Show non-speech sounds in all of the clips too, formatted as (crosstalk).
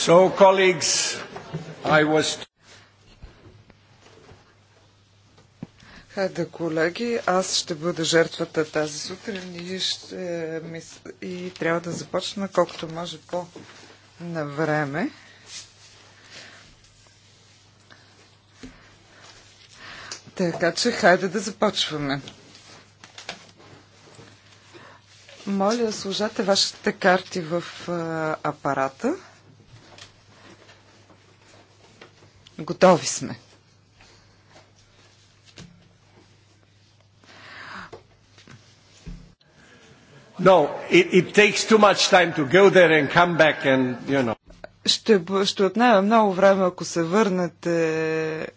So, colleagues, I was... Хайде, колеги, аз ще бъда жертвата тази сутрин и, ще, мис... и трябва да започна колкото може по-на време. Така че, хайде да започваме. Моля, сложете вашите карти в а, апарата. Готови сме. No, it, it takes too much time to go there and come back and, you know. Ще, ще отнема много време, ако се върнете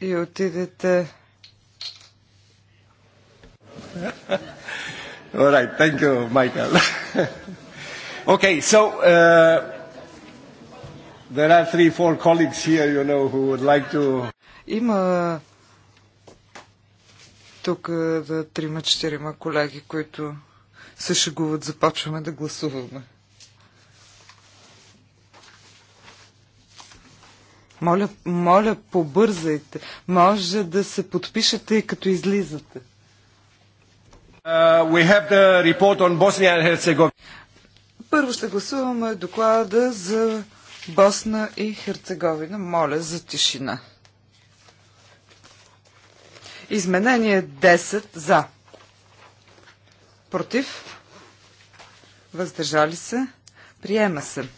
и отидете. All right, thank you, Michael. okay, so uh, There are three, four colleagues here, you know, who would like to... Има тук е, да, трима-четирима колеги, които се шегуват. Започваме да гласуваме. Моля, моля, побързайте. Може да се подпишете и като излизате. Uh, we have the report on Bosnia and Herzegovina. Първо ще гласуваме доклада за Босна и Херцеговина. Моля за тишина. Изменение 10 за. Против. Въздържали се. Приема се.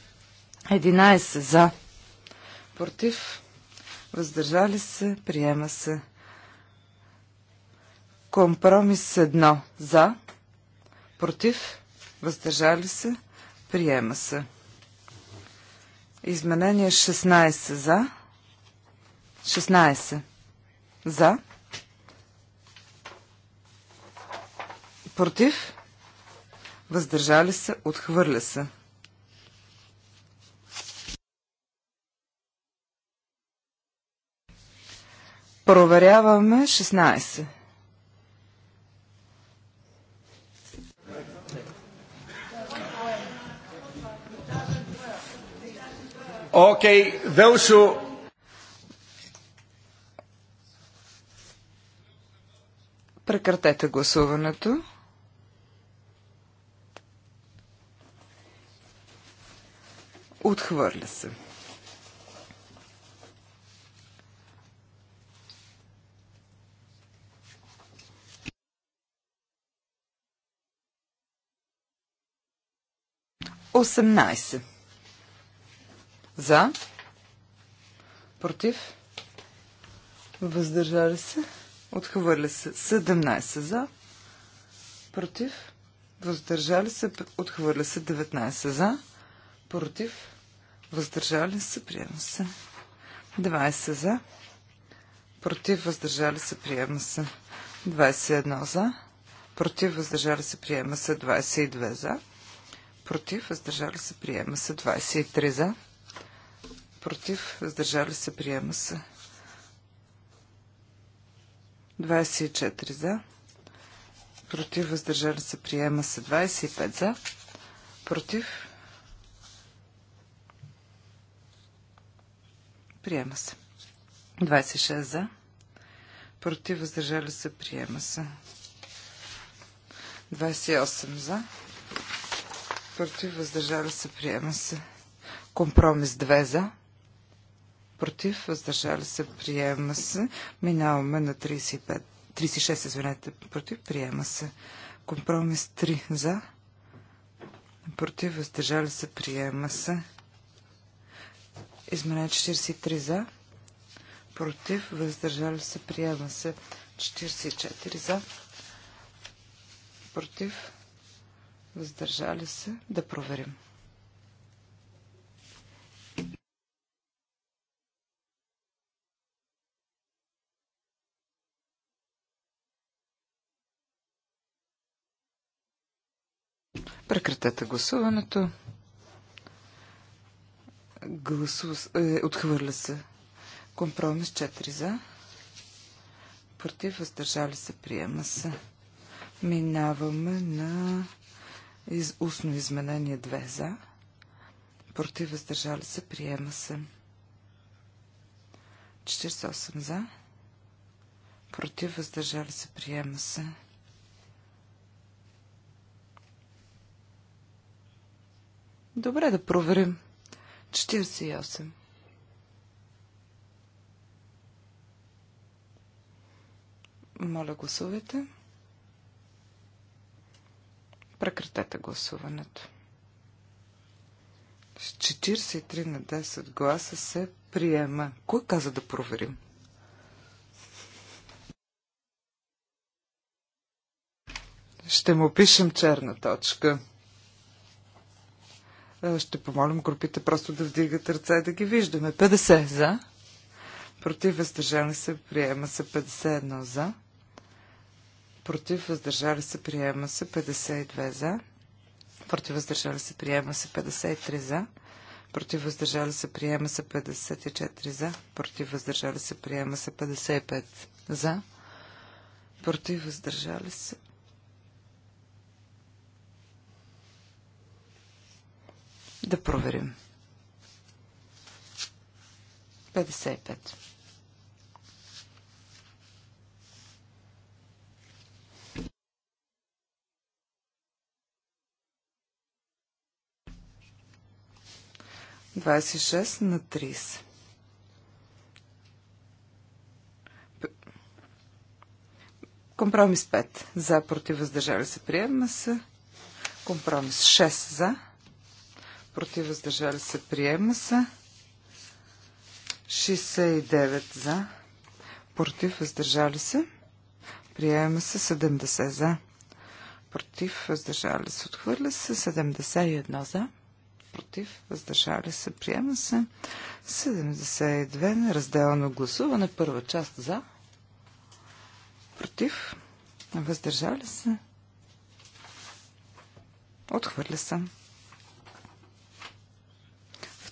11 за. Против. Въздържали се. Приема се. Компромис 1 за. Против. Въздържали се. Приема се. Изменение 16 за. 16 за. Против. Въздържали се. Отхвърля се. Проверяваме 16. Okay, those who... Прекратете гласуването. Отхвърля се. Осемнайсет. За. Против. Въздържали се. Отхвърля се. 17 за. Против. Въздържали се. Отхвърля се. 19 за. Против. Въздържали се. Приема се. 20 за. Против. Въздържали се. Приема се. 21 за. Против. Въздържали се. Приема се. 22 за. Против. Въздържали се. Приема се. 23 за против, въздържали се, приема се. 24 за, против, въздържали се, приема се. 25 за, против, приема се. 26 за, против, въздържали се, приема се. 28 за, против, въздържали се, приема се. Компромис 2 за, против, въздържали се, приема се. Минаваме на 35, 36, извинете, против, приема се. Компромис 3 за, против, въздържали се, приема се. Изменение 43 за, против, въздържали се, приема се. 44 за, против, въздържали се, да проверим. Прекратете гласуването. Гласува... Е, отхвърля се. Компромис 4 за. Против, въздържали се, приема се. Минаваме на из... устно изменение 2 за. Против, въздържали се, приема се. 48 за. Против, въздържали се, приема се. Добре, да проверим. 48. Моля, гласувайте. Прекратете гласуването. С 43 на 10 гласа се приема. Кой каза да проверим? Ще му пишем черна точка. Е, ще помолим групите просто да вдигат ръце да ги виждаме. 50 за. Против въздържали се, приема се 51 за. Против въздържали се, приема се 52 за. Против въздържали се, приема се 53 за. Против въздържали се, приема се 54 за. Против въздържали се, приема се 55 за. Против въздържали се, Да проверим. 55. на 30. Компромис 5. За, против, въздържали се, приема са. Компромис 6. За, против, въздържали се, приема се. 69 за, против, въздържали се, приема се. 70 за, против, въздържали се, отхвърля се. 71 за, против, въздържали се, приема се. 72 разделно гласуване, първа част за, против, въздържали се, отхвърля съм.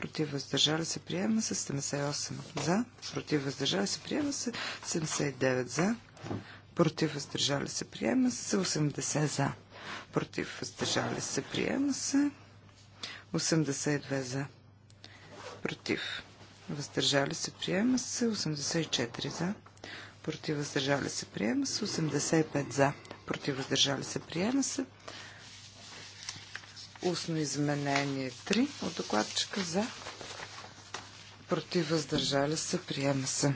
против въздържали се приема се 78 за, против въздържали се приема се 79 за, против въздържали се приема се 80 за, против въздържали се приема се 82 за, против въздържали се приема се 84 за, против въздържали се приема се 85 за, против въздържали се приема се Устно изменение 3 от докладчика за. Против въздържали се. Приема се.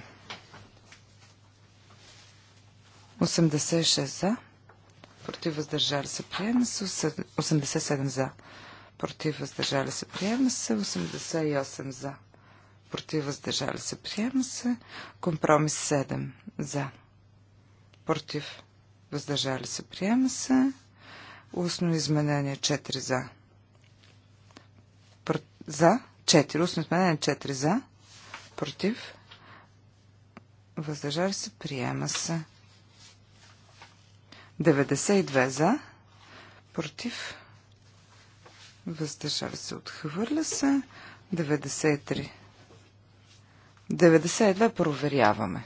86 за. Против въздържали се. Приема се. 87 за. Против въздържали се. Приема се. 88 за. Против въздържали се. Приема се. Компромис 7 за. Против въздържали се. Приема се. Устно изменение 4 за за. 4. Устно изменение 4. За. Против. Въздържали се. Приема се. 92 за. Против. Въздържали се. Отхвърля се. 93. 92 проверяваме.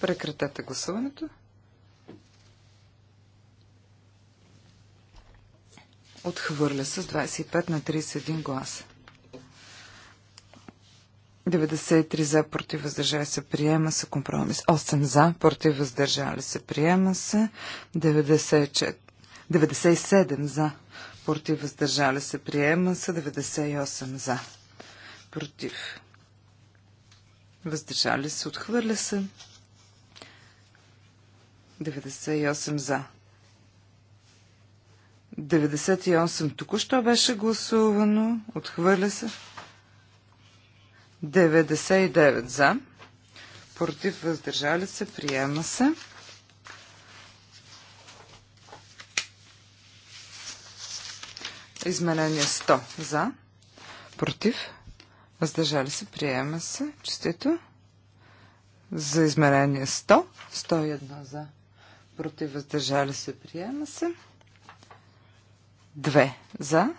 Прекратете гласуването. Отхвърля с 25 на 31 гласа. 93 за, против въздържали се, приема се компромис. 8 за, против въздържали се, приема се. 94, 97 за, против въздържали се, приема се. 98 за, против въздържали се, отхвърля се. 98 за. 98 току-що беше гласувано. Отхвърля се. 99 за. Против въздържали се. Приема се. Изменение 100 за. Против. Въздържали се. Приема се. Честито. За измерение 100. 101 за против, въздържали се, приема се. Две за,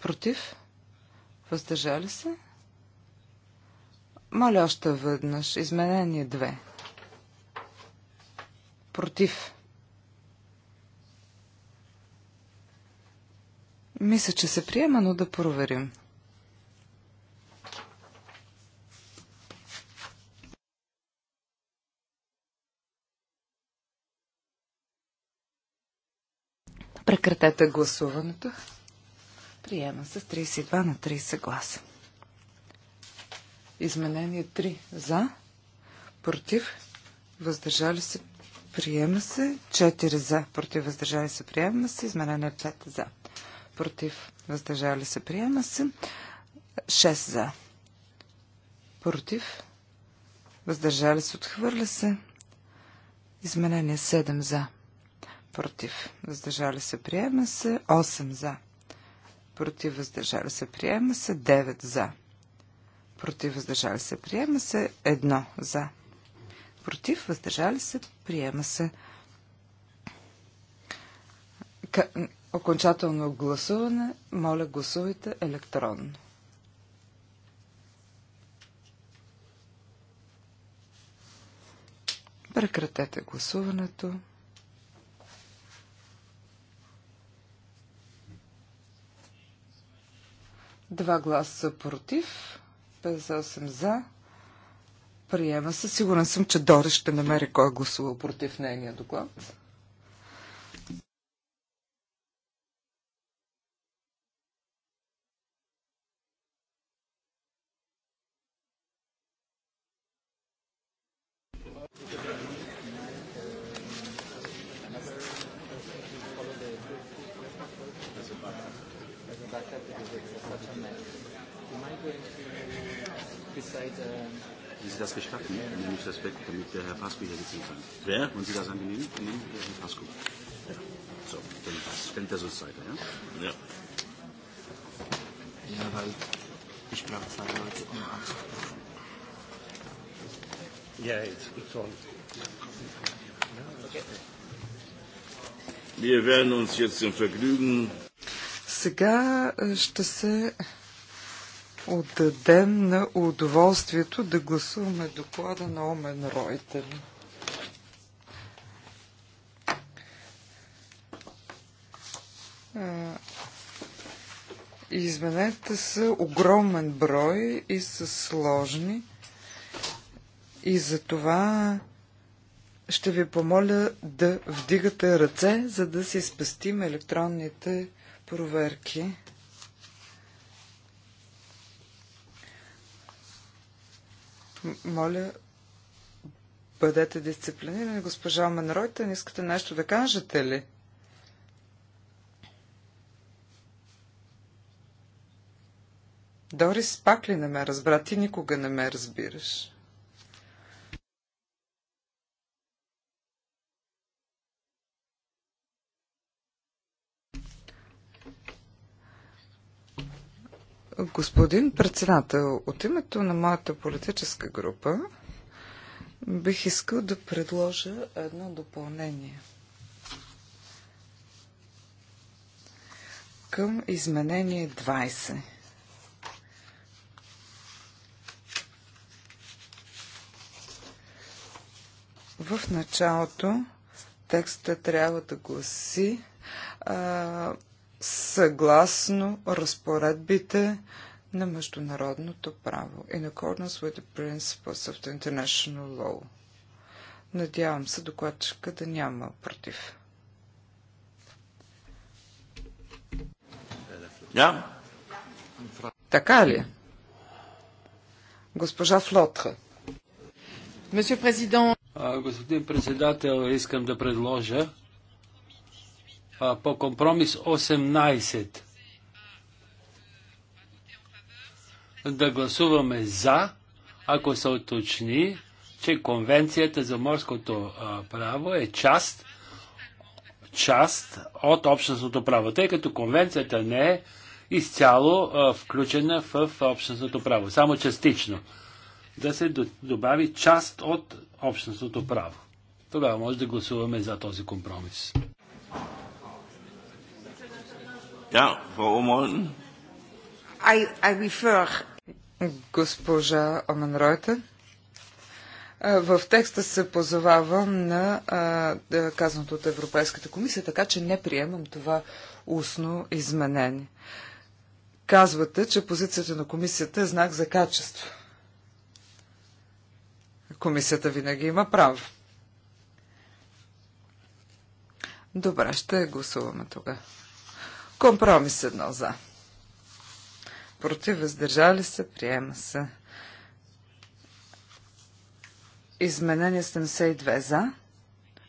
против, въздържали се. Моля още веднъж, изменение две. Против. Мисля, че се приема, но да проверим. Прекратете гласуването. Приема се с 32 на 30 гласа. Изменение 3 за, против, въздържали се, приема се, 4 за, против, въздържали се, приема се, изменение 5 за, против, въздържали се, приема се, 6 за, против, въздържали се, отхвърля се, изменение 7 за, против, въздържали се, приема се, 8 за, против, въздържали се, приема се, 9 за, против, въздържали се, приема се, 1 за, против, въздържали се, приема се. Окончателно гласуване, моля гласувайте електронно. Прекратете гласуването. Два гласа против, 58 за. Приема се. Сигурен съм, че Дори ще намери кой е гласувал против нейния доклад. Peter Sußseiter, ja? Ja. Ja, weil ich glaube, zwei Leute ohne anzusprechen. Ja, jetzt gibt's auch. Wir werden uns jetzt im Vergnügen. Сега ще се отдадем на удоволствието да гласуваме доклада на Омен Ройтен. измененията са огромен брой и са сложни. И за това ще ви помоля да вдигате ръце, за да си спестим електронните проверки. Моля, бъдете дисциплинирани. Госпожа Менройтен, искате нещо да кажете ли? Дорис пак ли не ме разбра? Ти никога не ме разбираш. Господин председател, от името на моята политическа група бих искал да предложа едно допълнение към изменение 20. В началото текста трябва да гласи а, съгласно разпоредбите на международното право in accordance with the principles of the international law. Надявам се докладчика да няма против. Yeah. Така ли? Е? Госпожа Флотха. Месье президент, Господин председател, искам да предложа по компромис 18 да гласуваме за, ако се уточни, че Конвенцията за морското право е част, част от общностното право, тъй като Конвенцията не е изцяло включена в общностното право, само частично да се добави част от общностното право. Тогава може да гласуваме за този компромис. Да, Frau Omolten. I, В текста се позовавам на казаното от Европейската комисия, така че не приемам това устно изменение. Казвате, че позицията на комисията е знак за качество. Комисията винаги има право. Добре, ще гласуваме тогава. Компромис едно за. Против, въздържали се, приема се. Изменение 72 за.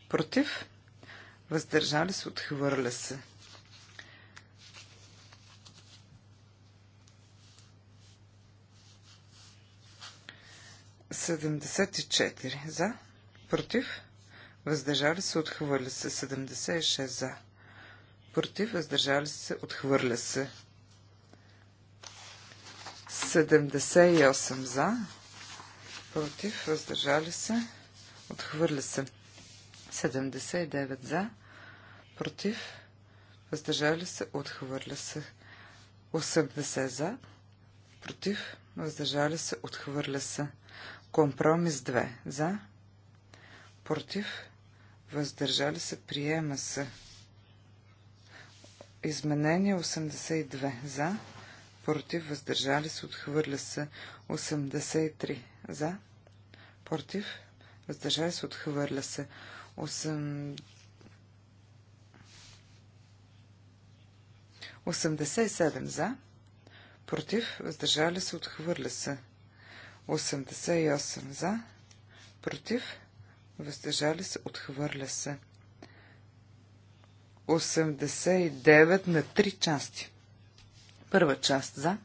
Против, въздържали се, отхвърля се. 74 за, против, въздържали се, отхвърля се. 76 за, против, въздържали се, отхвърля се. 78 за, против, въздържали се, отхвърля се. 79 за, против, въздържали се, отхвърля се. 80 за, против, въздържали се, отхвърля се. Компромис 2. За. Против. Въздържали се. Приема се. Изменение 82. За. Против. Въздържали се. Отхвърля се. 83. За. Против. Въздържали се. Отхвърля се. 8... 87 за, против, въздържали се, отхвърля се. 88 за, против, въздържали се, отхвърля се. 89 на 3 части. Първа част за,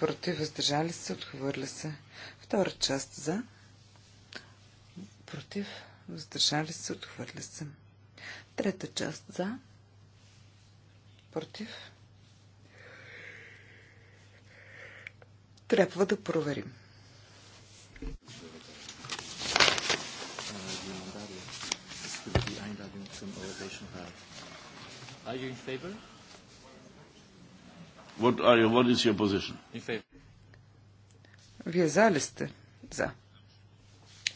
против, въздържали се, отхвърля се. Втора част за, против, въздържали се, отхвърля се. Трета част за, против, трябва да проверим. What are you, what is your position? Вие за ли сте? За.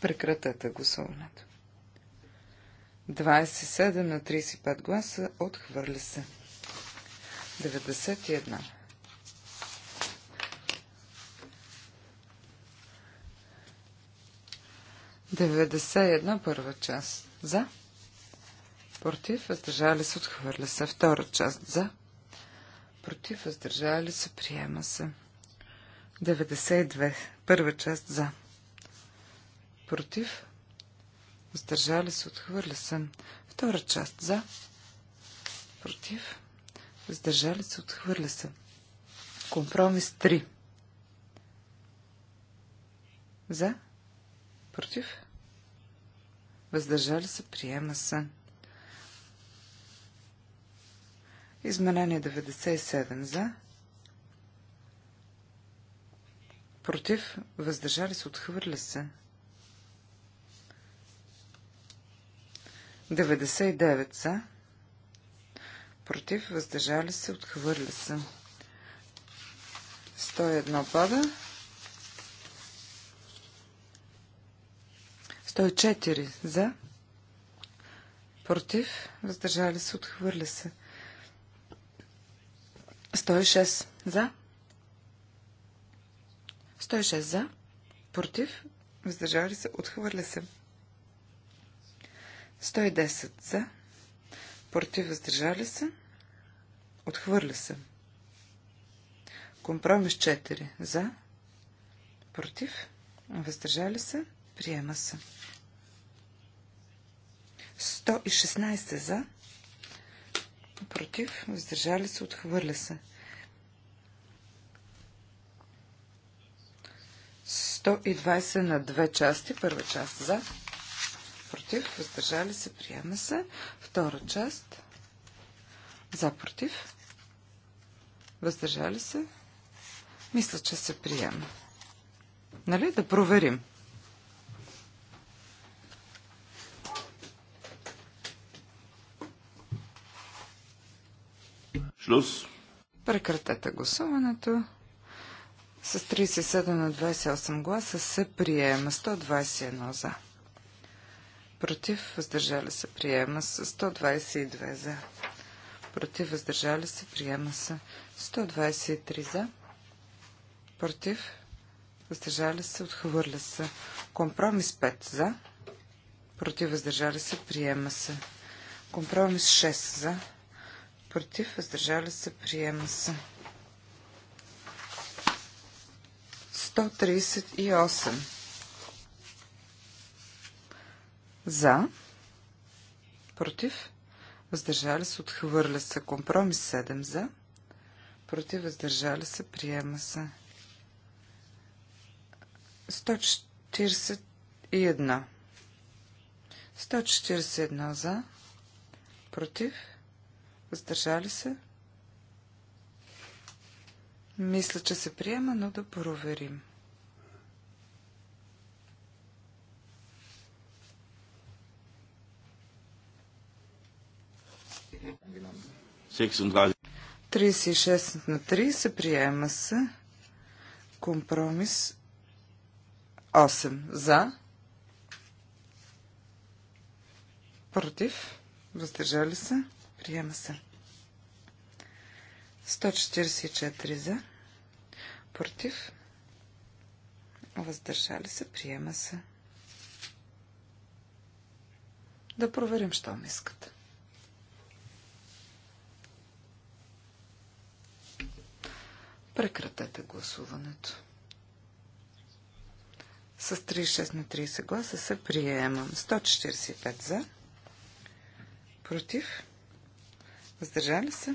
Прекратете гласуването. 27 на 35 гласа отхвърля се. 91. 91 първа част. За. Против, въздържали се, отхвърля се. Втора част. За. Против, въздържали се, приема се. 92. Първа част. За. Против, въздържали се, отхвърля се. Втора част. За. Против, въздържали се, отхвърля се. Компромис 3. За. Против? въздържали се, приема се. Изменение 97 за, против, въздържали се, отхвърля се. 99 за, против, въздържали се, отхвърля се. 101 пада. 104 за. Против. Въздържали се. Отхвърля се. 106 за. 106 за. Против. Въздържали се. Отхвърля се. 110 за. Против. Въздържали се. Отхвърля се. Компромис 4 за. Против. Въздържали се. Приема се. 116 за. Против. Въздържали се. Отхвърля се. 120 на две части. Първа част за. Против. Въздържали се. Приема се. Втора част. За. Против. Въздържали се. Мисля, че се приема. Нали? Да проверим. Шлюз. Прекратете гласуването. С 37 на 28 гласа се приема 121 за. Против въздържали се приема с 122 за. Против въздържали се приема с 123 за. Против въздържали се отхвърля се. Компромис 5 за. Против въздържали се приема се. Компромис 6 за против, въздържали се, приема се. 138 за, против, въздържали се, отхвърля се. Компромис 7 за, против, въздържали се, приема се. 141 141 за, против, Въздържали се? Мисля, че се приема, но да проверим. Angenommen. 36 на се. приема се. Компромис 8 за. Против. Въздържали се. Приема се. 144 за. Против. Въздържали се. Приема се. Да проверим, що ми искат. Прекратете гласуването. С 36 на 30 гласа се приемам. 145 за. Против. Въздържали се?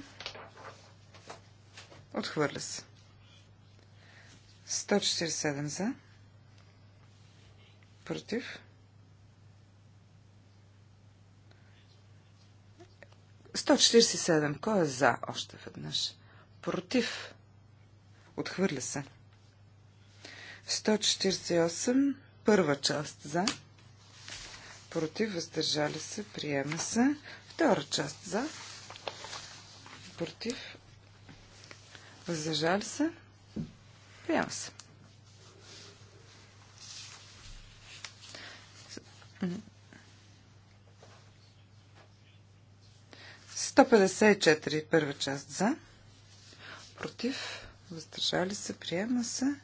Отхвърля се. 147 за. Против. 147. Кой е за? Още веднъж. Против. Отхвърля се. 148. Първа част за. Против. Въздържали се. Приема се. Втора част за против, въздържали се, приема се. Сто първа част за, против, въздържали се, приема се,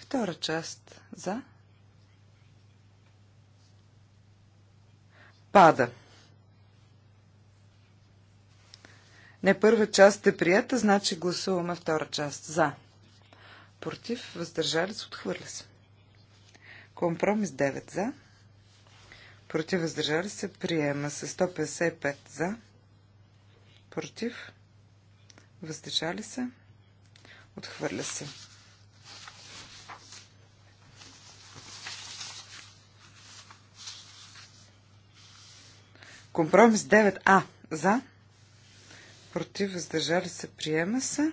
втора част за, пада. Не, първа част е прията, значи гласуваме втора част. За. Против, въздържали се, отхвърля се. Компромис 9 за. Против, въздържали се, приема се 155 за. Против, въздържали се, отхвърля се. Компромис 9А за против, въздържали се, приема се.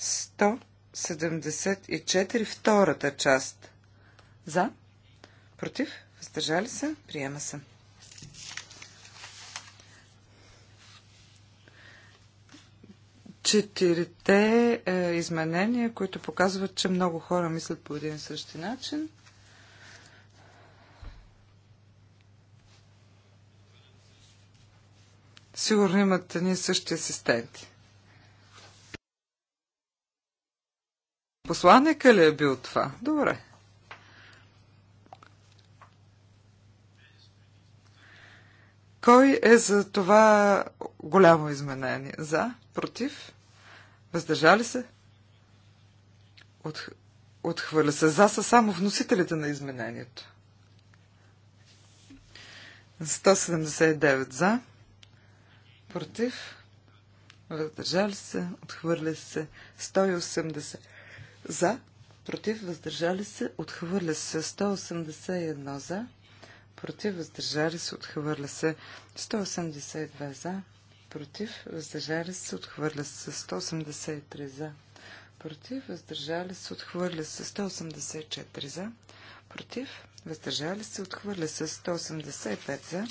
174, втората част. За, против, въздържали се, приема се. Четирите е, изменения, които показват, че много хора мислят по един и същи начин – Сигурно имат ни същи асистенти. Посланника ли е бил това? Добре. Кой е за това голямо изменение? За? Против? Въздържали се? отхвърля се. За са само вносителите на изменението. 179 за против, въздържали се, отхвърля се 180 за, против, въздържали се, отхвърля се 181 за, против, въздържали се, отхвърля се 182 за, против, въздържали се, отхвърля се 183 за, против, въздържали се, отхвърля се 184 за, против, въздържали се, отхвърля се 185 за,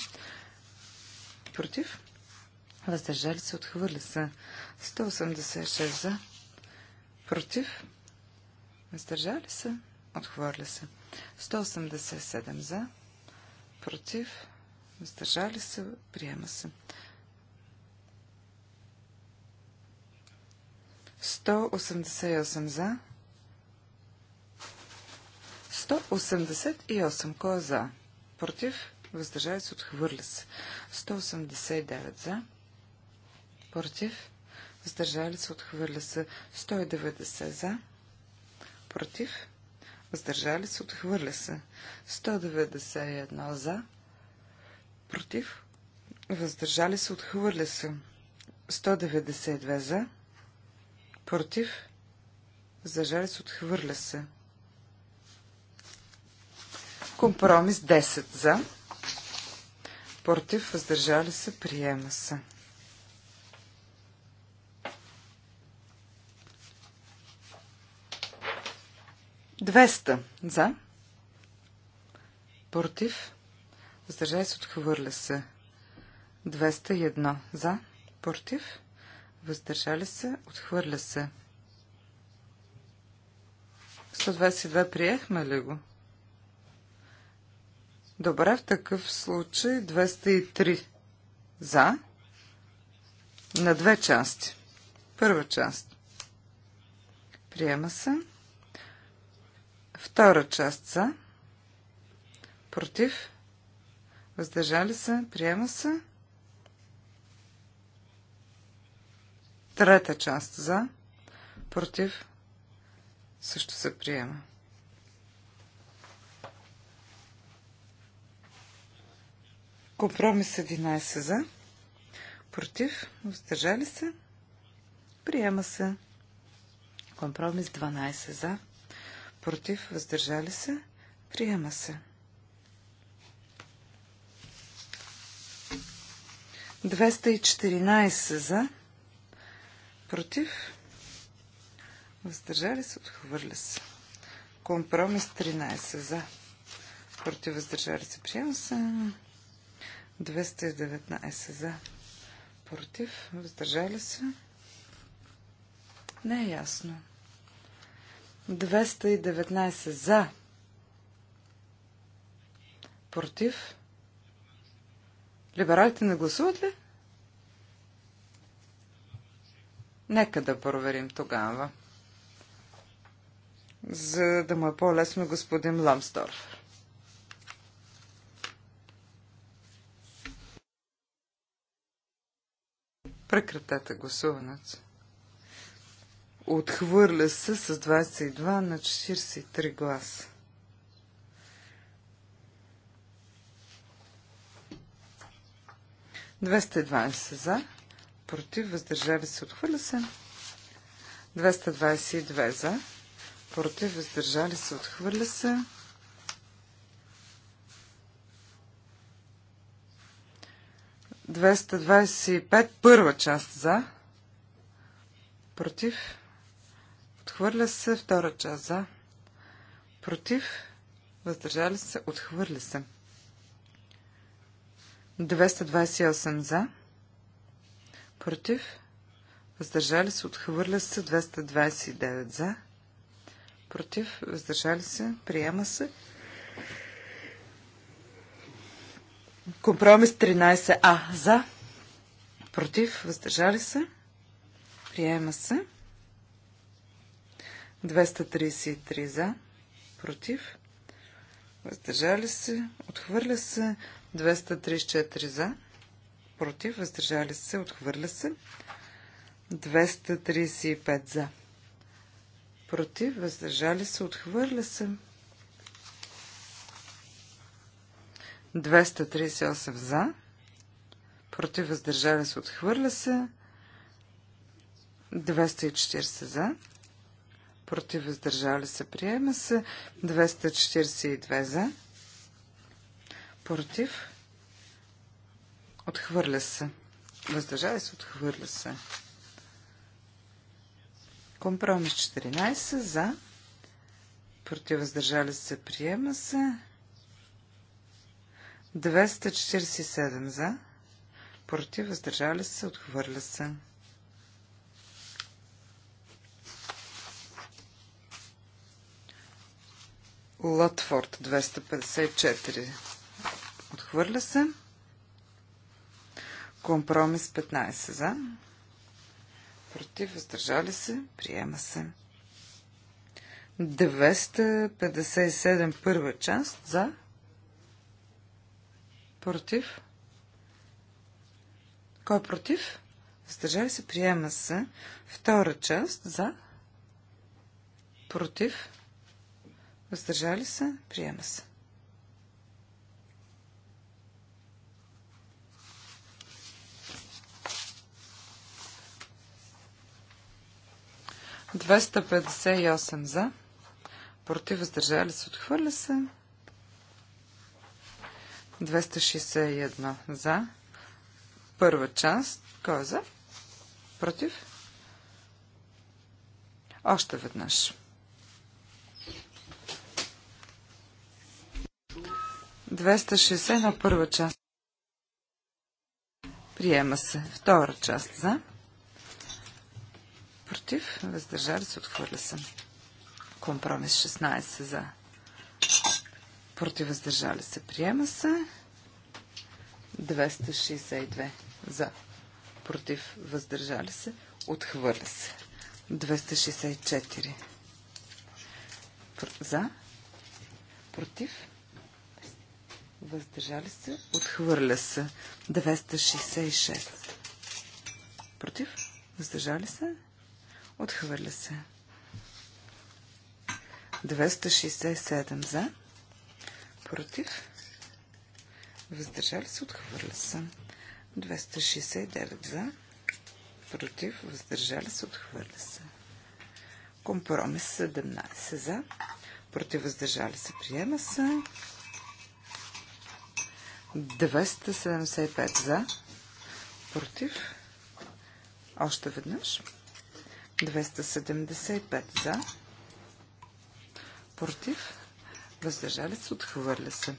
против, Въздържали се, отхвърля се. 186 за. Против. Въздържали се, отхвърля се. 187 за. Против. Въздържали се, приема се. 188 за. 188. Кой е за? Против? Въздържали се, отхвърля се. 189 за против, въздържали се, отхвърля се 190 за, против, въздържали се, отхвърля се 191 за, против, въздържали се, отхвърля се 192 за, против, въздържали се, отхвърля се. Компромис 10 за, против, въздържали се, приема се. 200 за. Против. Въздържай се. Отхвърля се. 201 за. Против. Въздържали се. Отхвърля се. 122 приехме ли го? Добре, в такъв случай 203 за на две части. Първа част. Приема се. Втора част за. Против. Въздържали се. Приема се. Трета част за. Против. Също се приема. Компромис 11 за. Против. Въздържали се. Приема се. Компромис 12 за против, въздържали се, приема се. 214 за, против, въздържали се, отхвърля се. Компромис 13 за, против, въздържали се, приема се. 219 за, против, въздържали се. Не е ясно. 219 за. Против. Либералите не гласуват ли? Нека да проверим тогава. За да му е по-лесно господин Ламсторф. Прекратете гласуването. Отхвърля се с 22 на 43 гласа. Двеста за, против, въздържали се, отхвърля се. 222 за, против, въздържали се, отхвърля се. 225 първа част за, против, Отхвърля се. Втора част за. Против. Въздържали се. Отхвърля се. 228 за. Против. Въздържали се. Отхвърля се. 229 за. Против. Въздържали се. Приема се. Компромис 13А за. Против. Въздържали се. Приема се. 233 за, против, въздържали се, отхвърля се, 234 за, против, въздържали се, отхвърля се, 235 за, против, въздържали се, отхвърля се, 238 за, против, въздържали се, отхвърля се, 240 за, против въздържали се, приема се. 242 за, против, отхвърля се. Въздържали се, отхвърля се. Компромис 14 за, против въздържали се, приема се. 247 за, против въздържали се, отхвърля се. Латфорд 254. Отхвърля се. Компромис 15 за. Против, въздържали се. Приема се. 257 първа част за. Против. Кой е против? Въздържали се. Приема се. Втора част за. Против. Въздържали се? Приема се. Двеста и осем за. Против въздържали се. Отхвърля се. 261 за. Първа част. Кой е за? Против? Още веднъж. 260 на първа част. Приема се. Втора част за. Против. Въздържали се. Отхвърля се. Компромис 16 за. Против. Въздържали се. Приема се. 262 за. Против. Въздържали се. Отхвърля се. 264 за. Против. Въздържали се. Отхвърля се. 266. Против. Въздържали се. Отхвърля се. 267 за. Против. Въздържали се. Отхвърля се. 269 за. Против. Въздържали се. Отхвърля се. Компромис 17 за. Против. Въздържали се. Приема се. 275 за, против, още веднъж, 275 за, против, въздържали се, отхвърля се.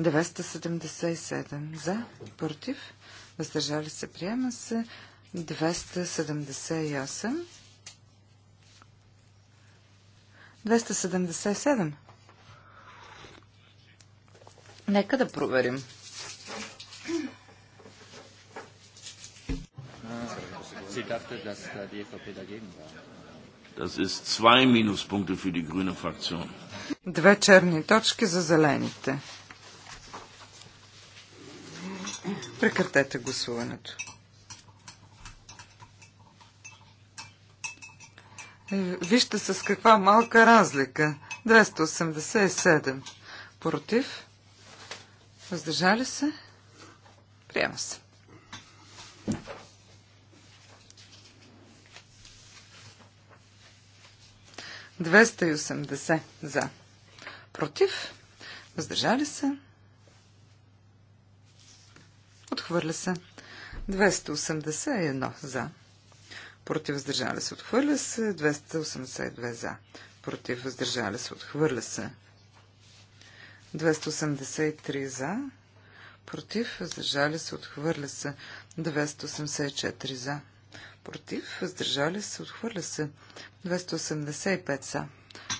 277 за, против, въздържали се, приема се, 278, 277 Нека да проверим. Две черни точки за зелените. Прекратете гласуването. Вижте с каква малка разлика. 287. Против? Въздържали се? Приема се. Двеста и осемдесет за. Против? Въздържали се? Отхвърля се. 281 за. Против въздържали се отхвърля се. 282 за. Против въздържали се отхвърля се. 283 за, против, въздържали се, отхвърля се. 284 за, против, въздържали се, отхвърля се. 285 за,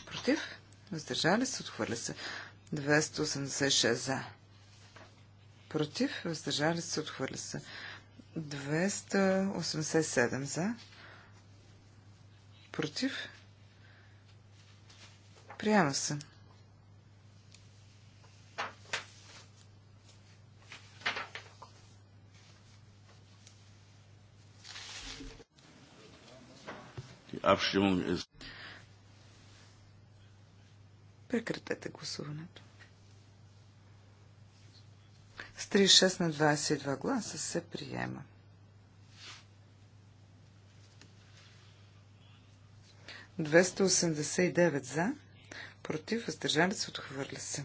против, въздържали се, отхвърля се. 286 за, против, въздържали се, отхвърля се. 287 за, против, приема се. Die Abstimmung ist. Прекратете гласуването. С 36 на 22 гласа се приема. Двеста за, против, въздържали се, отхвърля се.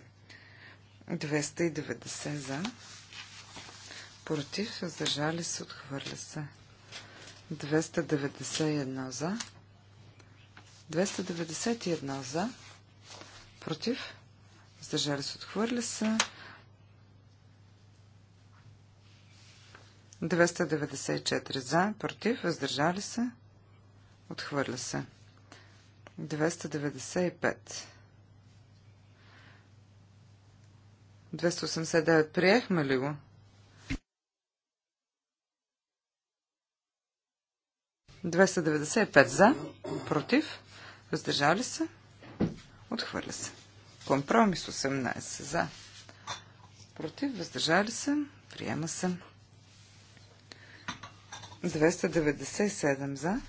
290 за, против, въздържали се, отхвърля се. 291 за, 291 за, против, въздържали се, отхвърля се. 294 за, против, въздържали се, отхвърля се. 295. 289 приехме ли го? 295 за, против, Въздържали се? Отхвърля се. Компромис 18 за. Против, въздържали се, приема се. 297 за.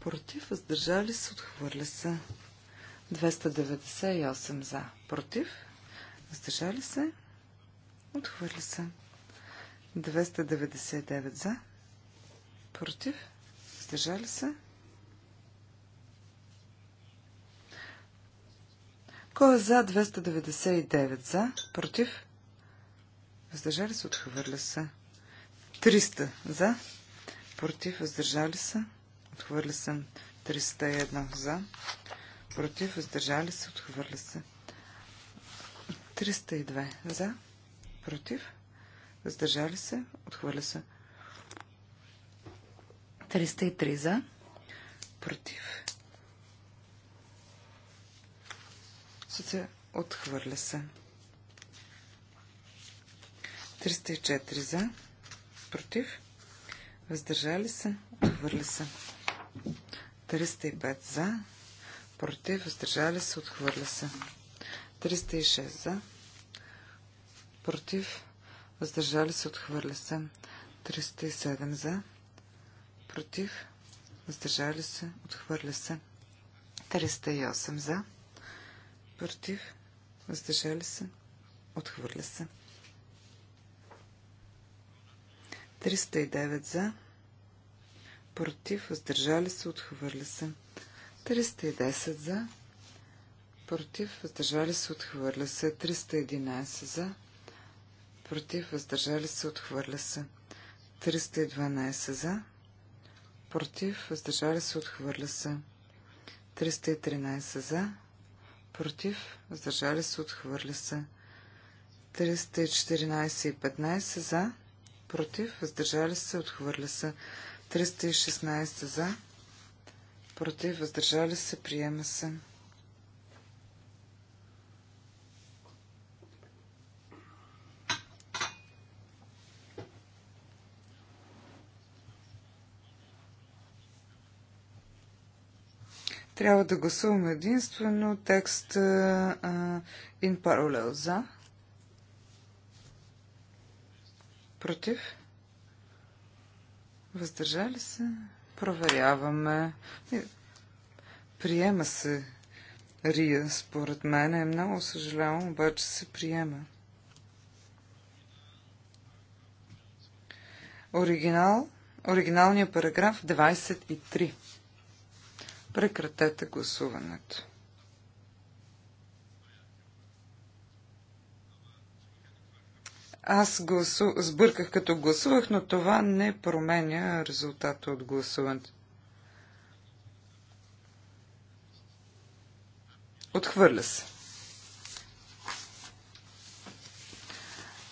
Против, въздържали се, отхвърля се. 298 за. Против, въздържали се, отхвърля се. 299 за. Против, въздържали се, Кой е за 299? За? Против? Въздържали се? Отхвърля се. 300 за. Против? Въздържали се? Отхвърля се. 301 за. Против? Въздържали се? Отхвърля се. 302 за. Против? Въздържали се? Отхвърля се. 303 за. Против? се, отхвърля се. 304 за, против, въздържали се, отхвърля се. 305 за, против, въздържали се, отхвърля се. 306 за, против, въздържали се, отхвърля се. 307 за, против, въздържали се, отхвърля се. 308 за, против, въздържали се, отхвърля се. 309 за, против, въздържали се, отхвърля се. 310 за, против, въздържали се, отхвърля се. 311 за, против, въздържали се, отхвърля се. 312 за, против, въздържали се, отхвърля се. 313 за, против, въздържали се, отхвърля се. 314 и 15 за, против, въздържали се, отхвърля се. 316 за, против, въздържали се, приема се. Трябва да гласуваме единствено текст uh, in parallel за. Против. Въздържали се. Проверяваме. Приема се Рия, според мен. Е много съжалявам, обаче се приема. Оригинал. Оригиналният параграф 23. Прекратете гласуването. Аз гласу... сбърках като гласувах, но това не променя резултата от гласуването. Отхвърля се.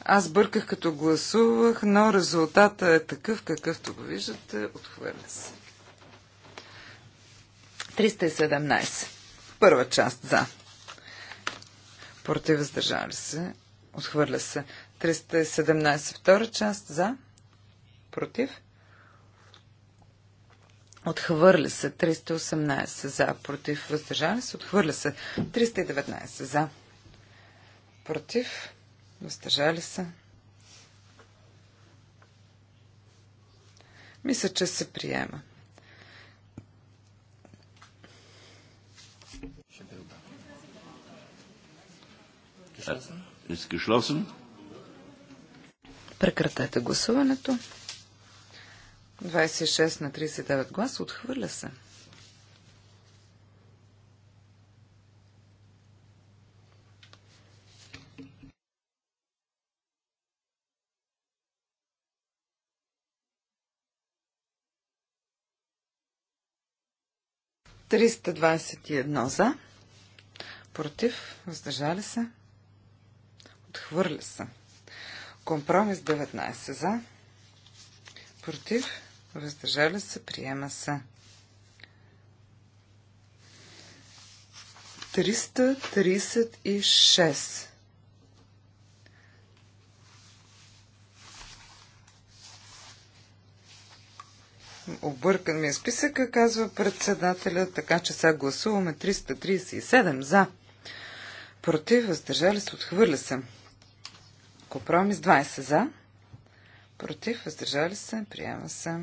Аз бърках като гласувах, но резултата е такъв, какъвто го виждате. Отхвърля се. 317. Първа част за. Против въздържали се. Отхвърля се. 317. Втора част за. Против. Отхвърля се. 318 за. Против въздържали се. Отхвърля се. 319 за. Против. Въздържали се. Мисля, че се приема. Ist е, geschlossen. Прекратете гласуването. 26 на 39 гласа отхвърля се. Триста двадесет и едно за, против, въздържали се. Отхвърля се. Компромис 19 за. Против. Въздържали се. Приема се. 336. Объркан ми е списъка, казва председателя, така че сега гласуваме 337 за. Против, въздържали се, отхвърля се. Компромис 20 за. Против, въздържали се, приема се.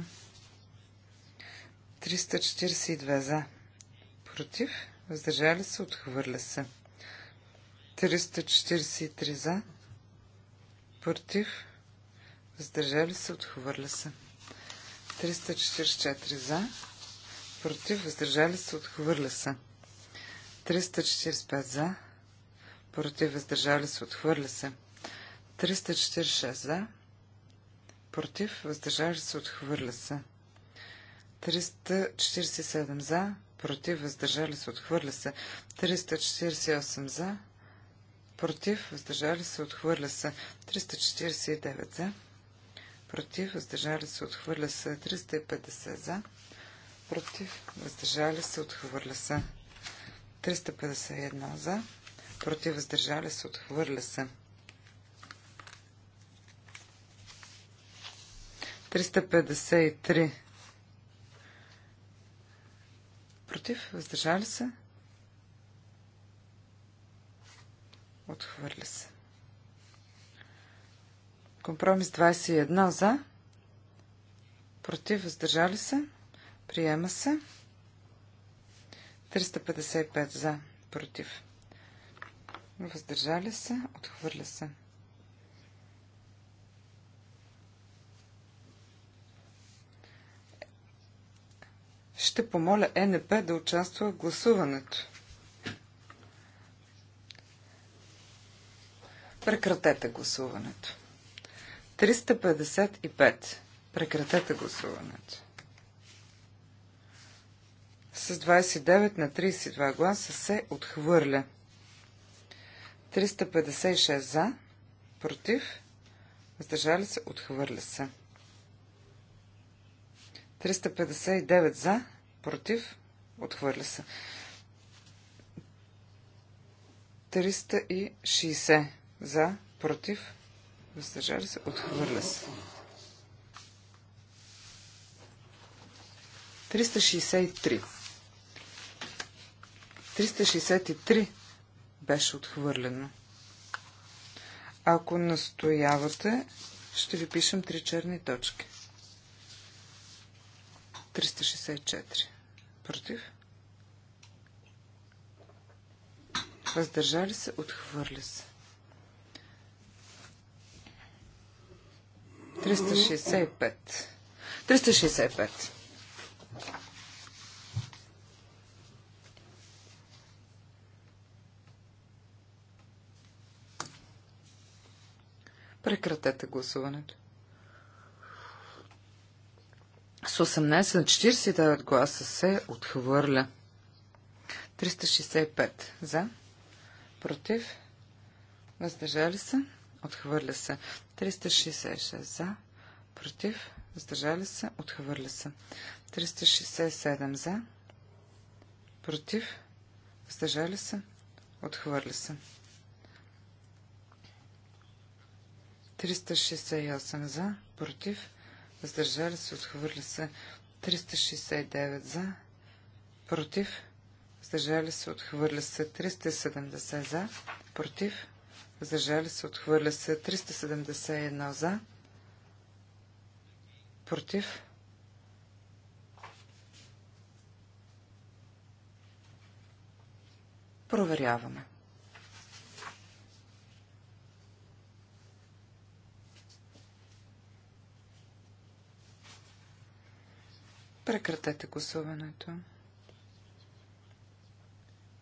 342 за. Против, въздържали се, отхвърля се. 343 за. Против, въздържали се, отхвърля се. 344 за. Против, въздържали се, отхвърля се. 345 за. Против, въздържали се, отхвърля се. 346 за. Против. Въздържали се. Отхвърля се. 347 за. Против. Въздържали се. Отхвърля се. 348 за. Против. Въздържали се. Отхвърля се. 349 за. Против. Въздържали се. Отхвърля се. 350 за. Против. Въздържали се. Отхвърля се. 351 за. Против. Въздържали се. Отхвърля се. 353. Против? Въздържали се? Отхвърля се. Компромис 21 за. Против? Въздържали се? Приема се. 355 за. Против? Въздържали се? Отхвърля се. ще помоля НП да участва в гласуването. Прекратете гласуването. 355. Прекратете гласуването. С 29 на 32 гласа се отхвърля. 356 за, против, въздържали се, отхвърля се. 359 за, против, отхвърля се. 360 за, против, въздържали се, отхвърля се. 363. 363 беше отхвърлено. Ако настоявате, ще ви пишем три черни точки. 363. 364. Против. Въздържали се, отхвърля се. 365. 365. Прекратете гласуването. С 18 на 49 гласа се отхвърля. 365 за, против, въздържали се, отхвърля се. 366 за, против, въздържали се, отхвърля се. 367 за, против, въздържали се, отхвърля се. 368 за, против, въздържали се, отхвърля се 369 за, против, въздържали се, отхвърля се 370 за, против, въздържали се, отхвърля се 371 за, против, проверяваме. Прекратете гласуването.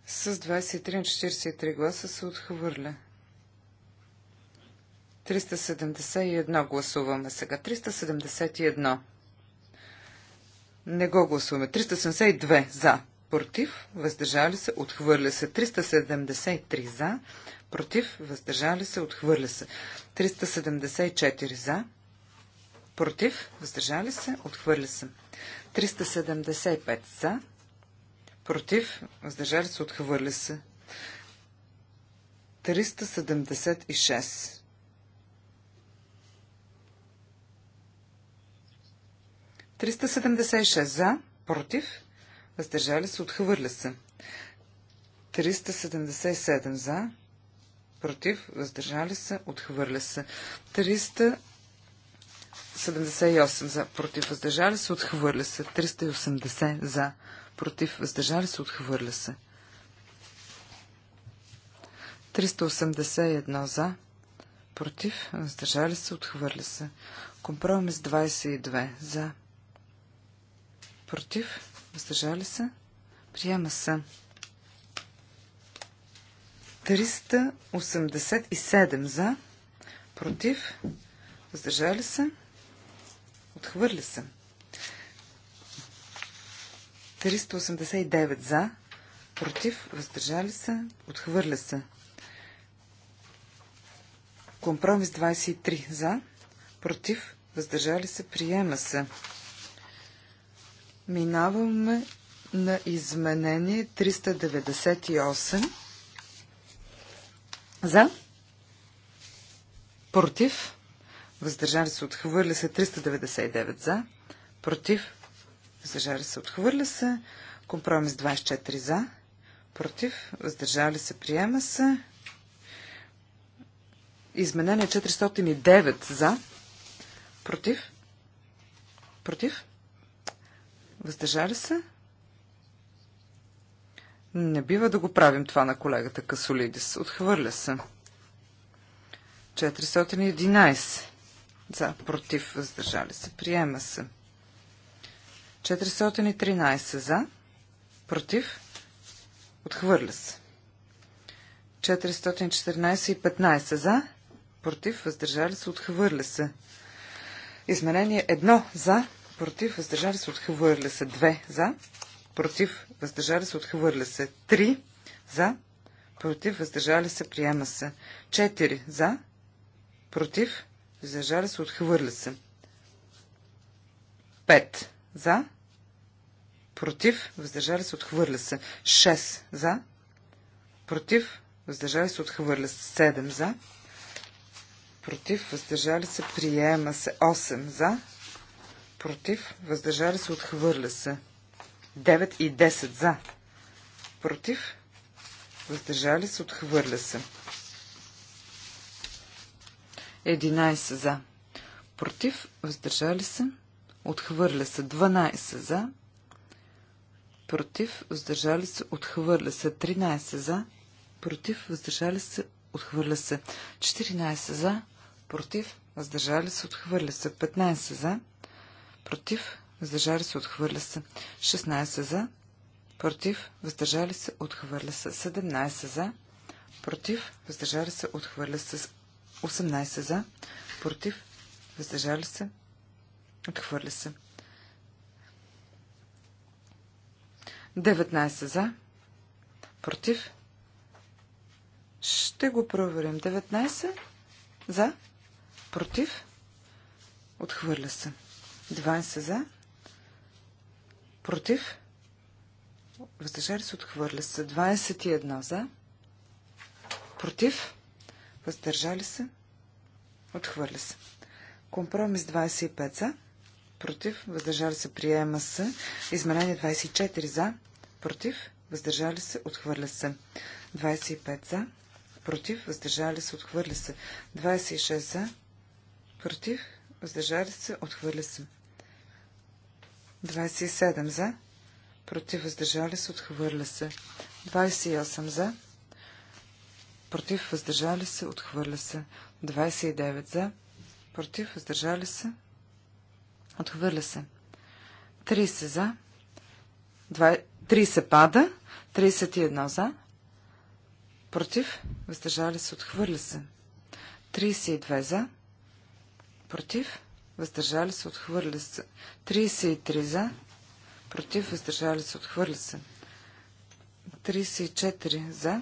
С 23 на 43 гласа се отхвърля. 371 гласуваме сега. 371. Не го гласуваме. 372 за. Против. Въздържали се. Отхвърля се. 373 за. Против. Въздържали се. Отхвърля се. 374 за. Против. Въздържали се. Отхвърля се. 375 за, против, въздържали се, отхвърли се. 376. 376 за, против, въздържали се, отхвърля се. 377 за, против, въздържали се, отхвърля се. 78 за, против, въздържали се, отхвърля се. 380 за, против, въздържали се, отхвърля се. 381 за, против, въздържали се, отхвърля се. Компромис 22 за, против, въздържали се, приема се. 387 за, против, въздържали се, Отхвърля се. 389 за, против, въздържали се, отхвърля се. Компромис 23 за, против, въздържали се, приема се. Минаваме на изменение 398 за, против, въздържали се, отхвърля се 399 за, против, въздържали се, отхвърля се, компромис 24 за, против, въздържали се, приема се, изменение 409 за, против, против, въздържали се, не бива да го правим това на колегата Касолидис. Отхвърля се. 411. За, против, въздържали се. Приема се. 413 за, против, отхвърля се. 414 и 15 за, против, въздържали се, отхвърля се. Изменение 1 за, против, въздържали се, отхвърля се. 2 за, против, въздържали се, отхвърля се. 3 за, против, въздържали се, приема се. 4 за, против, Въздържали се, отхвърля се. 5 за. Против, въздържали се, отхвърля се. 6 за. Против, въздържали се, отхвърля се. 7 за. Против, въздържали се, приема се. 8 за. Против, въздържали се, отхвърля се. 9 и 10 за. Против, въздържали се, отхвърля се. 11 за. Против, въздържали се, отхвърля се 12 за. Против, въздържали се, отхвърля се 13 за. Против, въздържали се, отхвърля се 14 за. Против, въздържали се, отхвърля се 15 за. Против, въздържали се, отхвърля се 16 за. Против, въздържали се, отхвърля се 17 за. Против, въздържали се, отхвърля се 18 за, против, въздържали се, отхвърля се. 19 за, против. Ще го проверим. 19 за, против, отхвърля се. 20 за, против, въздържали се, отхвърля се. 21 за, против, Въздържали се? Отхвърля се. Компромис 25 за. Против. Въздържали се. Приема се. Изменение 24 за. Против. Въздържали се. Отхвърля се. 25 за. Против. Въздържали се. Отхвърля се. 26 за. Против. Въздържали се. Отхвърля се. 27 за. Против. Въздържали се. Отхвърля се. 28 за против, въздържали се, отхвърля се. 29 за, против, въздържали се, отхвърля се. 30 за, 20, 30 пада, 31 за, против, въздържали се, отхвърля се. 32 за, против, въздържали се, отхвърля се. 33 за, против, въздържали се, отхвърля се. 34 за,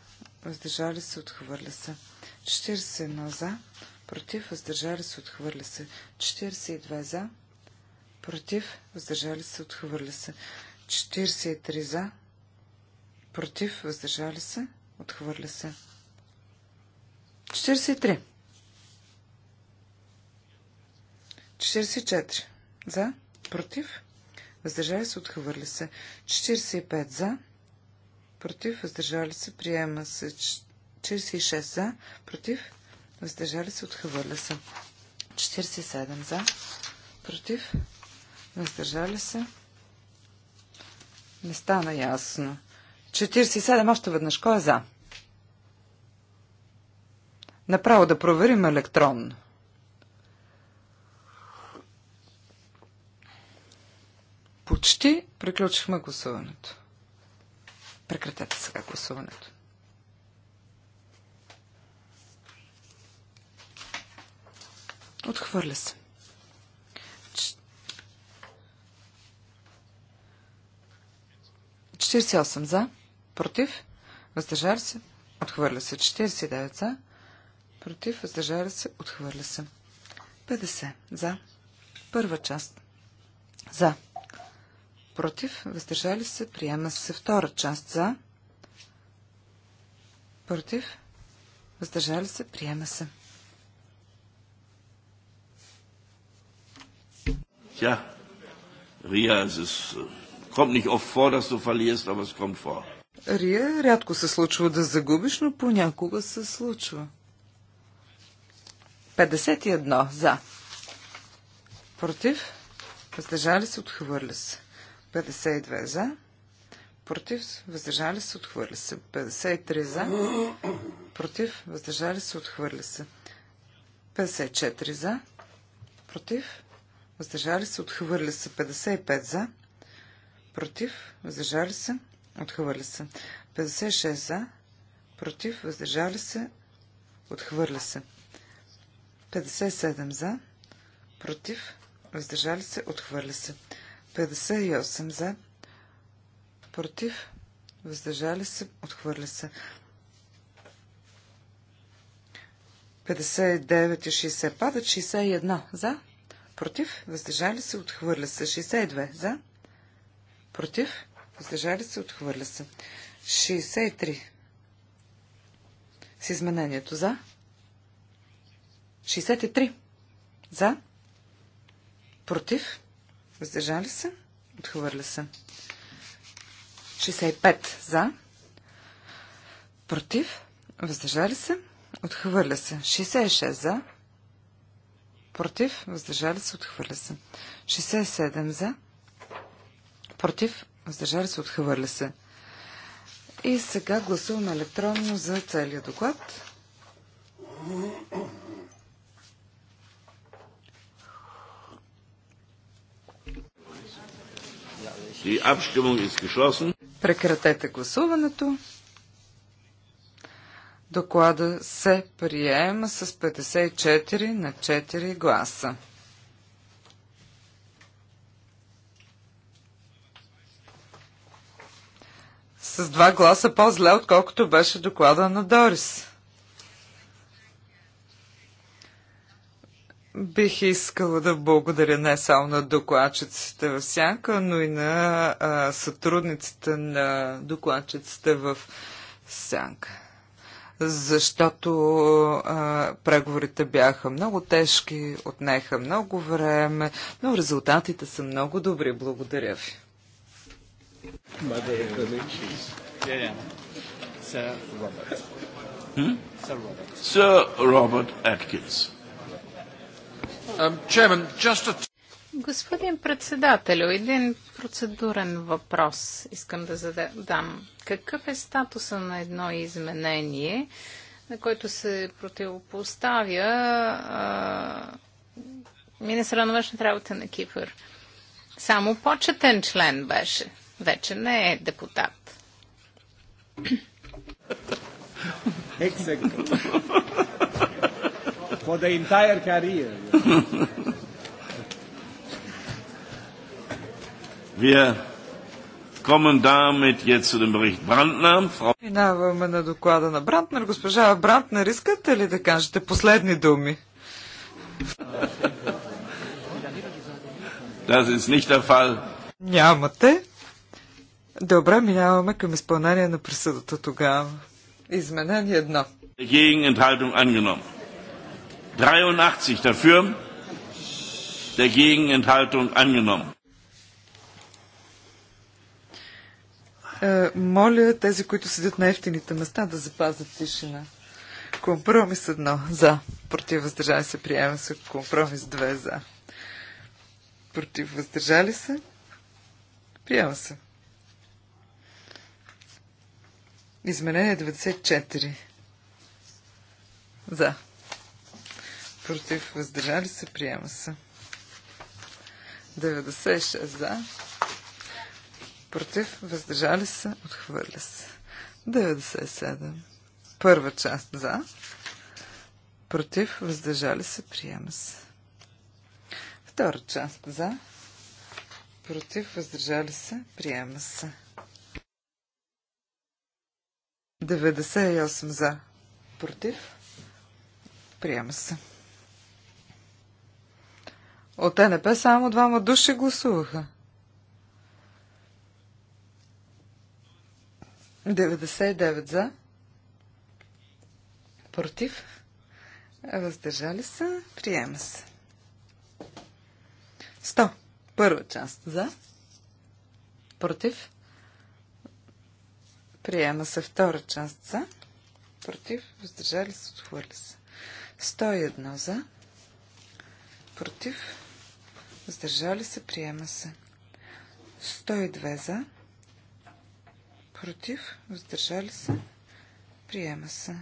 въздържали се, отхвърля се. 41 за, против, въздържали се, отхвърля се. 42 за, против, въздържали се, отхвърля се. 43 за, против, въздържали се, отхвърля се. 43. 44. За. Против. Въздържали се. Отхвърли се. 45. За против, въздържали се, приема се 46 за, против, въздържали се, отхвърля се. 47 за, против, въздържали се. Не стана ясно. 47 още веднъж. Кой е за? Направо да проверим електронно. Почти приключихме гласуването. Прекратете сега гласуването. Отхвърля се. Ч... 48 за, против, Въздържава се, отхвърля се. 49 за, против, въздържава се, отхвърля се. 50 за, първа част, за, Против. Въздържали се. Приема се. Втора част. За. Против. Въздържали се. Приема се. Тя. Рия, es kommt nicht oft vor, dass du verlierst, aber es kommt vor. Рия, рядко се случва да загубиш, но понякога се случва. 51 за. Против. Въздържали се, отхвърля се. 52 за. Против. Въздържали се. Отхвърля се. 53 за. Против. Въздържали се. Отхвърля се. 54 за. Против. Въздържали се. Отхвърля се. 55 за. Против. Въздържали се. Отхвърля се. 56 за. Против. Въздържали се. Отхвърля се. 57 за. Против. Въздържали се. Отхвърля се. 58 за, против, въздържали се, отхвърля се. 59 и 60 падат, 61 за, против, въздържали се, отхвърля се. 62 за, против, въздържали се, отхвърля се. 63 с изменението за, 63 за, против, Въздържали се? Отхвърля се. 65 за. Против. Въздържали се? Отхвърля се. 66 за. Против. Въздържали се? Отхвърля се. 67 за. Против. Въздържали се? Отхвърля се. И сега гласуваме електронно за целият доклад. Прекратете гласуването. Доклада се приема с 54 на 4 гласа. С два гласа по-зле, отколкото беше доклада на Дорис. Бих искала да благодаря не само на докладчиците в Сянка, но и на а, сътрудниците на докладчиците в Сянка. Защото а, преговорите бяха много тежки, отнеха много време, но резултатите са много добри. Благодаря ви. Сър Робърт Аткинс. Um, Господин председател, един процедурен въпрос искам да задам. Какъв е статуса на едно изменение, на което се противопоставя а, министра на външната работа на Кипър? Само почетен член беше. Вече не е депутат. Exactly for the entire career. Wir kommen damit jetzt zu dem Bericht Brandner. Frau... Минаваме на доклада на Брантнер. Госпожа Брантнер, искате ли да кажете последни думи? Das ist nicht der Fall. Нямате. Добре, минаваме към изпълнение на присъдата тогава. Изменение едно. Gegen Enthaltung angenommen. 83 dafür, der Gegenenthaltung angenommen. Е, моля тези, които седят на ефтините места, да запазят тишина. Компромис едно за. Против въздържали се приема се. Компромис 2 за. Против въздържали се. Приема се. Изменение 94. За против, въздържали се, приема се. 96 за, против, въздържали се, отхвърля се. 97. Първа част за, против, въздържали се, приема се. Втора част за, против, въздържали се, приема се. 98 за, против, приема се. От ТНП само двама души гласуваха. 99 за. Против. Въздържали се. Приема се. 100. Първа част за. Против. Приема се втора част за. Против. Въздържали се. Отхвърли се. 101 за. Против. Въздържали се, приема се. 102 за. Против, въздържали се, приема се.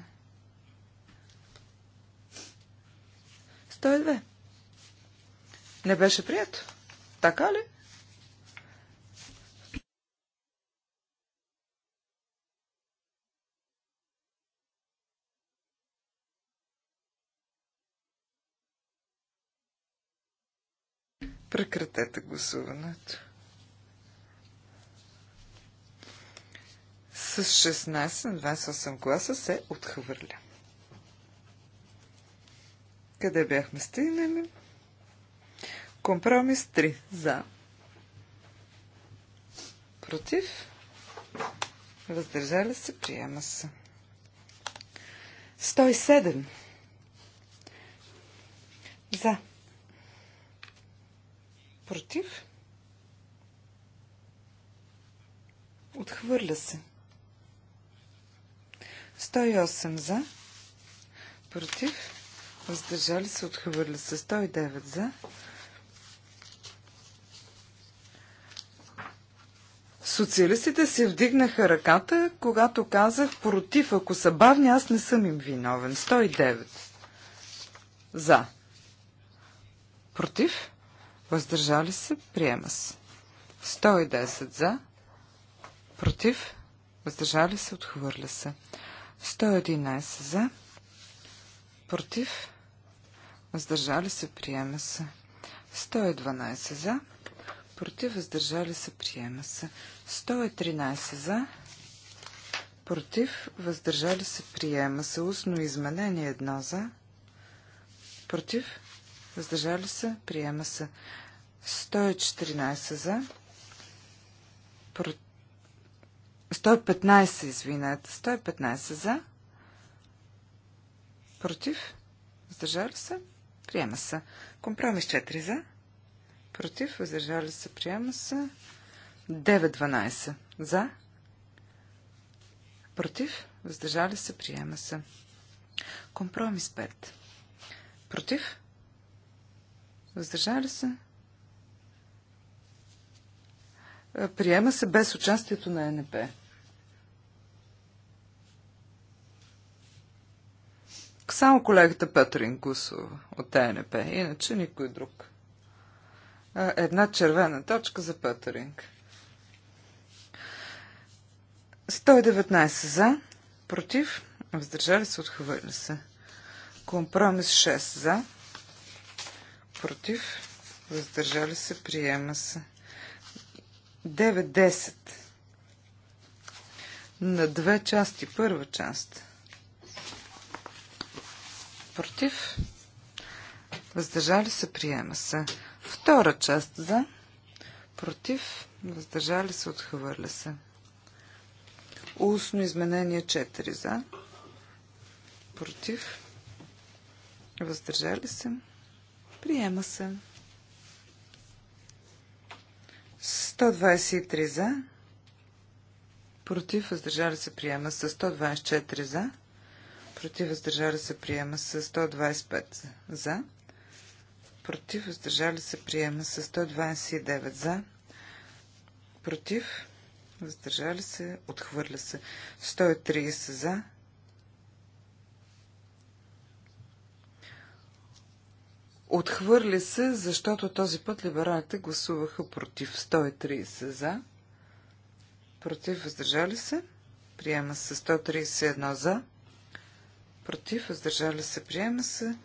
102. Не беше прието. Така ли? Прекратете гласуването. С 16 28 гласа се отхвърля. Къде бяхме стигнали? Компромис 3. За. Против. Въздържали се. Приема се. 107. За. Против. Отхвърля се. 108 за. Против. Въздържали се. Отхвърля се. 109 за. Социалистите се вдигнаха ръката, когато казах против. Ако са бавни, аз не съм им виновен. 109. За. Против въздържали се, приема се. 110 за, против, въздържали се, отхвърля се. 111 за, против, въздържали се, приема се. 112 за, против, въздържали се, приема се. 113 за, против, въздържали се, приема се. Устно изменение 1 за, против, въздържали се, приема се. 114 за, 115, извинете, 115 за, против, въздържали се, приема се. Компромис 4 за, против, въздържали се, приема се. 9-12 за, против, въздържали се, приема се. Компромис 5. Против, Въздържали се? Е, приема се без участието на НП. Само колегата Петрин гласува от ЕНП, иначе никой друг. Е, една червена точка за Петринг. 119 за, против, въздържали се, отхвърли се. Компромис 6 за, против, въздържали се, приема се. 9-10 на две части. Първа част. Против. Въздържали се, приема се. Втора част за. Против. Въздържали се, отхвърля се. Устно изменение 4 за. Против. Въздържали се. Приема се. 123 за. Против, въздържали се, приема се. 124 за. Против, въздържали се, приема се. 125 за. Против, въздържали се, приема се. 129 за. Против, въздържали се, отхвърля се. 130 за Отхвърли се, защото този път либералите гласуваха против 130 за, против въздържали се, приема се 131 за, против въздържали се, приема се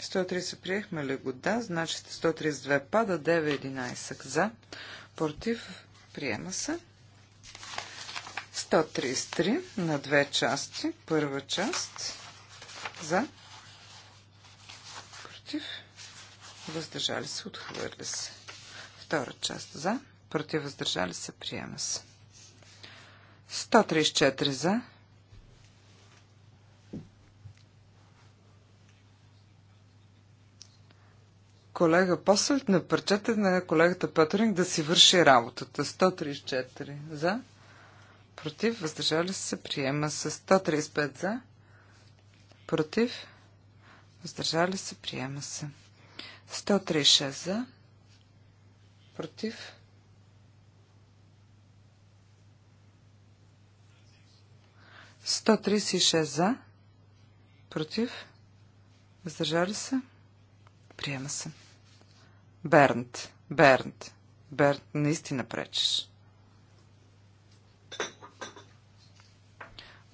130 приехме ли го? Да. Значи 132 пада, 9-11 за. Против приема се. 133 на две части. Първа част за против. Въздържали се, отхвърля се. Втора част за против. Въздържали се, приема се. 134 за колега, Посълт, напърчете на колегата Петринг да си върши работата. 134 за против, въздържали се, приема се. 135 за, против, въздържали се, приема се. 136 за, против, Сто 136 за, против, въздържали се, приема се. Бернт, Бернт, Бернт, наистина пречеш.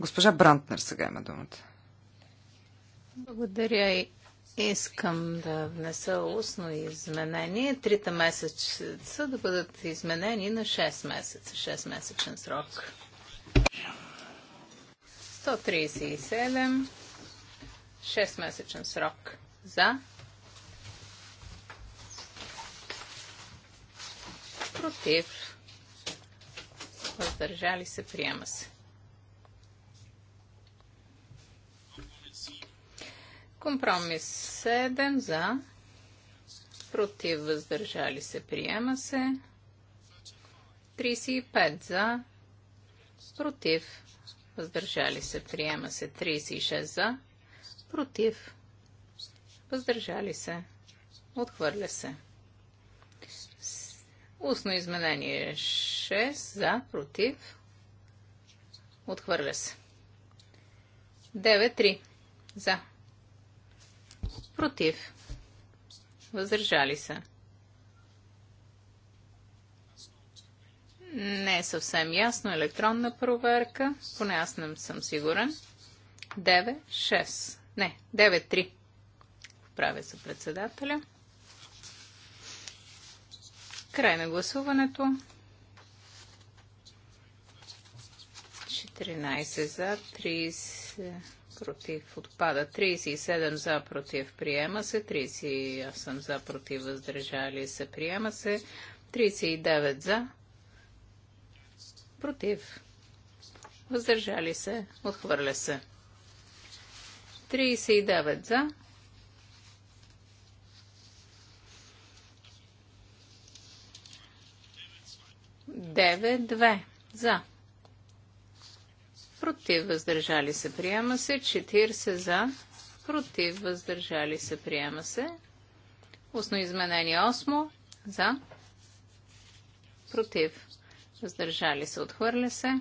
Госпожа Брантнер сега има думата. Благодаря и искам да внеса устно изменение. Трите месеца да бъдат изменени на 6 месеца, 6 месечен срок. 137, 6 месечен срок за против въздържали се, приема се. Компромис 7 за. Против въздържали се. Приема се. 35 за. Против въздържали се. Приема се. 36 за. Против въздържали се. Отхвърля се. Устно изменение 6 за, против. Отхвърля се. 9-3 за, Против. Въздържали се. Не е съвсем ясно. Електронна проверка. Поне аз не съм сигурен. 9-6. Не, 9-3. Правя се председателя. Край на гласуването. 14 за 30 против, отпада. 37 за, против, приема се. 38 за, против, въздържали се, приема се. 39 за, против, въздържали се, отхвърля се. 39 за, Девет, две. За против въздържали се, приема се. 40 за, против въздържали се, приема се. Устно изменение 8 за, против въздържали се, отхвърля се.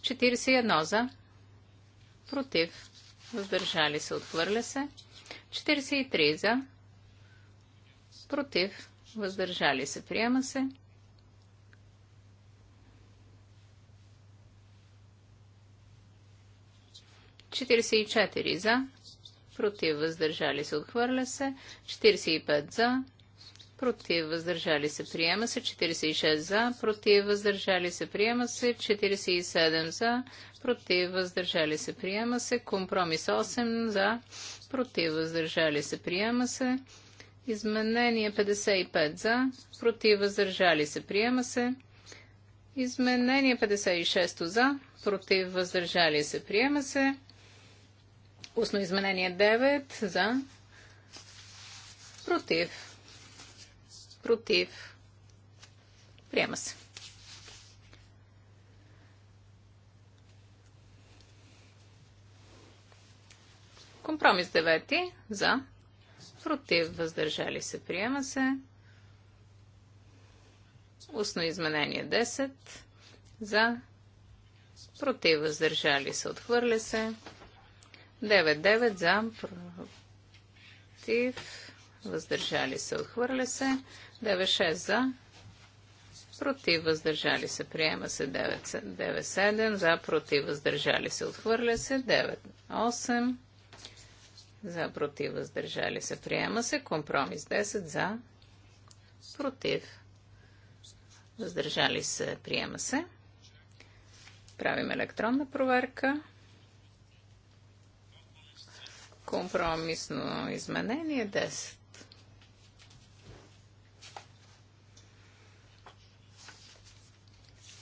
41 за, против въздържали се, отхвърля се. 43 за, против въздържали се, приема се. 44 за, против въздържали се, отхвърля се, 45 за, против въздържали се, приема се, 46 за, против въздържали се, приема се, 47 за, против въздържали се, приема се, компромис 8 за, против въздържали се, приема се, изменение 55 за, против въздържали се, приема се, изменение 56 за, против въздържали се, приема се, Устно изменение 9 за. Против. Против. Приема се. Компромис 9 за. Против. Въздържали се. Приема се. Устно изменение 10 за. Против. Въздържали се. Отхвърля се. 9-9 за, против, въздържали се, отхвърля се. 9-6 за, против, въздържали се, приема се. 9-7 за, против, въздържали се, отхвърля се. 9-8 за, против, въздържали се, приема се. Компромис 10 за, против, въздържали се, приема се. Правим електронна проверка. Компромисно изменение 10.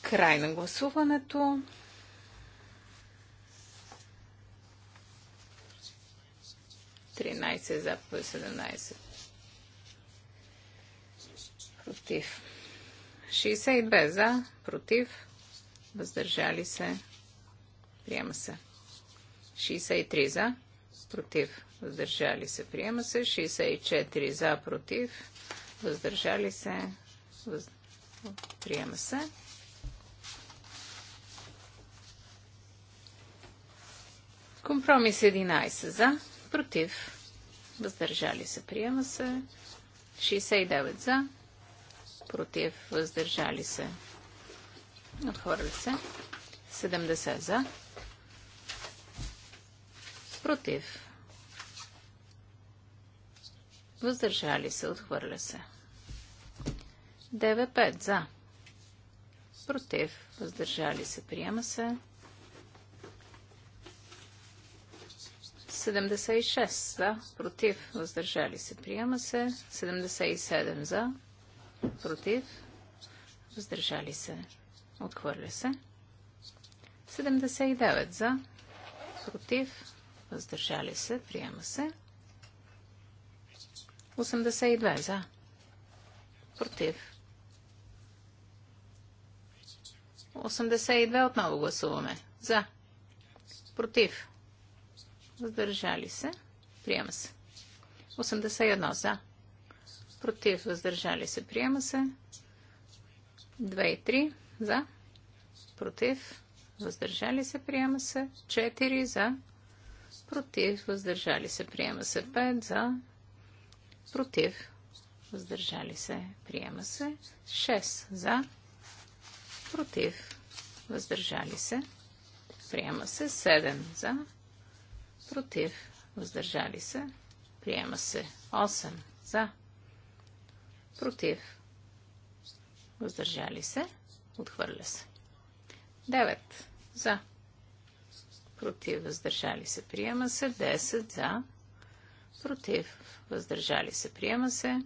Край на гласуването. Тринайсет за 17 против. 62 за, против, въздържали се, приема се. 63 за, против, въздържали се, приема се. 64 за, против, въздържали се, въз... приема се. Компромис 11 за, против, въздържали се, приема се. 69 за, против, въздържали се, отхвърли се. 70 за, против, въздържали се, отхвърля се. 9-5 за, против, въздържали се, приема се. 76 за, против, въздържали се, приема се. 77 за, против, въздържали се, отхвърля се. 79 за, против, въздържали се, приема се. 82 за. Против. 82 отново гласуваме. За. Против. Въздържали се. Приема се. 81 за. Против. Въздържали се. Приема се. 2 и 3 за. Против. Въздържали се. Приема се. 4 за. Против. Въздържали се. Приема се. 5 за против, въздържали се, приема се. 6 за, против, въздържали се, приема се. 7 за, против, въздържали се, приема се. 8 за, против, въздържали се, отхвърля се. 9 за, против, въздържали се, приема се. 10 за, против, въздържали се, приема се.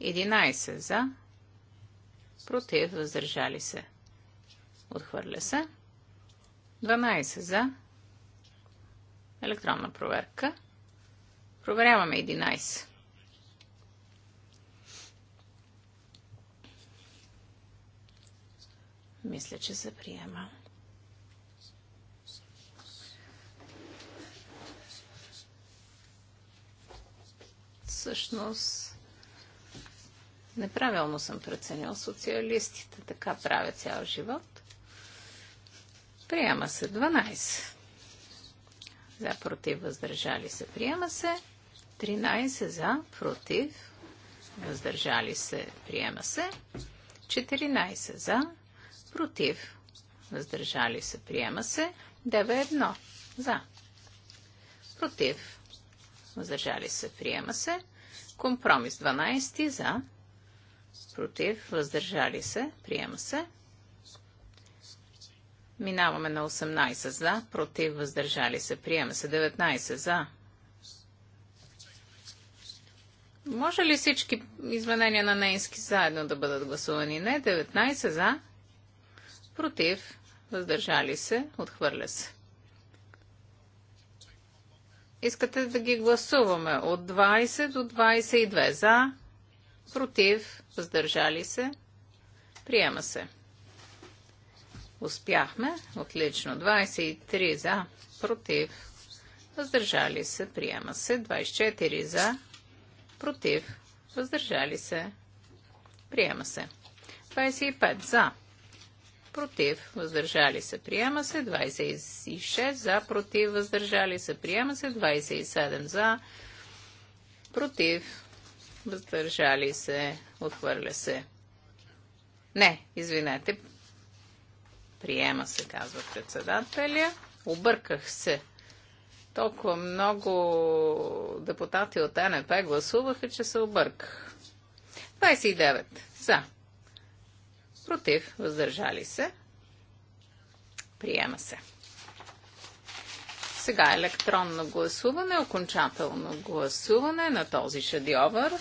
11 за, против, въздържали се, отхвърля се. 12 за, електронна проверка. Проверяваме 11. Мисля, че се приема. всъщност неправилно съм преценил социалистите. Така правя цял живот. Приема се 12. За против въздържали се. Приема се 13 за против въздържали се. Приема се 14 за против въздържали се. Приема се 9-1 за против въздържали се. Приема се Компромис 12 за, против, въздържали се, приема се. Минаваме на 18 за, против, въздържали се, приема се. 19 за. Може ли всички изменения на неински заедно да бъдат гласувани? Не. 19 за, против, въздържали се, отхвърля се. Искате да ги гласуваме от 20 до 22. За, против, въздържали се. Приема се. Успяхме. Отлично. 23 за, против, въздържали се. Приема се. 24 за, против, въздържали се. Приема се. 25 за, против, въздържали се, приема се, 26 за, против, въздържали се, приема се, 27 за, против, въздържали се, отхвърля се. Не, извинете, приема се, казва председателя. Обърках се. Толкова много депутати от НП гласуваха, че се обърках. 29 за, Против. Въздържали се. Приема се. Сега електронно гласуване, окончателно гласуване на този шедьовър.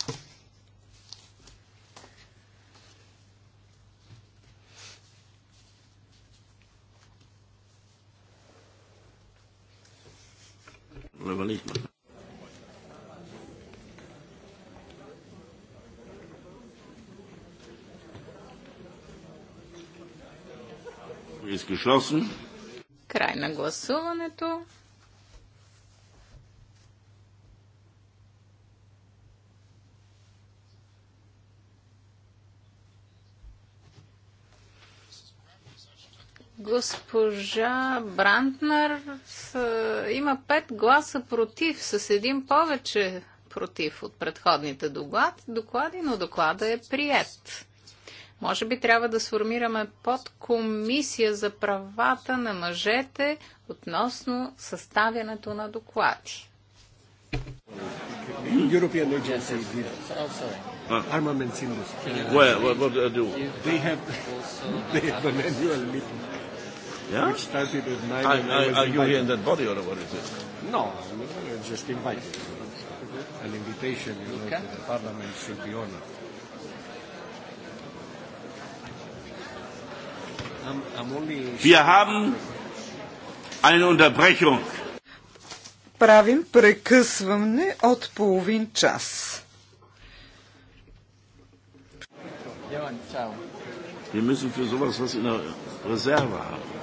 Левалитма. Край на гласуването. Госпожа Брантнер е, има пет гласа против, с един повече против от предходните доклади, но доклада е прият. Може би трябва да сформираме подкомисия за правата на мъжете относно съставянето на доклади. European agency did armaments industry. Where, what, what do they do? They have, they have an annual meeting. Yeah? Which started at 9 I, I, Are you here in that body or what is it? No, I'm just invited. An invitation you know, to the parliament should be honored. Wir haben eine Unterbrechung. Правим прекъсване от половин час. Wir müssen für sowas was in der Reserve haben.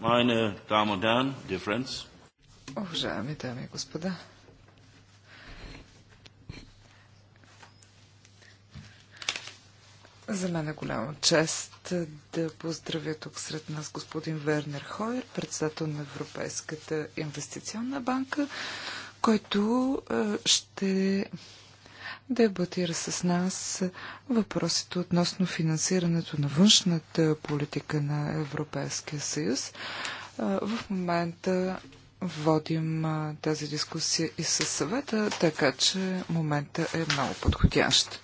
Meine Damen und Herren, dear friends. Уважаеми дами и господа, За мен е голяма чест да поздравя тук сред нас господин Вернер Хойер, председател на Европейската инвестиционна банка, който е, ще дебатира с нас въпросите относно финансирането на външната политика на Европейския съюз. В момента водим тази дискусия и със съвета, така че момента е много подходящ.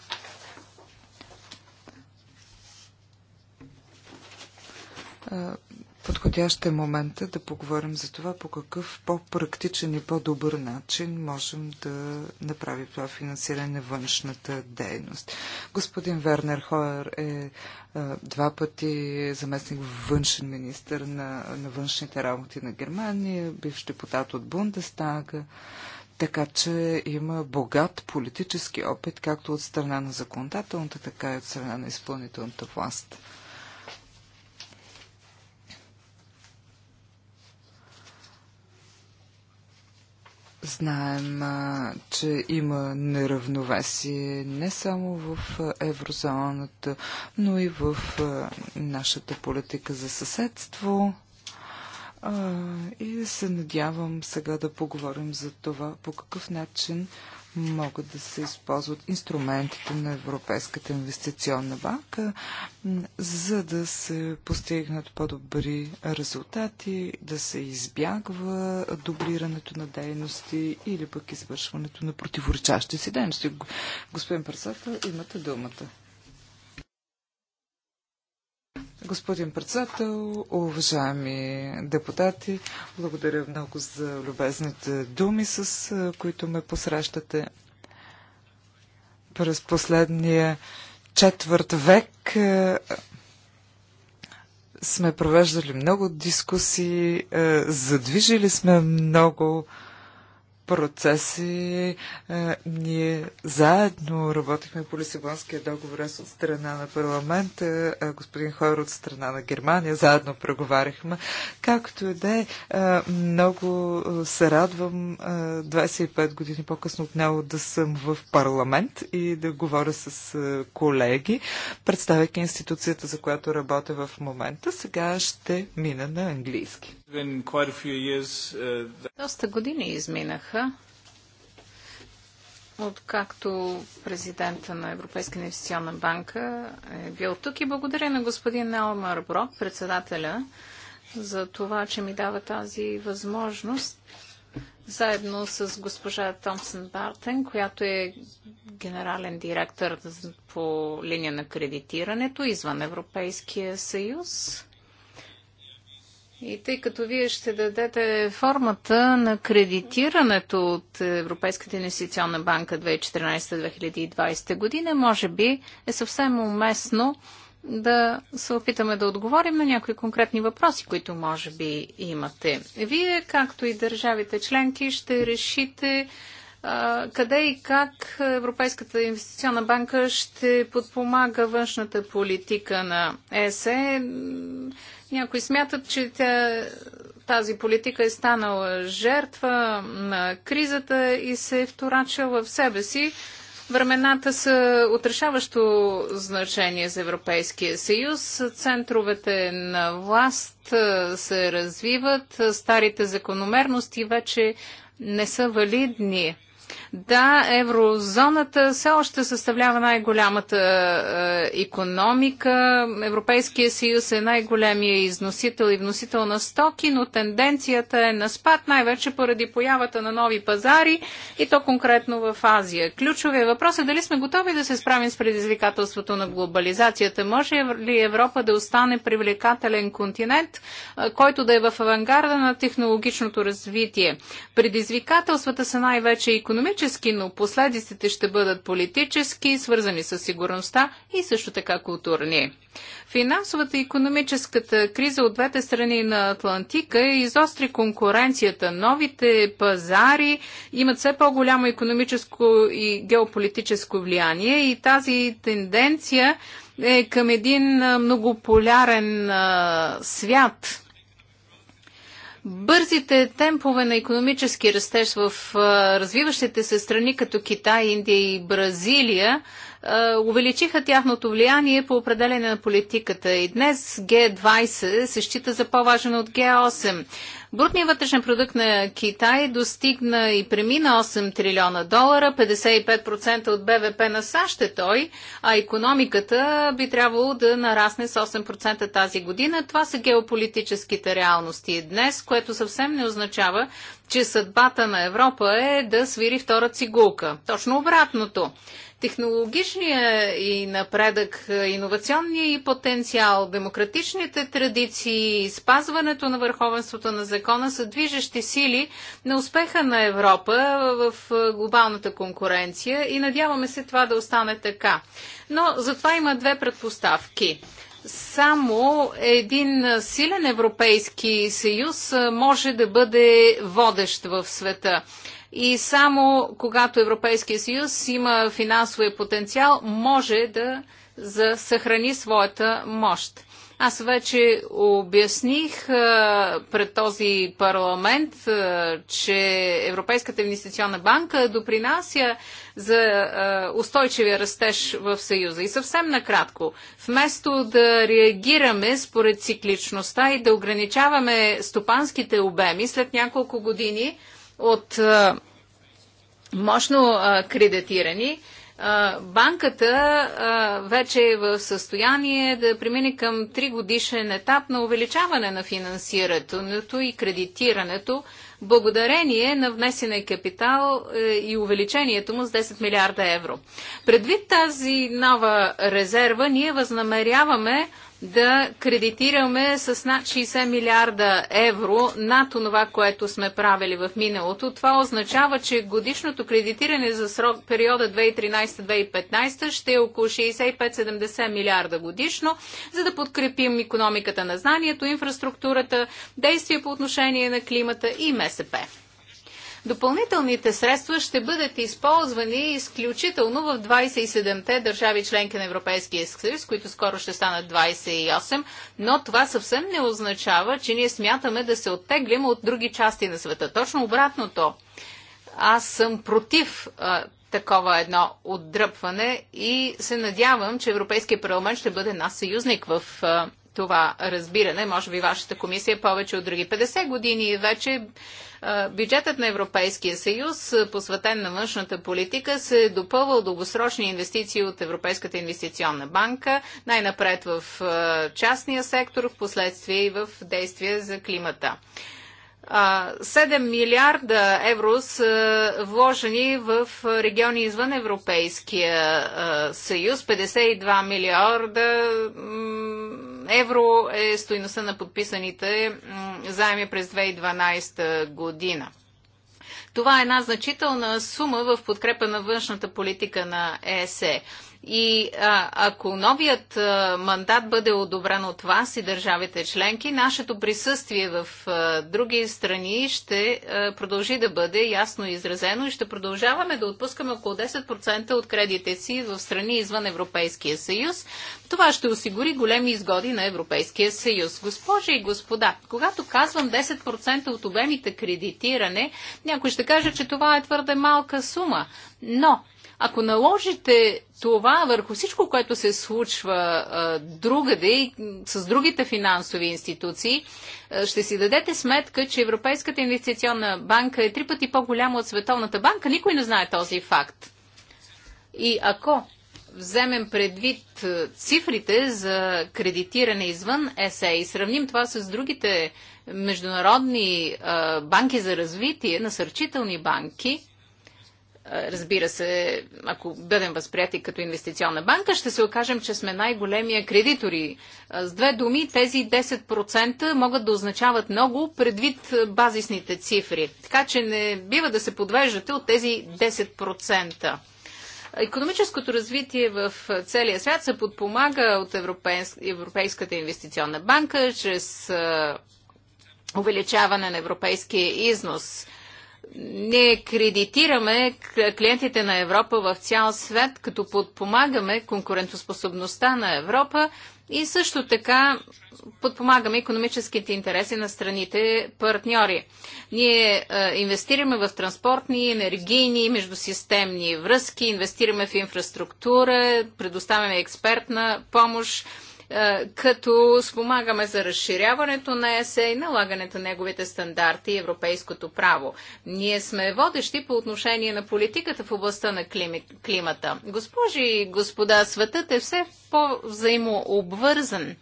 подходящ е момента да поговорим за това по какъв по-практичен и по-добър начин можем да направим това финансиране на външната дейност. Господин Вернер Хоер е, е два пъти заместник външен министр на, на външните работи на Германия, бивш депутат от Бундестага. Така че има богат политически опит, както от страна на законодателната, така и от страна на изпълнителната власт. Знаем, че има неравновесие не само в еврозоната, но и в нашата политика за съседство. И се надявам сега да поговорим за това по какъв начин могат да се използват инструментите на Европейската инвестиционна банка, за да се постигнат по-добри резултати, да се избягва дублирането на дейности или пък извършването на противоречащи си дейности. Господин Председател, имате думата. Господин председател, уважаеми депутати, благодаря много за любезните думи, с които ме посрещате. През последния четвърт век сме провеждали много дискусии, задвижили сме много процеси. Е, ние заедно работихме по Лисибонския договор аз от страна на парламента, е, господин Хойер от страна на Германия, заедно преговаряхме. Както и да е, е много се радвам 25 години по-късно отново да съм в парламент и да говоря с колеги, представяйки институцията, за която работя в момента. Сега ще мина на английски. Uh, Доста години изминаха, откакто президента на Европейска инвестиционна банка е бил тук и благодаря на господин Елмар Брок, председателя, за това, че ми дава тази възможност заедно с госпожа Томсън Бартен, която е генерален директор по линия на кредитирането извън Европейския съюз. И тъй като вие ще дадете формата на кредитирането от Европейската инвестиционна банка 2014-2020 година, може би е съвсем уместно да се опитаме да отговорим на някои конкретни въпроси, които може би имате. Вие, както и държавите членки, ще решите къде и как Европейската инвестиционна банка ще подпомага външната политика на ЕСЕ? Някои смятат, че тя, тази политика е станала жертва на кризата и се е вторачила в себе си. Времената са отрешаващо значение за Европейския съюз. Центровете на власт се развиват, старите закономерности вече не са валидни. Да, еврозоната все още съставлява най-голямата е, економика. Европейския съюз е най-големия износител и вносител на стоки, но тенденцията е на спад, най-вече поради появата на нови пазари и то конкретно в Азия. Ключовия въпрос е дали сме готови да се справим с предизвикателството на глобализацията. Може ли Европа да остане привлекателен континент, е, който да е в авангарда на технологичното развитие? Предизвикателствата са най-вече економ економически, но последиците ще бъдат политически, свързани с сигурността и също така културни. Финансовата и економическата криза от двете страни на Атлантика изостри конкуренцията. Новите пазари имат все по-голямо економическо и геополитическо влияние и тази тенденция е към един многополярен свят – бързите темпове на економически растеж в развиващите се страни като Китай, Индия и Бразилия увеличиха тяхното влияние по определене на политиката. И днес Г20 се счита за по-важен от Г8. Брутният вътрешен продукт на Китай достигна и премина 8 трилиона долара, 55% от БВП на САЩ е той, а економиката би трябвало да нарасне с 8% тази година. Това са геополитическите реалности днес, което съвсем не означава, че съдбата на Европа е да свири втора цигулка. Точно обратното технологичния и напредък, е, иновационния и потенциал, демократичните традиции, спазването на върховенството на закона са движещи сили на успеха на Европа в е, глобалната конкуренция и надяваме се това да остане така. Но за това има две предпоставки само един силен Европейски съюз е, може да бъде водещ в света и само когато Европейския съюз има финансовия потенциал, може да за съхрани своята мощ. Аз вече обясних пред този парламент, че Европейската инвестиционна банка допринася за устойчивия растеж в Съюза. И съвсем накратко, вместо да реагираме според цикличността и да ограничаваме стопанските обеми след няколко години, от а, мощно а, кредитирани, а, банката а, вече е в състояние да премине към 3 годишен етап на увеличаване на финансирането и кредитирането, благодарение на внесения капитал е, и увеличението му с 10 милиарда евро. Предвид тази нова резерва, ние възнамеряваме да кредитираме с над 60 милиарда евро над това, което сме правили в миналото. Това означава, че годишното кредитиране за срок, периода 2013-2015 ще е около 65-70 милиарда годишно, за да подкрепим економиката на знанието, инфраструктурата, действия по отношение на климата и МСП. Допълнителните средства ще бъдат използвани изключително в 27-те държави членки на Европейския съюз, които скоро ще станат 28, но това съвсем не означава, че ние смятаме да се оттеглим от други части на света. Точно обратното. Аз съм против а, такова едно отдръпване и се надявам, че Европейския парламент ще бъде наш съюзник в а, това разбиране. Може би вашата комисия е повече от други 50 години вече Бюджетът на Европейския съюз, посветен на външната политика, се е допълва от дългосрочни инвестиции от Европейската инвестиционна банка, най-напред в частния сектор, в последствие и в действия за климата. 7 милиарда евро са вложени в региони извън Европейския съюз. 52 милиарда евро е стоиността на подписаните заеми през 2012 година. Това е една значителна сума в подкрепа на външната политика на ЕСЕ. И а, ако новият а, мандат бъде одобрен от вас и държавите членки, нашето присъствие в а, други страни ще а, продължи да бъде ясно изразено и ще продължаваме да отпускаме около 10% от кредите си в страни извън Европейския съюз. Това ще осигури големи изгоди на Европейския съюз. Госпожи и господа, когато казвам 10% от обемите кредитиране, някой ще каже, че това е твърде малка сума. Но ако наложите това върху всичко, което се случва другаде и с другите финансови институции, ще си дадете сметка, че Европейската инвестиционна банка е три пъти по-голяма от Световната банка. Никой не знае този факт. И ако вземем предвид цифрите за кредитиране извън ЕСЕ и сравним това с другите международни банки за развитие, насърчителни банки, разбира се, ако бъдем възприяти като инвестиционна банка, ще се окажем, че сме най-големия кредитори. С две думи, тези 10% могат да означават много предвид базисните цифри. Така че не бива да се подвеждате от тези 10%. Економическото развитие в целия свят се подпомага от Европейската инвестиционна банка чрез увеличаване на европейския износ – не кредитираме клиентите на Европа в цял свят, като подпомагаме конкурентоспособността на Европа и също така подпомагаме економическите интереси на страните партньори. Ние е, инвестираме в транспортни, енергийни, междусистемни връзки, инвестираме в инфраструктура, предоставяме експертна помощ е, като спомагаме за разширяването на ЕСЕ и налагането на неговите стандарти и европейското право. Ние сме водещи по отношение на политиката в областта на климата. Госпожи и господа, светът е все по-взаимообвързан.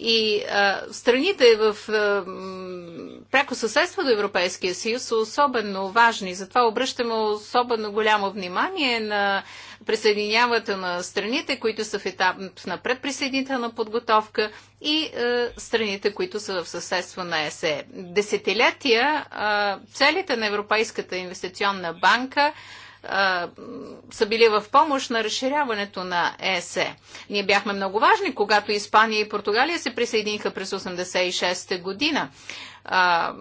И а, е, страните в а, е, пряко съседство до Европейския съюз са особено важни. Затова обръщаме особено голямо внимание на присъединяват на страните, които са в етап на предприсъединителна подготовка и е, страните, които са в съседство на ЕСЕ. Десетилетия е, целите на Европейската инвестиционна банка е, са били в помощ на разширяването на ЕСЕ. Ние бяхме много важни, когато Испания и Португалия се присъединиха през 86-та година а,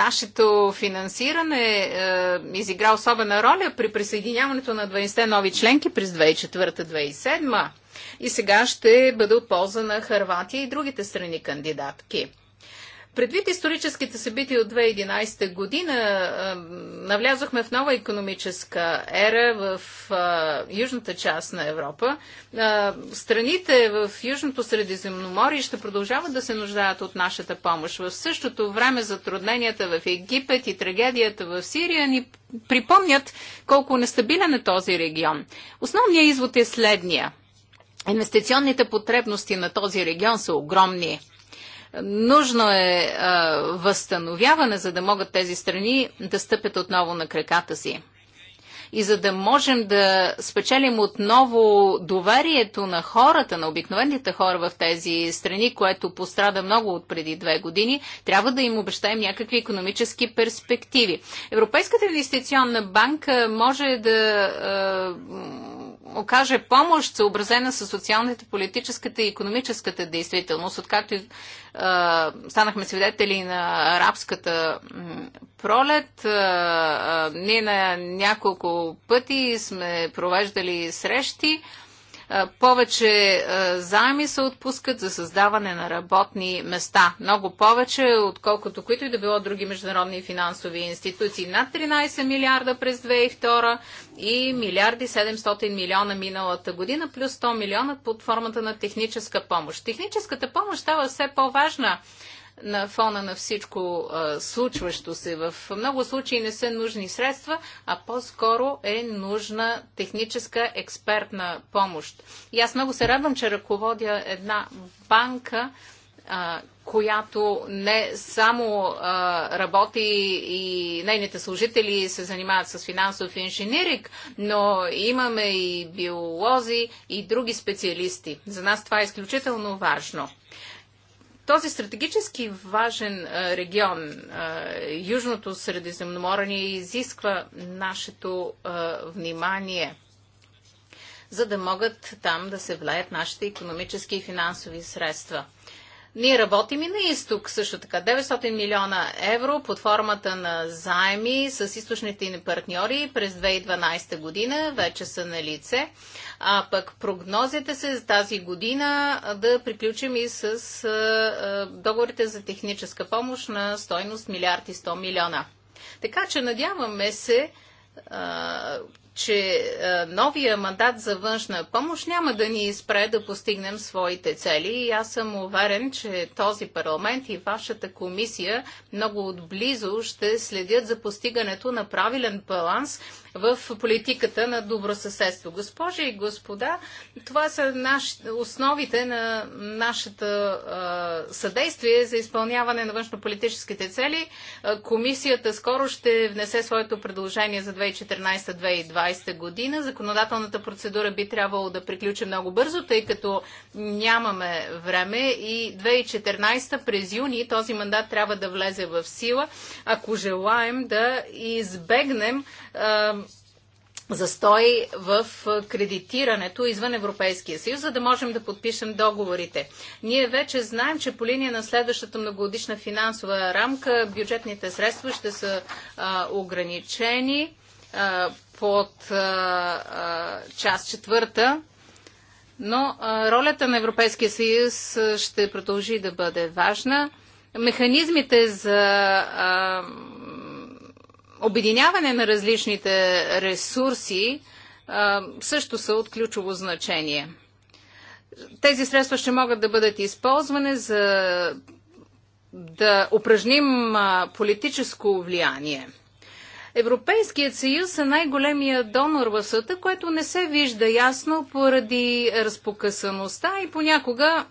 нашето финансиране а, изигра особена роля при присъединяването на 20-те нови членки през 2004-2007 и сега ще бъде от полза на Харватия и другите страни кандидатки. Предвид историческите събития от 2011 година, навлязохме в нова економическа ера в южната част на Европа. Страните в Южното Средиземноморие ще продължават да се нуждаят от нашата помощ. В същото време затрудненията в Египет и трагедията в Сирия ни припомнят колко нестабилен е този регион. Основният извод е следния. Инвестиционните потребности на този регион са огромни. Нужно е а, възстановяване, за да могат тези страни да стъпят отново на краката си. И за да можем да спечелим отново доверието на хората, на обикновените хора в тези страни, което пострада много от преди две години, трябва да им обещаем някакви економически перспективи. Европейската инвестиционна банка може да. А, окаже помощ, съобразена с социалната, политическата и економическата действителност, откакто е, станахме свидетели на арабската пролет. Е, е, ние на няколко пъти сме провеждали срещи повече заеми се отпускат за създаване на работни места. Много повече, отколкото които и да било други международни финансови институции. Над 13 милиарда през 2002 и милиарди 700 милиона миналата година, плюс 100 милиона под формата на техническа помощ. Техническата помощ става все по-важна на фона на всичко а, случващо се. В много случаи не са нужни средства, а по-скоро е нужна техническа експертна помощ. И аз много се радвам, че ръководя една банка, а, която не само а, работи и нейните служители се занимават с финансов инженерик, но имаме и биолози и други специалисти. За нас това е изключително важно този стратегически важен регион, Южното Средиземноморие, изисква нашето внимание, за да могат там да се влеят нашите економически и финансови средства – ние работим и на изток също така. 900 милиона евро под формата на заеми с източните ни партньори през 2012 година вече са на лице. А пък прогнозите се за тази година да приключим и с договорите за техническа помощ на стойност милиард и 100 милиона. Така че надяваме се че е, новия мандат за външна помощ няма да ни спре да постигнем своите цели и аз съм уверен, че този парламент и вашата комисия много отблизо ще следят за постигането на правилен баланс в политиката на добро съседство. Госпожи и господа, това са наш... основите на нашата а, съдействие за изпълняване на външнополитическите цели. А, комисията скоро ще внесе своето предложение за 2014-2020 година. Законодателната процедура би трябвало да приключи много бързо, тъй като нямаме време и 2014 през юни този мандат трябва да влезе в сила, ако желаем да избегнем а, застой в кредитирането извън Европейския съюз, за да можем да подпишем договорите. Ние вече знаем, че по линия на следващата многогодишна финансова рамка бюджетните средства ще са а, ограничени а, под а, част четвърта, но ролята на Европейския съюз ще продължи да бъде важна. Механизмите за обединяване на различните ресурси а, също са от ключово значение. Тези средства ще могат да бъдат използвани за да упражним политическо влияние. Европейският съюз е най-големия донор в света, което не се вижда ясно поради разпокъсаността и понякога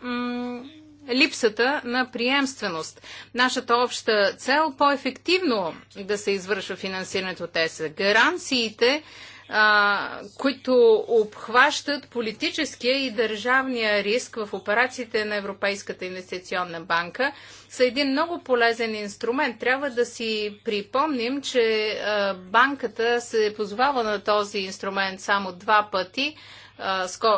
липсата на приемственост. Нашата обща цел по-ефективно да се извършва финансирането те са гаранциите, а, които обхващат политическия и държавния риск в операциите на Европейската инвестиционна банка, са един много полезен инструмент. Трябва да си припомним, че а, банката се позовава на този инструмент само два пъти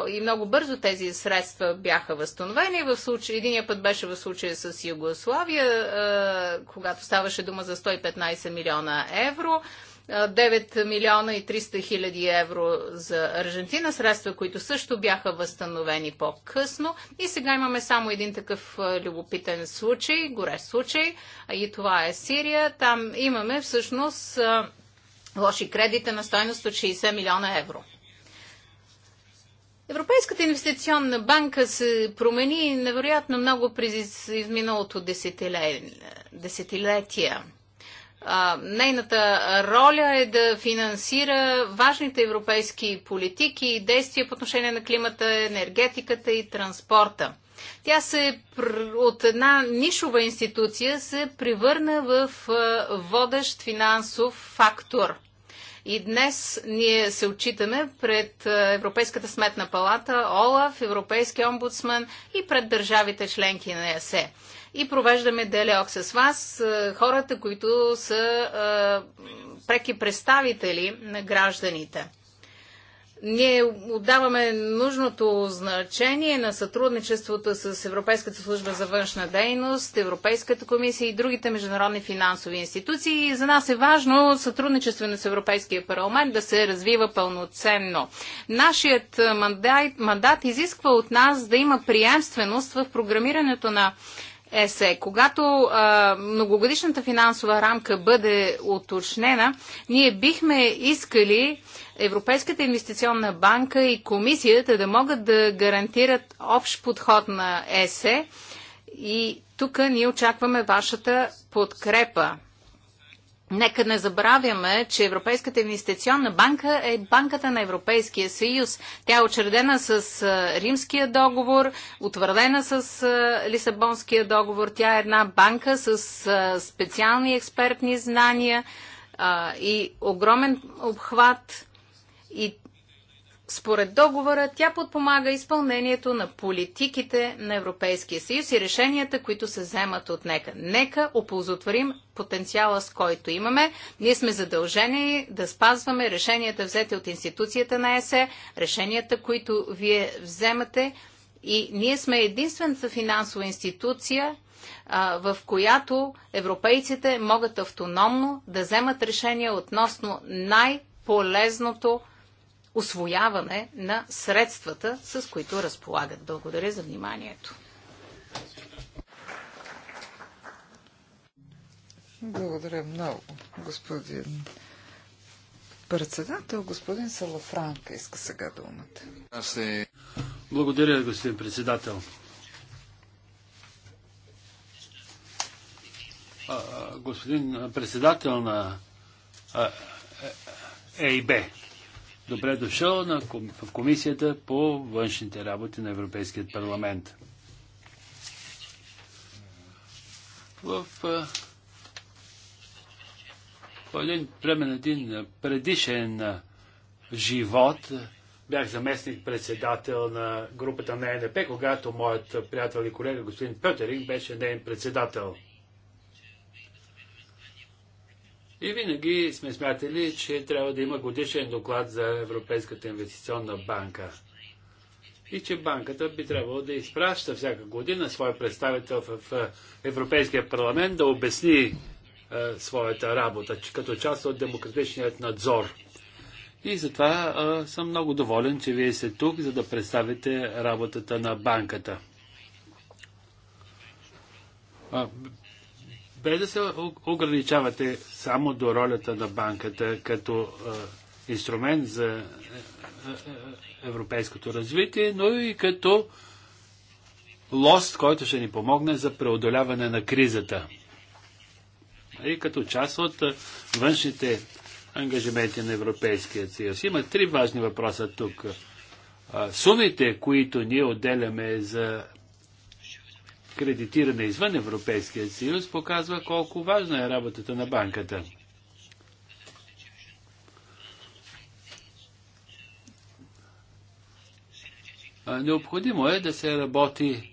и много бързо тези средства бяха възстановени. В случай, единия път беше в случая с Югославия, когато ставаше дума за 115 милиона евро. 9 милиона и 300 хиляди евро за Аржентина, средства, които също бяха възстановени по-късно. И сега имаме само един такъв любопитен случай, горещ случай, и това е Сирия. Там имаме всъщност лоши кредита на стойност от 60 милиона евро. Европейската инвестиционна банка се промени невероятно много през изминалото десетилетие. Нейната роля е да финансира важните европейски политики и действия по отношение на климата, енергетиката и транспорта. Тя се от една нишова институция се превърна в водещ финансов фактор – и днес ние се отчитаме пред е, Европейската сметна палата, ОЛАФ, Европейския омбудсман и пред държавите членки на ЕСЕ. И провеждаме Делеок с вас, е, хората, които са е, преки представители на гражданите. Ние отдаваме нужното значение на сътрудничеството с Европейската служба за външна дейност, Европейската комисия и другите международни финансови институции. за нас е важно сътрудничество с Европейския парламент да се развива пълноценно. Нашият мандат, мандат изисква от нас да има приемственост в програмирането на ЕСЕ. Когато а, многогодишната финансова рамка бъде уточнена, ние бихме искали Европейската инвестиционна банка и комисията да могат да гарантират общ подход на ЕСЕ и тук ние очакваме вашата подкрепа. Нека не забравяме, че Европейската инвестиционна банка е банката на Европейския съюз. Тя е очредена с Римския договор, утвърдена с Лисабонския договор. Тя е една банка с специални експертни знания и огромен обхват и според договора тя подпомага изпълнението на политиките на Европейския съюз и решенията, които се вземат от НЕКА. Нека оползотворим потенциала, с който имаме. Ние сме задължени да спазваме решенията, взети от институцията на ЕСЕ, решенията, които вие вземате. И ние сме единствената финансова институция, в която европейците могат автономно да вземат решения относно най-полезното освояване на средствата, с които разполагат. Благодаря за вниманието. Благодаря много, господин председател. Господин Салафранка иска сега думата. Благодаря, господин председател. господин председател на ЕИБ. Добре дошъл на, в Комисията по външните работи на Европейският парламент. В по един време един предишен живот бях заместник председател на групата на е НДП, когато моят приятел и колега господин Петеринг беше неен председател. И винаги сме смятали, че трябва да има годишен доклад за Европейската инвестиционна банка. И че банката би трябвало да изпраща всяка година своя представител в Европейския парламент да обясни е, своята работа, че като част от демократичният надзор. И затова е, съм много доволен, че вие сте тук, за да представите работата на банката без да се ограничавате само до ролята на банката като инструмент за е, е, е, европейското развитие, но и като лост, който ще ни помогне за преодоляване на кризата. И като част от външните ангажименти на Европейския съюз. Има три важни въпроса тук. Сумите, които ние отделяме за кредитиране извън Европейския съюз показва колко важна е работата на банката. Необходимо е да се работи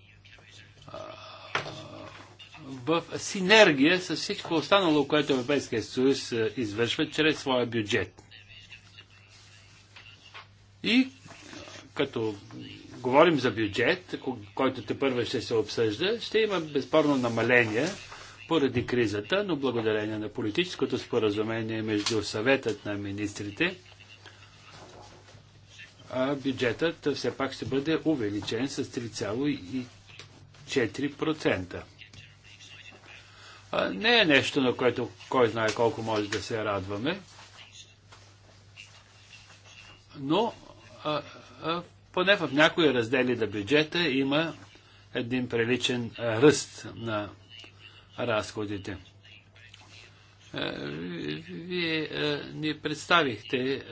в синергия с всичко останало, което Европейския съюз извършва чрез своя бюджет. И като говорим за бюджет, който те първа ще се обсъжда, ще има безспорно намаление поради кризата, но благодарение на политическото споразумение между съветът на министрите, бюджетът все пак ще бъде увеличен с 3,4%. Не е нещо, на което кой знае колко може да се радваме, но а, а, поне в някои раздели на бюджета има един приличен ръст на разходите. Вие ни представихте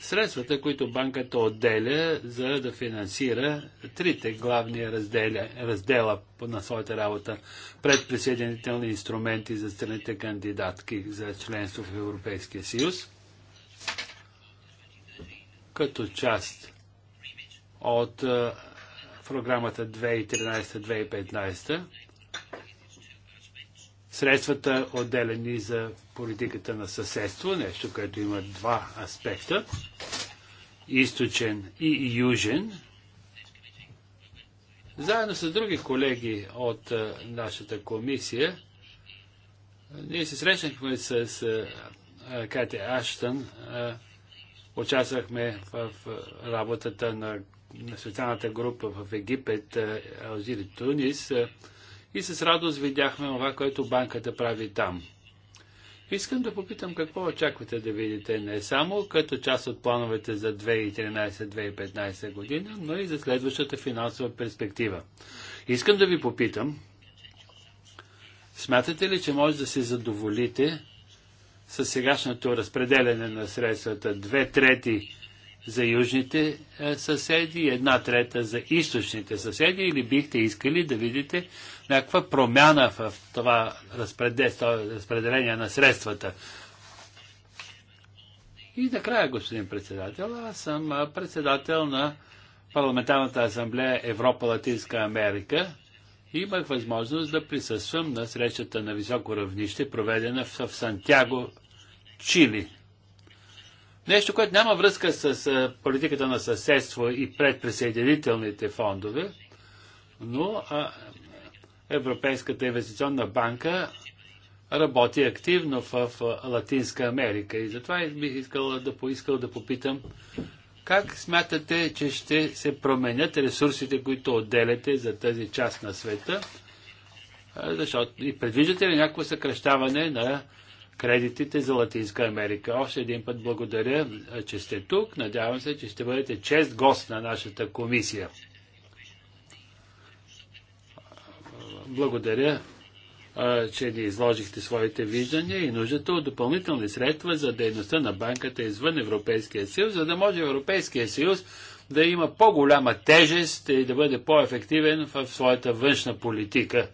средствата, които банката отделя, за да финансира трите главни разделя, раздела на своята работа предприсъединителни инструменти за страните кандидатки за членство в Европейския съюз като част от програмата 2013-2015. Средствата отделени за политиката на съседство, нещо, което има два аспекта, източен и южен. Заедно с други колеги от нашата комисия, ние се срещнахме с Кати Аштън, Участвахме в работата на, на специалната група в Египет, е, Алжир и Тунис е, и с радост видяхме това, което банката прави там. Искам да попитам какво очаквате да видите не само като част от плановете за 2013-2015 година, но и за следващата финансова перспектива. Искам да ви попитам, смятате ли, че може да се задоволите с сегашното разпределение на средствата. Две трети за южните е, съседи и една трета за източните съседи или бихте искали да видите някаква промяна в това разпределение на средствата. И накрая, господин председател, аз съм председател на Парламентарната асамблея Европа-Латинска Америка и имах възможност да присъствам на срещата на високо равнище, проведена в Сантяго, Чили. Нещо, което няма връзка с политиката на съседство и предприсъединителните фондове, но Европейската инвестиционна банка работи активно в Латинска Америка. И затова бих искал да поискал да попитам как смятате, че ще се променят ресурсите, които отделяте за тази част на света? Защото и предвиждате ли някакво съкръщаване на кредитите за Латинска Америка? Още един път благодаря, че сте тук. Надявам се, че ще бъдете чест гост на нашата комисия. Благодаря че ни изложихте своите виждания и нуждата от допълнителни средства за дейността на банката извън Европейския съюз, за да може Европейския съюз да има по-голяма тежест и да бъде по-ефективен в своята външна политика.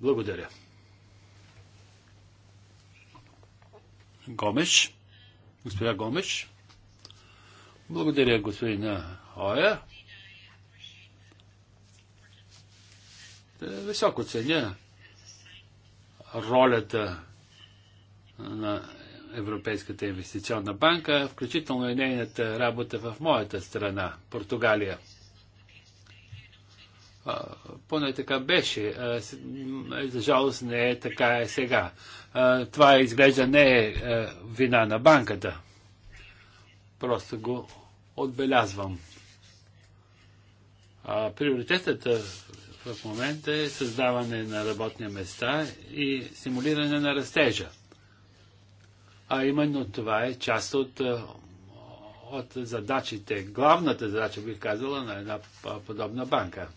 Благодаря. Гомеш. Господа Гомеш. Благодаря, господина Оя. Е, високо ценя ролята на Европейската инвестиционна банка, включително и нейната работа в моята страна, Португалия. Поне така беше. За жалост не е така е сега. Това изглежда не е вина на банката. Просто го отбелязвам. Приоритетът в момента е създаване на работни места и стимулиране на растежа. А именно това е част от, е, от задачите, главната задача, бих казала, на една подобна банка.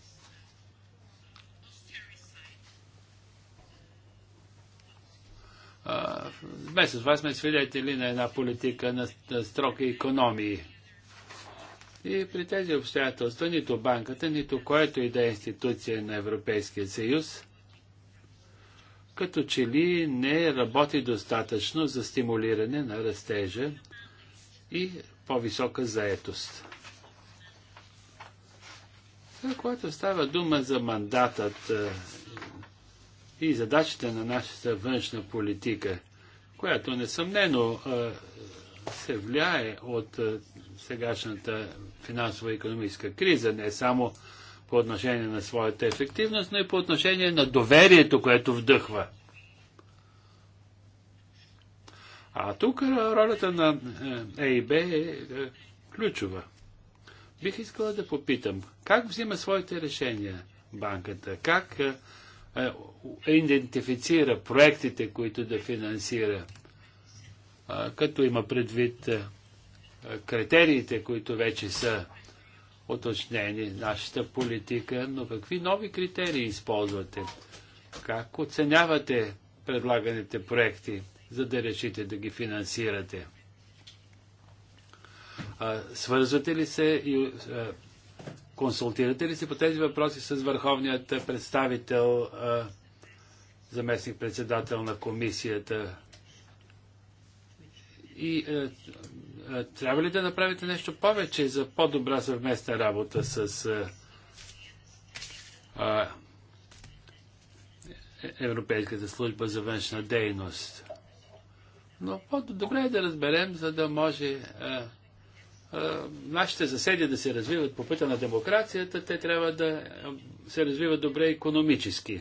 Вместо това сме свидетели на една политика на строки економии и при тези обстоятелства нито банката, нито което и да е институция на Европейския съюз, като че ли не работи достатъчно за стимулиране на растежа и по-висока заетост. Това, което става дума за мандатът е, и задачите на нашата външна политика, която несъмнено е, се влияе от е, сегашната финансова и економическа криза, не само по отношение на своята ефективност, но и по отношение на доверието, което вдъхва. А тук ролята на е, ЕИБ е, е ключова. Бих искала да попитам, как взима своите решения банката? Как е, идентифицира проектите, които да финансира, като има предвид критериите, които вече са уточнени, нашата политика, но какви нови критерии използвате? Как оценявате предлаганите проекти, за да решите да ги финансирате? свързвате ли се и консултирате ли се по тези въпроси с върховният представител, заместник председател на комисията? И е, трябва ли да направите нещо повече за по-добра съвместна работа с е, а, е, Европейската служба за външна дейност? Но по-добре е да разберем, за да може а, а, нашите съседи да се развиват по пътя на демокрацията, те трябва да се развиват добре економически.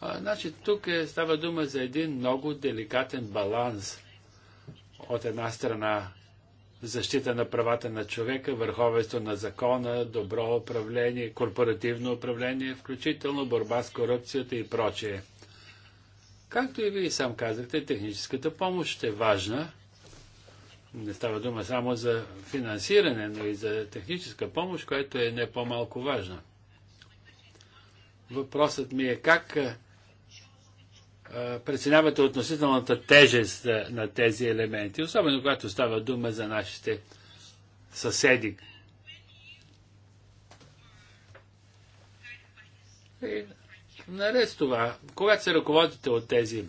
А, значи тук е, става дума за един много деликатен баланс – от една страна защита на правата на човека, върховенство на закона, добро управление, корпоративно управление, включително борба с корупцията и прочее. Както и вие сам казахте, техническата помощ е важна. Не става дума само за финансиране, но и за техническа помощ, която е не по-малко важна. Въпросът ми е как преценявате относителната тежест на тези елементи, особено когато става дума за нашите съседи. И наред с това, когато се ръководите от тези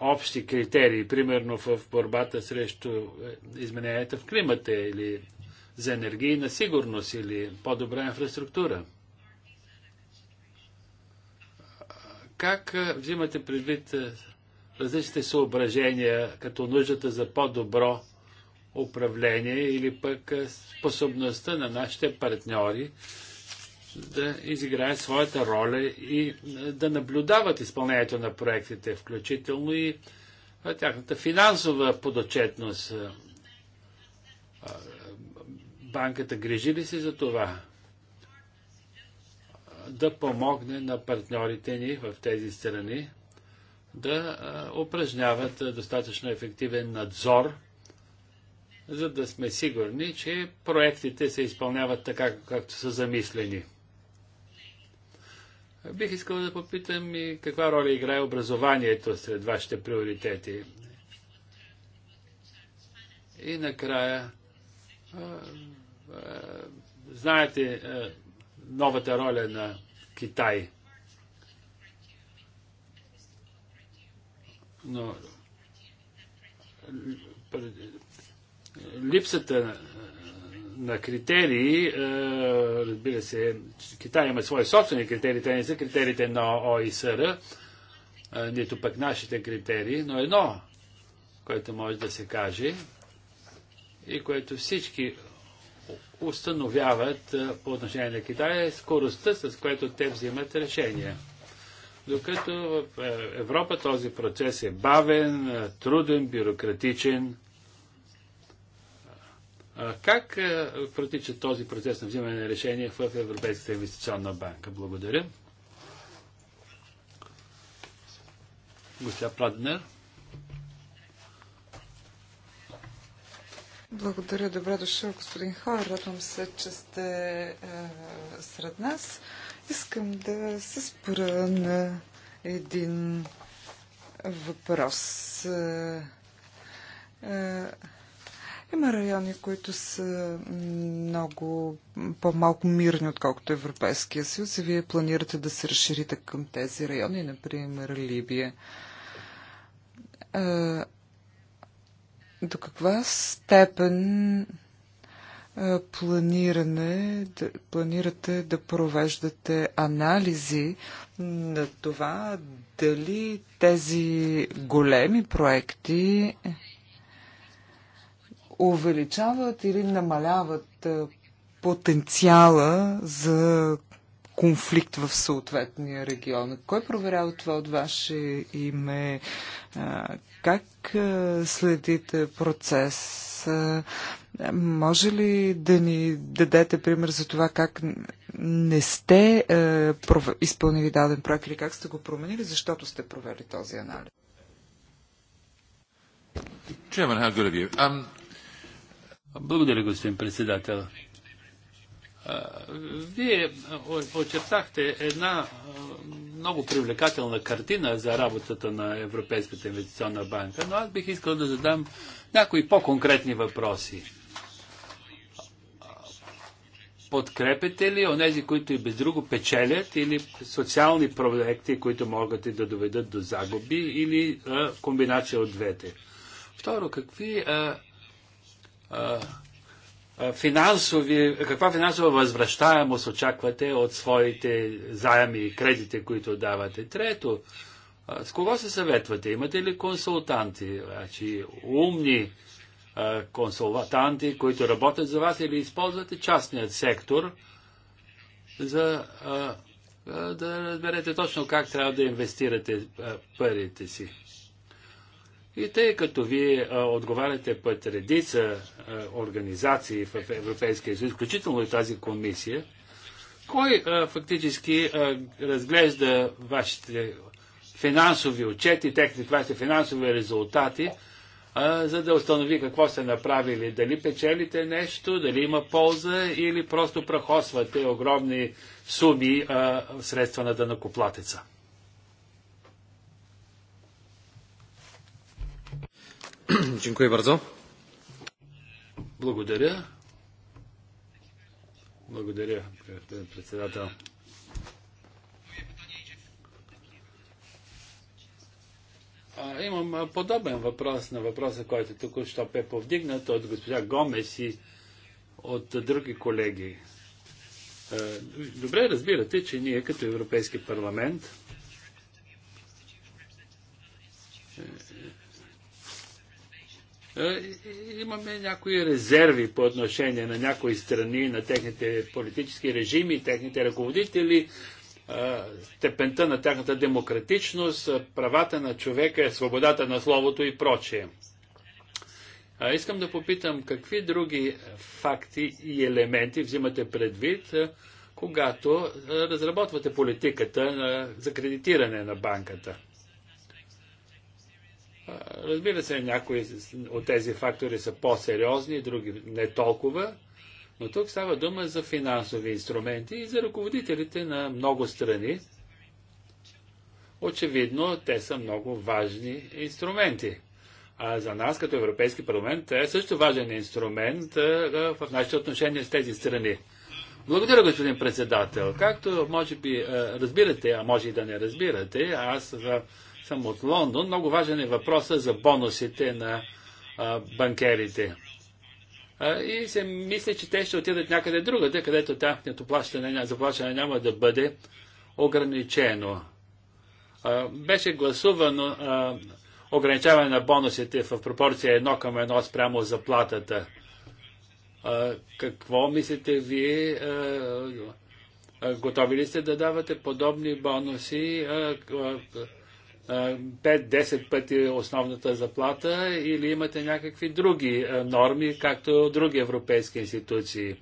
общи критерии, примерно в борбата срещу е, измененията в климата или за енергийна сигурност или по-добра инфраструктура – как взимате предвид различните съображения, като нуждата за по-добро управление или пък способността на нашите партньори да изиграят своята роля и да наблюдават изпълнението на проектите, включително и тяхната финансова подотчетност. Банката грижи ли се за това? да помогне на партньорите ни в тези страни да упражняват достатъчно ефективен надзор, за да сме сигурни, че проектите се изпълняват така, както са замислени. Бих искал да попитам и каква роля играе образованието сред вашите приоритети. И накрая, знаете, новата роля на Китай. Но липсата на критерии, е, разбира се, Китай има свои собствени критерии, те не са критериите на ОИСР, е, нито пък нашите критерии, но едно, което може да се каже и което всички установяват по отношение на Китай скоростта, с която те взимат решения. Докато в е, Европа този процес е бавен, е, труден, бюрократичен. Как е, протича този процес на взимане на решения в Европейската инвестиционна банка? Благодаря. Госпожа Пладнер. Благодаря, добре дошъл, господин Хор. Радвам се, че сте е, сред нас. Искам да се спра на един въпрос. Е, е, има райони, които са много по-малко мирни, отколкото Европейския съюз и вие планирате да се разширите към тези райони, например Либия. Е, до каква степен планиране, да, планирате да провеждате анализи на това дали тези големи проекти увеличават или намаляват потенциала за конфликт в съответния регион. Кой проверява това от ваше име? Как следите процес? Може ли да ни дадете пример за това как не сте изпълнили даден проект или как сте го променили, защото сте провели този анализ? Um, Благодаря, господин председател. Вие очертахте една много привлекателна картина за работата на Европейската инвестиционна банка, но аз бих искал да задам някои по-конкретни въпроси. Подкрепете ли онези, които и без друго печелят, или социални проекти, които могат и да доведат до загуби, или а, комбинация от двете? Второ, какви а, а, финансови, каква финансова възвръщаемост очаквате от своите заеми и кредити, които давате? Трето, с кого се съветвате? Имате ли консултанти? Значи, умни консултанти, които работят за вас или използвате частният сектор, за да разберете точно как трябва да инвестирате парите си? И тъй като вие а, отговаряте по редица а, организации в Европейския съюз, включително и тази комисия, кой а, фактически а, разглежда вашите финансови отчети, техните, вашите финансови резултати, а, за да установи какво сте направили? Дали печелите нещо, дали има полза или просто прахосвате огромни суми а, средства на дънакоплатеца? Dziękuję bardzo. Благодаря. Благодаря, господин председател. А, имам подобен въпрос на въпроса, който тук ще бе повдигнат от госпожа Гомес и от други колеги. Добре разбирате, че ние като Европейски парламент Е, имаме някои резерви по отношение на някои страни, на техните политически режими, техните ръководители, е, степента на тяхната демократичност, правата на човека, свободата на словото и прочее. Искам да попитам какви други факти и елементи взимате предвид, е, когато разработвате политиката за кредитиране на банката. Разбира се, някои от тези фактори са по-сериозни, други не толкова, но тук става дума за финансови инструменти и за ръководителите на много страни. Очевидно, те са много важни инструменти. А за нас като Европейски парламент е също важен инструмент в нашите отношения с тези страни. Благодаря, господин председател. Както може би разбирате, а може и да не разбирате, аз в съм от Лондон. Много важен е въпросът за бонусите на а, банкерите. А, и се мисля, че те ще отидат някъде другаде, където тяхното плащане, заплащане няма да бъде ограничено. А, беше гласувано ограничаване на бонусите в пропорция едно към едно спрямо заплатата. Какво мислите вие? Готови ли сте да давате подобни бонуси 5-10 пъти основната заплата или имате някакви други норми, както други европейски институции.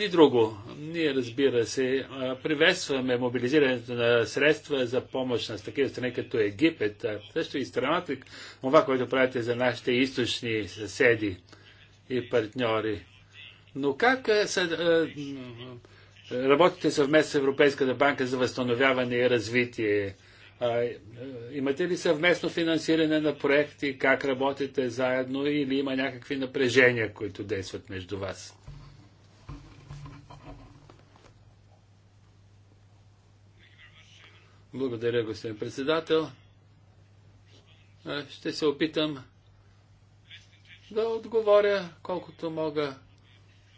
и друго. Ние, разбира се, приветстваме мобилизирането на средства за помощ на такива страни като Египет, също и страната, това, което правите за нашите източни съседи и партньори. Но как са Работите съвместно с Европейската банка за възстановяване и развитие. Е, имате ли съвместно финансиране на проекти? Как работите заедно или има някакви напрежения, които действат между вас? Благодаря, господин председател. Ще се опитам да отговоря колкото мога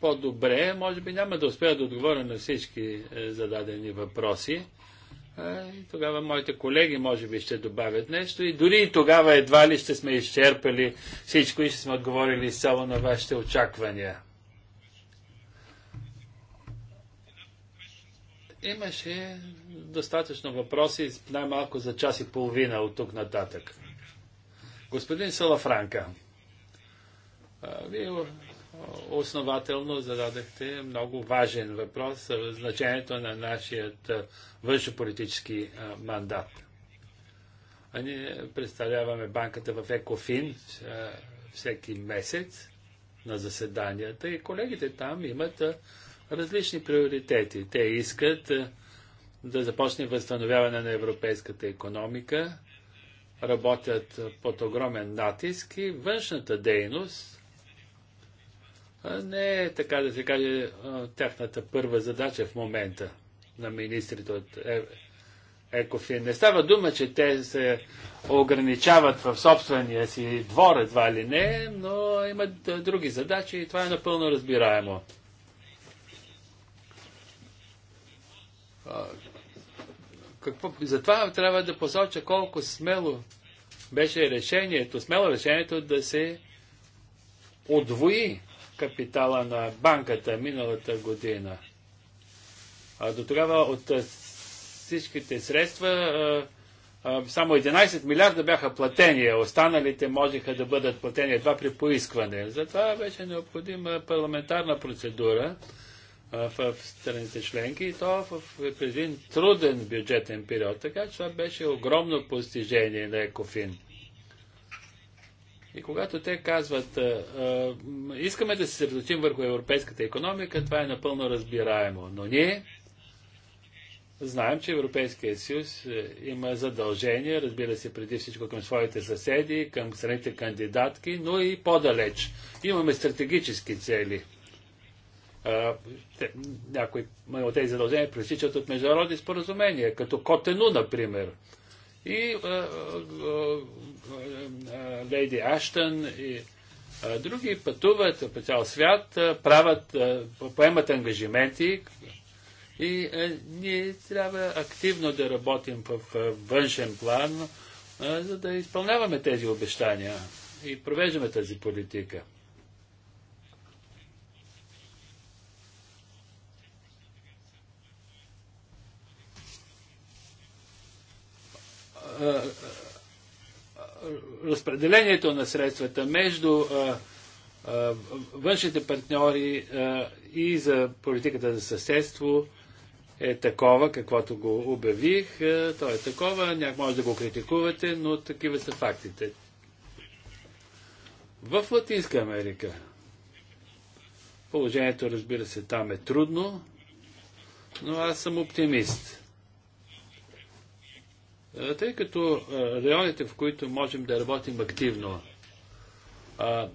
по-добре. Може би няма да успея да отговоря на всички е, зададени въпроси. Е, и тогава моите колеги може би ще добавят нещо и дори и тогава едва ли ще сме изчерпали всичко и ще сме отговорили изцяло на вашите очаквания. Имаше достатъчно въпроси, най-малко за час и половина от тук нататък. Господин Салафранка, вие основателно зададахте много важен въпрос за значението на нашия външополитически мандат. А ние представляваме банката в Екофин всеки месец на заседанията и колегите там имат различни приоритети. Те искат да започне възстановяване на европейската економика, работят под огромен натиск и външната дейност не е, така да се каже, тяхната първа задача в момента на министрите от е, Екофин. Не става дума, че те се ограничават в собствения си двор, едва ли не, но имат други задачи и това е напълно разбираемо. Какво? Затова трябва да посоча колко смело беше решението, смело решението да се отвои капитала на банката миналата година. А, до тогава от всичките средства само 11 милиарда бяха платени, останалите можеха да бъдат платени едва при поискване. Затова беше необходима парламентарна процедура в страните членки и то в, в един труден бюджетен период. Така че това беше огромно постижение на Екофин. И когато те казват, искаме да се съсредоточим върху европейската економика, това е напълно разбираемо. Но ние знаем, че Европейския съюз е, има задължения, разбира се, преди всичко към своите съседи, към страните кандидатки, но и по-далеч. Имаме стратегически цели. Някои от тези задължения пресичат от международни споразумения, като Котену, например. И е, е, е, леди Аштън и други пътуват по цял свят, правят, поемат ангажименти и ние трябва активно да работим в външен план, за да изпълняваме тези обещания и провеждаме тази политика. Е, е, разпределението на средствата между е, външните партньори и за политиката за съседство е такова, каквото го обявих. То е такова, някак може да го критикувате, но такива са фактите. В Латинска Америка положението, разбира се, там е трудно, но аз съм оптимист. Е, тъй като е, районите, в които можем да работим активно, е,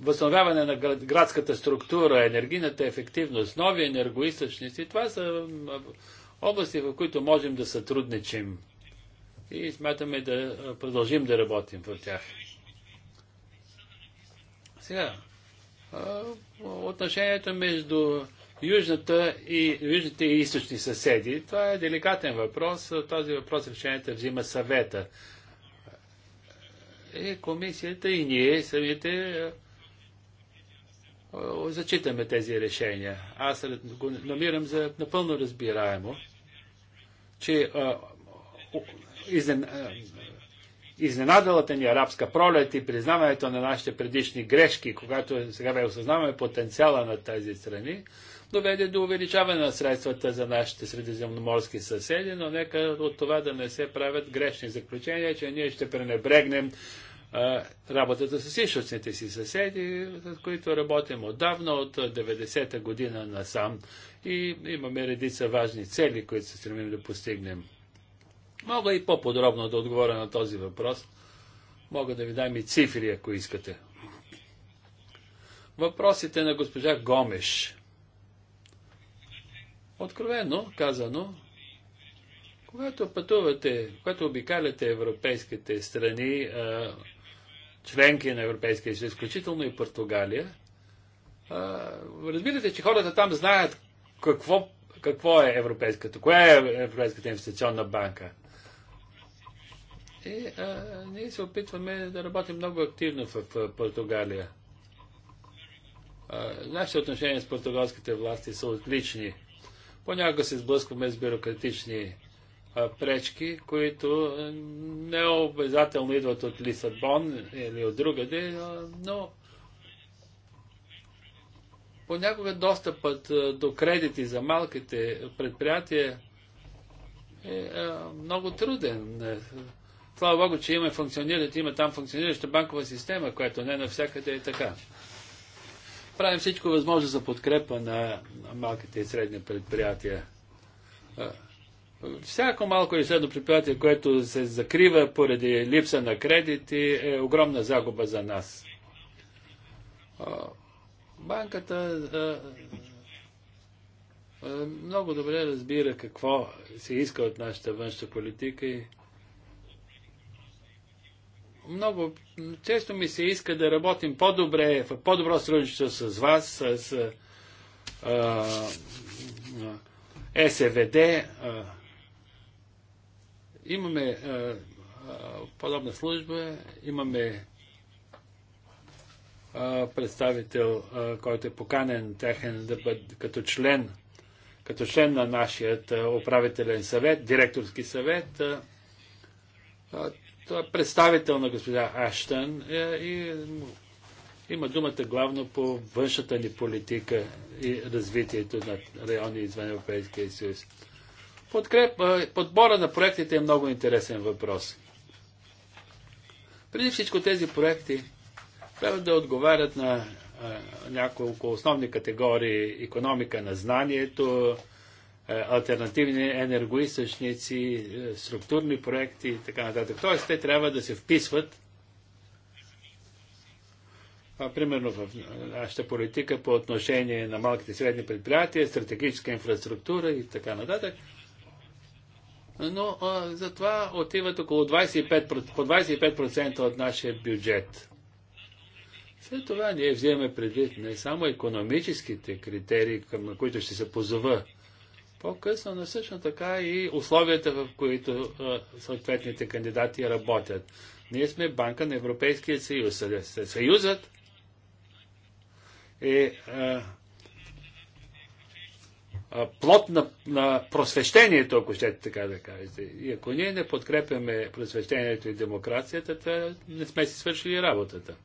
възстановяване на градската структура, енергийната ефективност, нови енергоисточници, това са области, в които можем да сътрудничим и смятаме да продължим да работим в тях. Сега, отношението между Южната и, южните и източни съседи. Това е деликатен въпрос. Този въпрос решението взима съвета. И комисията, и ние самите е, зачитаме тези решения. Аз го намирам за напълно разбираемо, че е, е, изненадалата ни арабска пролет и признаването на нашите предишни грешки, когато сега бе осъзнаваме потенциала на тези страни, доведе до увеличаване на средствата за нашите средиземноморски съседи, но нека от това да не се правят грешни заключения, че ние ще пренебрегнем работата с източните си съседи, с които работим отдавна, от 90-та година насам и имаме редица важни цели, които се стремим да постигнем. Мога и по-подробно да отговоря на този въпрос. Мога да ви дам и цифри, ако искате. Въпросите на госпожа Гомеш – Откровено казано, когато пътувате, когато обикаляте европейските страни, членки на Европейския съюз, включително и Португалия, разбирате, че хората там знаят какво, какво е Европейската, коя е Европейската инвестиционна банка. И а, ние се опитваме да работим много активно в, в Португалия. А, нашите отношения с португалските власти са отлични. Понякога се сблъскваме с бюрократични а, пречки, които не обязателно идват от Лисабон или от другаде, но понякога достъпът до кредити за малките предприятия е много труден. Слава Богу, че има функционираща, има там функционираща банкова система, която не навсякъде е така правим всичко възможно за подкрепа на малките и средни предприятия. Всяко малко и средно предприятие, което се закрива поради липса на кредити, е огромна загуба за нас. Банката много добре разбира какво се иска от нашата външна политика и много често ми се иска да работим по-добре, в по-добро сътрудничество с вас, с а, а, СВД. А, имаме а, а, подобна служба, имаме а, представител, а, който е поканен техен да бъде като член, като член на нашия управителен съвет, директорски съвет. А, той е представител на госпожа Аштън е, и има думата главно по външната ни политика и развитието на райони извън Европейския съюз. Подкреп, е, подбора на проектите е много интересен въпрос. Преди всичко тези проекти трябва да отговарят на е, няколко основни категории економика на знанието, е, альтернативни енергоисточници, е, структурни проекти и така нататък. Тоест, те трябва да се вписват а, примерно в нашата политика по отношение на малките и средни предприятия, стратегическа инфраструктура и така нататък. Но а, за това отиват около 25%, по 25% от нашия бюджет. След това ние вземем предвид не само економическите критерии, към които ще се позова по-късно, но също така и условията, в които а, съответните кандидати работят. Ние сме банка на Европейския съюз. Съюзът е а, а, плод на, на просвещението, ако ще така да кажете. И ако ние не подкрепяме просвещението и демокрацията, не сме си свършили работата.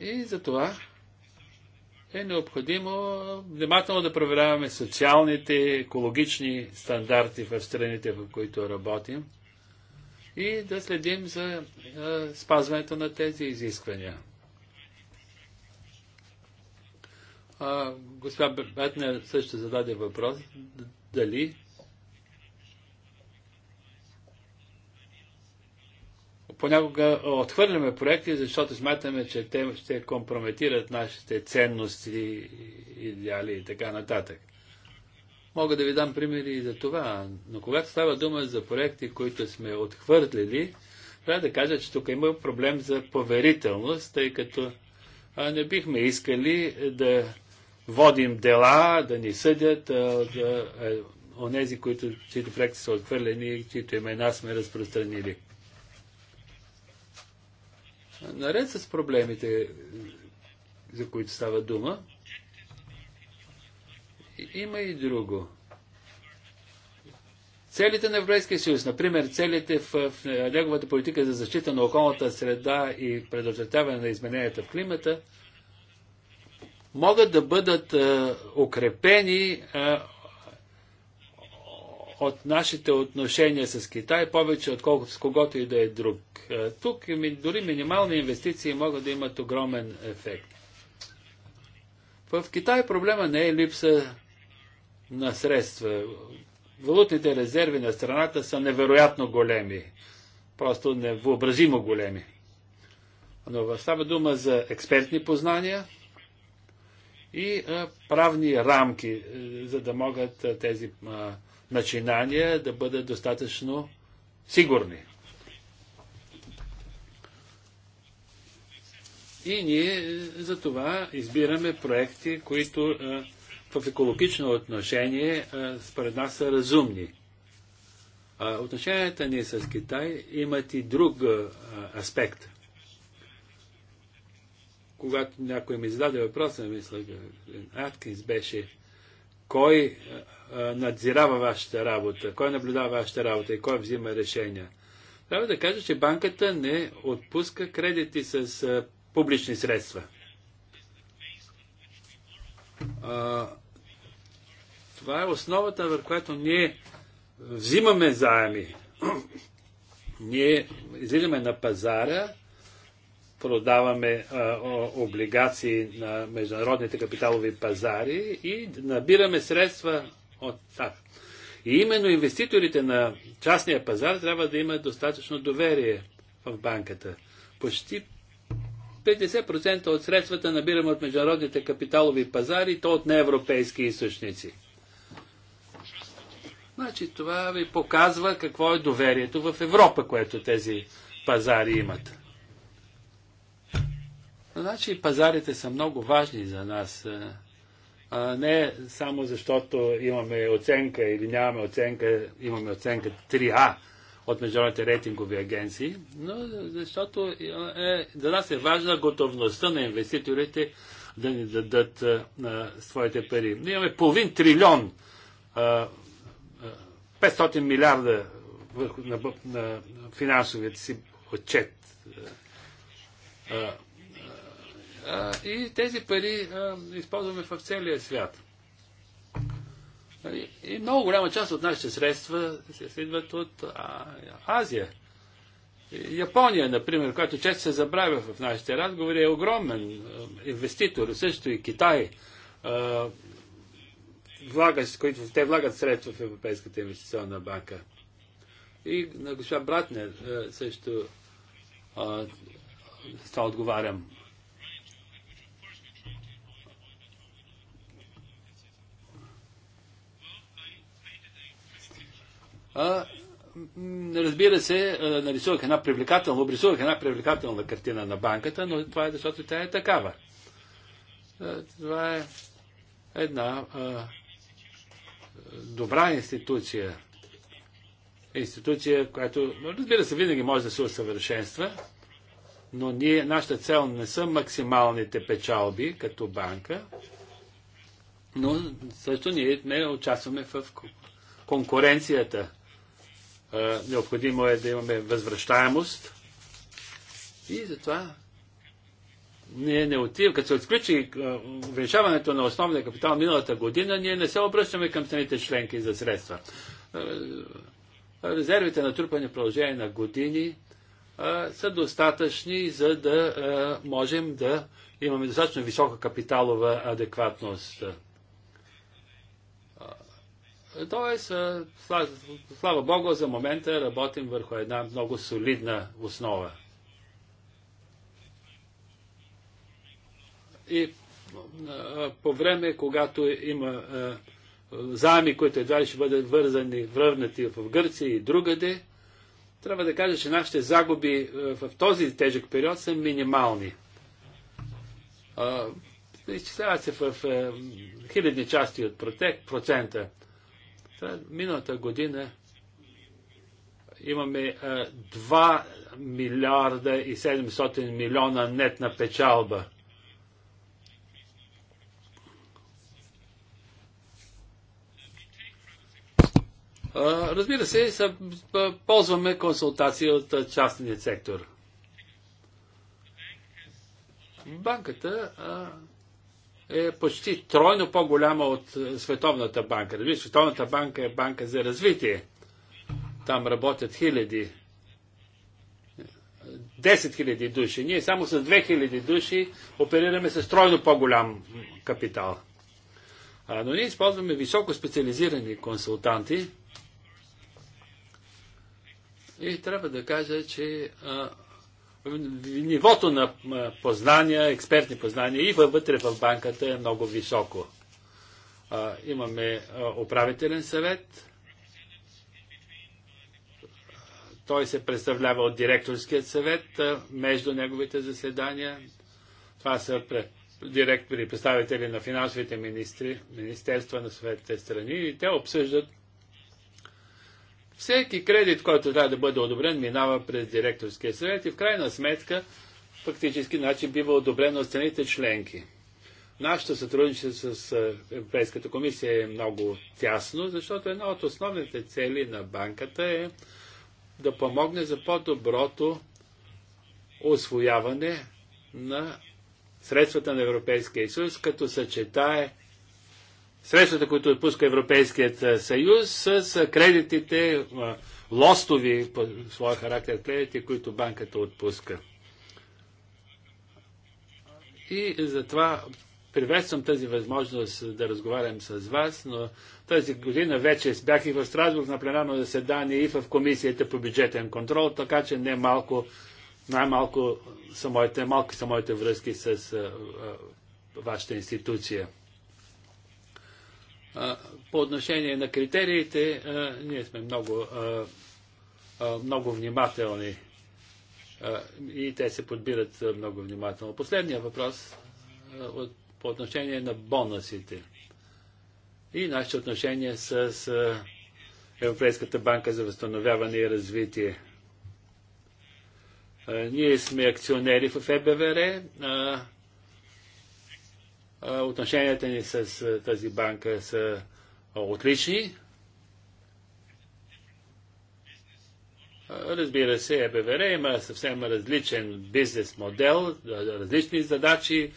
И затова е необходимо внимателно да проверяваме социалните, екологични стандарти в страните, в които работим и да следим за спазването на тези изисквания. А, госпожа Бетнер също зададе въпрос дали Понякога отхвърляме проекти, защото смятаме, че те ще компрометират нашите ценности, идеали и така нататък. Мога да ви дам примери и за това, но когато става дума за проекти, които сме отхвърлили, трябва да кажа, че тук има проблем за поверителност, тъй като не бихме искали да водим дела, да ни съдят да, тези, които, чието проекти са отхвърлени, чието имена сме разпространили. Наред с проблемите, за които става дума, има и друго. Целите на Европейския съюз, например, целите в, в неговата политика за защита на околната среда и предотвратяване на измененията в климата, могат да бъдат а, укрепени а, от нашите отношения с Китай повече отколкото с когото и да е друг. Тук е дори минимални инвестиции могат да имат огромен ефект. В Китай проблема не е липса на средства. Валутните резерви на страната са невероятно големи. Просто невъобразимо големи. Но става дума за експертни познания и правни рамки, е, за да могат тези начинания да бъдат достатъчно сигурни. И ние е, за това избираме проекти, които е, в екологично отношение е, според нас са разумни. Отношенията ни с Китай имат и друг аспект. Когато някой ми зададе въпроса, мисля, Аткинс беше, кой надзирава вашата работа, кой наблюдава вашата работа и кой взима решения. Трябва да кажа, че банката не отпуска кредити с публични средства. А, това е основата, върху която ние взимаме заеми. (clears throat) ние излизаме на пазара, продаваме а, облигации на международните капиталови пазари и набираме средства от САЩ. И именно инвеститорите на частния пазар трябва да имат достатъчно доверие в банката. Почти 50% от средствата набираме от международните капиталови пазари, то от неевропейски източници. Значи това ви показва какво е доверието в Европа, което тези пазари имат. Значи пазарите са много важни за нас. А не само защото имаме оценка или нямаме оценка, имаме оценка 3А от международните рейтингови агенции, но защото е, за нас е важна готовността на инвеститорите да ни дадат а, а, своите пари. Ние имаме половин трилион, а, 500 милиарда върху, на, на финансовият си отчет. А, и тези пари използваме в целия свят. Нали, и много голяма част от нашите средства се идват от Азия. Япония, например, която често се забравя в нашите разговори, е огромен инвеститор, също и Китай, с които те влагат средства в Европейската инвестиционна банка. И на госпожа Братнер също това отговарям. а, разбира се, нарисувах една привлекателна, обрисувах една привлекателна картина на банката, но това е защото тя е такава. Това е една а, добра институция. Институция, която, разбира се, винаги може да се усъвършенства, но ние, нашата цел не са максималните печалби като банка, но също ние не участваме в конкуренцията необходимо е да имаме възвръщаемост и затова ние не отиваме, като се отключи увеличаването на основния капитал миналата година, ние не се обръщаме към страните членки за средства. Резервите на трупане продължение на години са достатъчни, за да можем да имаме достатъчно висока капиталова адекватност. Тоест, слава Богу, за момента работим върху една много солидна основа. И по време, когато има заеми, които едва ли ще бъдат вързани, върнати в Гърция и другаде, трябва да кажа, че нашите загуби в този тежък период са минимални. Изчисляват се в хилядни части от процента. Миналата година имаме 2 милиарда и 700 милиона нетна печалба. Разбира се, ползваме консултации от частния сектор. Банката е почти тройно по-голяма от е, Световната банка. Разбира, нали? Световната банка е банка за развитие. Там работят хиляди, 10 е, хиляди души. Ние само с 2 хиляди души оперираме с тройно по-голям капитал. А, но ние използваме високо специализирани консултанти и трябва да кажа, че а, нивото на познания, експертни познания и вътре в банката е много високо. Имаме управителен съвет. Той се представлява от директорският съвет между неговите заседания. Това са директори, представители на финансовите министри, министерства на съветите страни и те обсъждат всеки кредит, който трябва да бъде одобрен, минава през директорския съвет и в крайна сметка фактически начин бива одобрен от страните членки. Нашето сътрудничество с е, Европейската комисия е много тясно, защото една от основните цели на банката е да помогне за по-доброто освояване на средствата на Европейския съюз, като съчетае средствата, които отпуска Европейският съюз, с кредитите, лостови по своя характер кредити, които банката отпуска. И затова приветствам тази възможност да разговарям с вас, но тази година вече бях и в Страсбург на пленарно заседание и в Комисията по бюджетен контрол, така че не малко, най-малко са моите, малко са моите връзки с а, а, вашата институция. По отношение на критериите, ние сме много, много внимателни и те се подбират много внимателно. Последния въпрос по отношение на бонусите и нашите отношения с Европейската банка за възстановяване и развитие. Ние сме акционери в ФБВР. Отношенията ни с тази банка са отлични. Разбира се, ЕБВР има съвсем различен бизнес модел, различни задачи,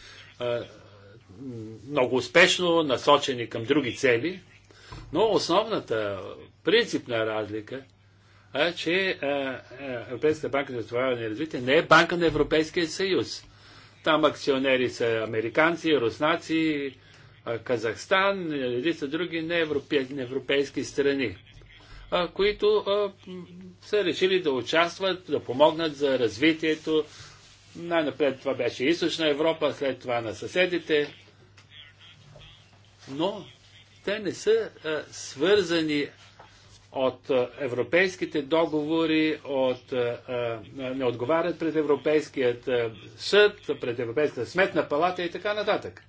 много успешно насочени към други цели. Но основната принципна разлика е, че Европейската банка за възстановяване и развитие не е банка на Европейския съюз. Там акционери са американци, руснаци, Казахстан, са други неевропейски страни, които са решили да участват, да помогнат за развитието. Най-напред това беше Източна Европа, след това на съседите. Но те не са свързани от европейските договори, от, не отговарят пред Европейският съд, пред Европейската сметна палата и така нататък.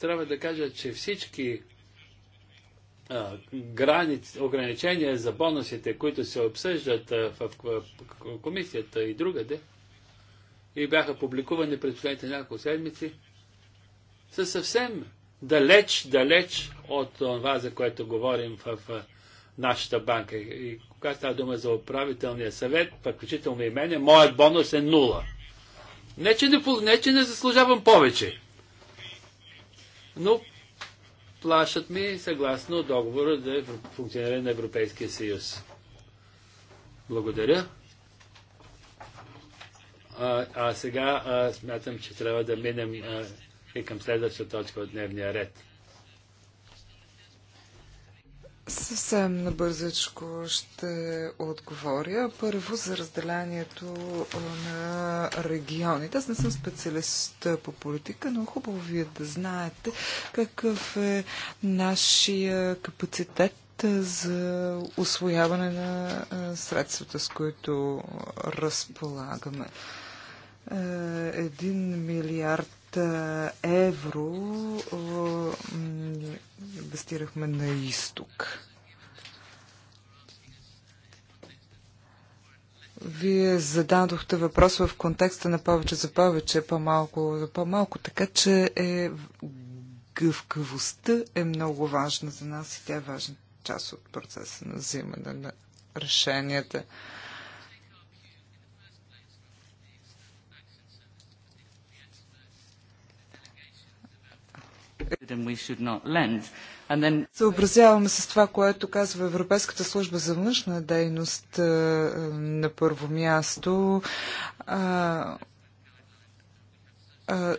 трябва да кажа, че всички граници, ограничения за бонусите, които се обсъждат в комисията и другаде, и бяха публикувани през последните няколко седмици, са съвсем далеч, далеч от това, за което говорим в нашата банка. И когато става дума за управителния съвет, пък включително и мене, моят бонус е нула. Не че не, не, че не заслужавам повече, но плащат ми съгласно договора за функциониране на Европейския съюз. Благодаря. А, а сега а, смятам, че трябва да минем а, и към следващата точка от дневния ред. Съвсем набързичко ще отговоря. Първо за разделянието на регионите. Аз не съм специалист по политика, но хубаво вие да знаете какъв е нашия капацитет за освояване на средствата, с които разполагаме. Е, един милиард евро инвестирахме на изток. Вие зададохте въпрос в контекста на повече за повече, по-малко за по-малко, така че е, гъвкавостта е много важна за нас и тя е важна част от процеса на взимане на решенията. Then... Съобразяваме с това, което казва Европейската служба за външна дейност е, е, на първо място. А, а,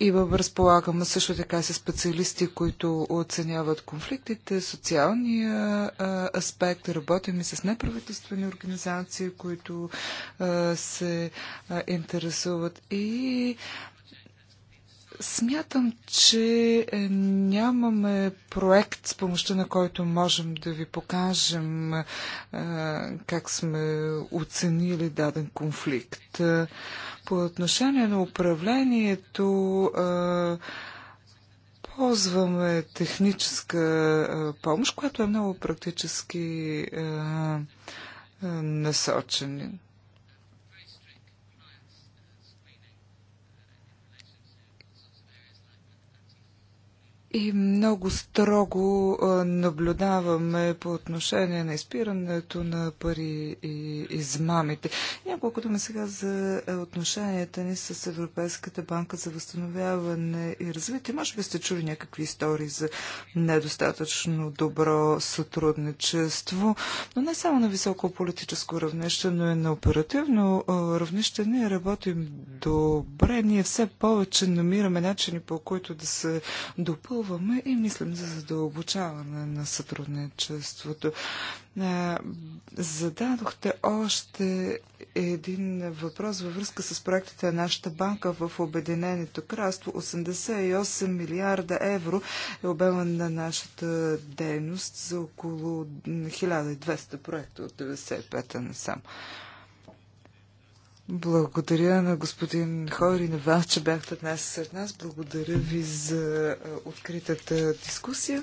и разполагаме също така с специалисти, които оценяват конфликтите, социалния а, аспект. Работим и с неправителствени организации, които а, се а, интересуват. И Смятам, че е, нямаме проект, с помощта на който можем да ви покажем е, как сме оценили даден конфликт. Е, по отношение на управлението, ползваме техническа помощ, която е много практически насочена и много строго наблюдаваме по отношение на изпирането на пари и измамите. Няколко думи сега за е, отношенията ни с Европейската банка за възстановяване и развитие. Може би сте чули някакви истории за недостатъчно добро сътрудничество, но не само на високо политическо равнище, но и на оперативно равнище. Ние работим добре, ние все повече намираме начини по които да се допълваме гласуваме и мислим за задълбочаване на сътрудничеството. Зададохте още един въпрос във връзка с проектите на нашата банка в Обединеното кралство. 88 милиарда евро е обема на нашата дейност за около 1200 проекта от 95-та насам. сам. Благодаря на господин и на вас, че бяхте днес сред нас. Благодаря ви за откритата дискусия.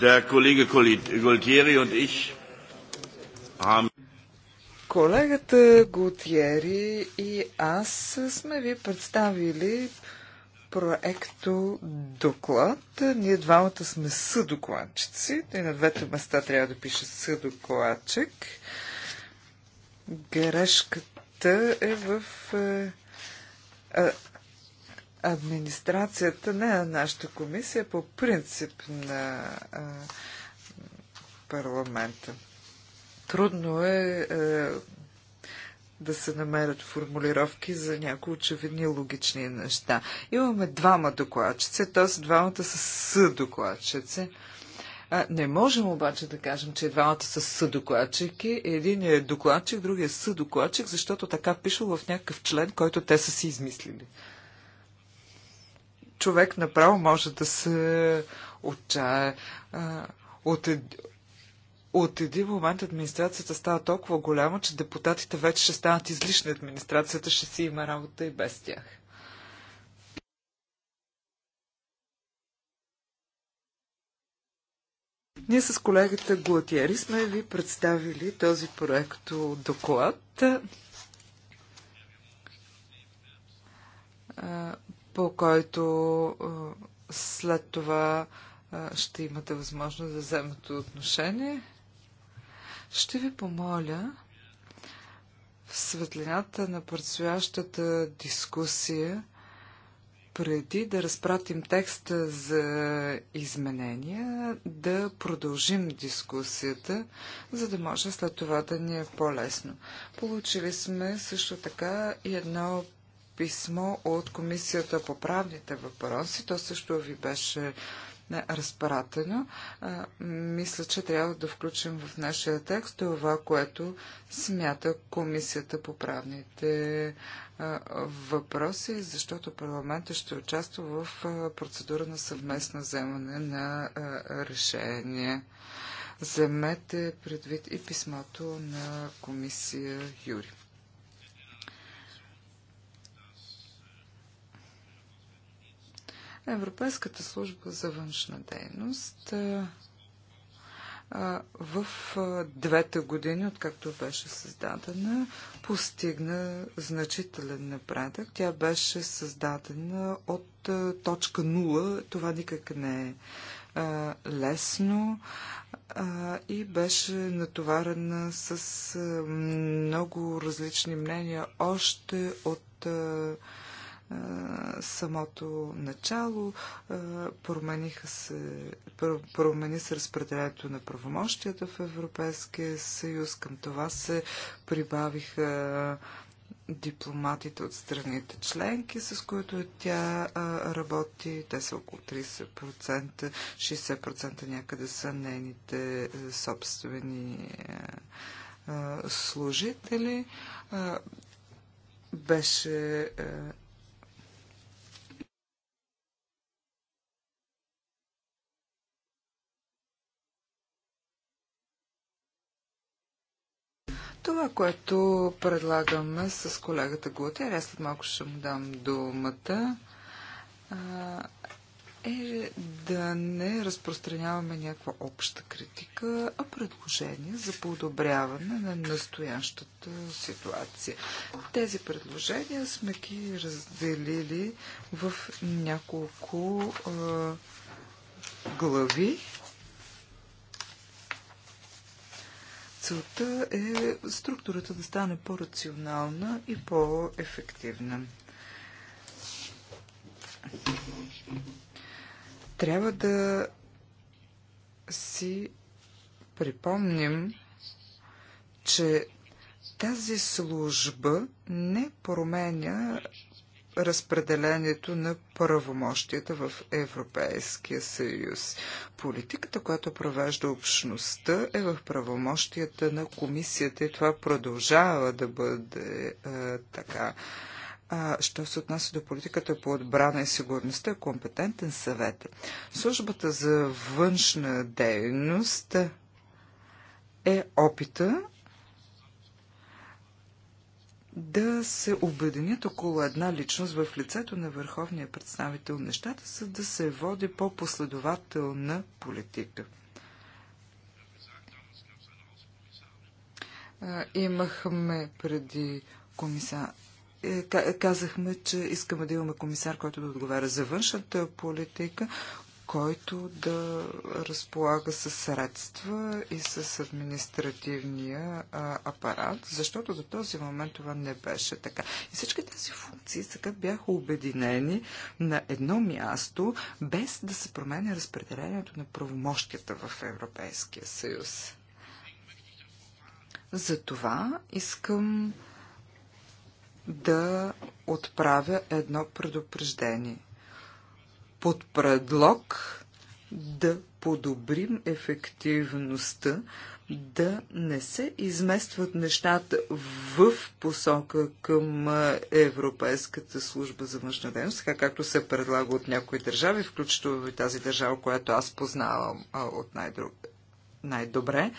Der Kollege Gualtieri und ich haben Колегата Готиери и аз сме ви представили проекто доклад. Ние двамата сме съдокладчици. И на двете места трябва да пише съдокладчик. Грешката е в е, администрацията не на нашата комисия по принцип на парламента. Трудно е, е да се намерят формулировки за някои очевидни логични неща. Имаме двама докладчици, т.е. двамата са съдокладчици. А, не можем обаче да кажем, че двамата са съдокладчики. Един е докладчик, другия е съдокладчик, защото така пише в някакъв член, който те са си измислили човек направо може да се отчае. От, от един момент администрацията става толкова голяма, че депутатите вече ще станат излишни. Администрацията ще си има работа и без тях. Ние с колегата Глатиери сме ви представили този проект доклад по който след това ще имате възможност да вземете отношение. Ще ви помоля в светлината на предстоящата дискусия, преди да разпратим текста за изменения, да продължим дискусията, за да може след това да ни е по-лесно. Получили сме също така и едно писмо от Комисията по правните въпроси. То също ви беше е, разпратено. Мисля, че трябва да включим в нашия текст това, което смята Комисията по правните въпроси, защото парламента ще участва в процедура на съвместно вземане на решение. Замете предвид и писмото на комисия Юри. Европейската служба за външна дейност е, е, в е, двете години, откакто беше създадена, постигна значителен напредък. Тя беше създадена от точка 0. Това никак не е лесно и беше натоварена с много различни мнения още от самото начало, промениха се, промени се разпределението на правомощията в Европейския съюз. Към това се прибавиха дипломатите от страните членки, с които тя работи. Те са около 30%, 60% някъде са нейните собствени служители. беше Това, което предлагаме с колегата Глотер, аз след малко ще му дам думата, е да не разпространяваме някаква обща критика, а предложения за подобряване на настоящата ситуация. Тези предложения сме ги разделили в няколко глави. Целта е структурата да стане по-рационална и по-ефективна. Трябва да си припомним, че тази служба не променя разпределението на правомощията в Европейския съюз. Политиката, която провежда общността, е в правомощията на комисията и това продължава да бъде е, така. А, що се отнася до политиката по отбрана и сигурността, е компетентен съвет. Службата за външна дейност е опита да се обединят около една личност в лицето на върховния представител нещата, са за да се води по-последователна политика. Имахме преди комисар е, казахме, че искаме да имаме комисар, който да отговаря за външната политика, който да разполага с средства и с административния а, апарат, защото до този момент това не беше така. И всички тези функции сега бяха обединени на едно място, без да се променя разпределението на правомощията в Европейския съюз. Затова искам да отправя едно предупреждение под предлог да подобрим ефективността, да не се изместват нещата в посока към Европейската служба за външна дейност, така както се предлага от някои държави, включително и тази държава, която аз познавам от най-друг най-добре.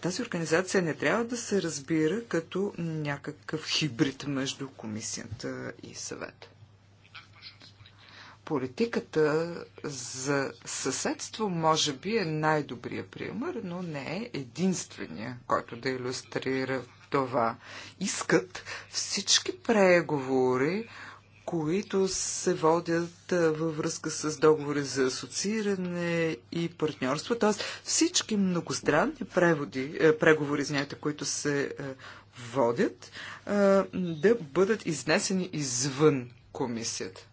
Тази организация не трябва да се разбира като някакъв хибрид между комисията и съвета политиката за съседство може би е най-добрия пример, но не е единствения, който да иллюстрира това. Искат всички преговори, които се водят във връзка с договори за асоцииране и партньорство, т.е. всички многостранни преводи, е, преговори, знаете, които се е, водят, е, да бъдат изнесени извън комисията.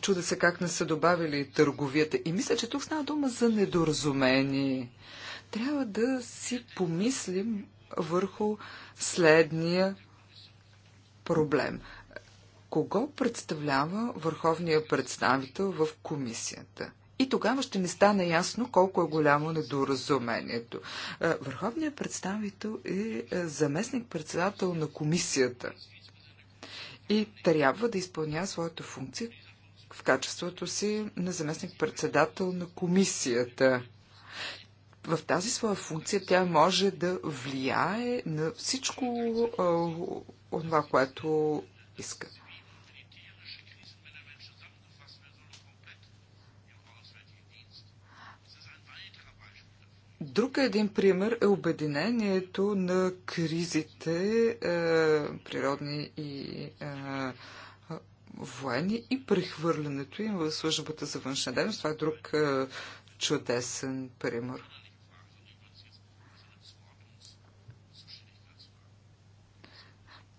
Чуда се как не са добавили търговията. И мисля, че тук става дума за недоразумение. Трябва да си помислим върху следния проблем. Кого представлява върховния представител в комисията? И тогава ще ни стане ясно колко е голямо недоразумението. Е, върховният представител е, е заместник-председател на комисията и трябва да изпълнява своята функция в качеството си на заместник-председател на комисията. В тази своя функция тя може да влияе на всичко това, което иска. Друг един пример е обединението на кризите, природни и военни и прехвърлянето им в службата за външна дейност. Това е друг е, чудесен пример.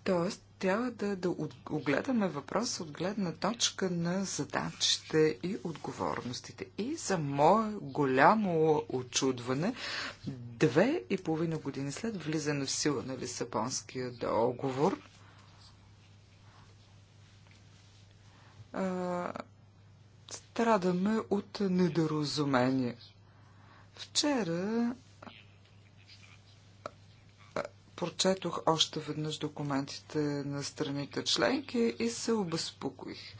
Тоест, трябва да, да огледаме въпроса от гледна точка на задачите и отговорностите. И за мое голямо очудване, две и половина години след влизане в сила на Лисабонския договор, а, страдаме от недоразумение. Вчера прочетох още веднъж документите на страните членки и се обезпокоих.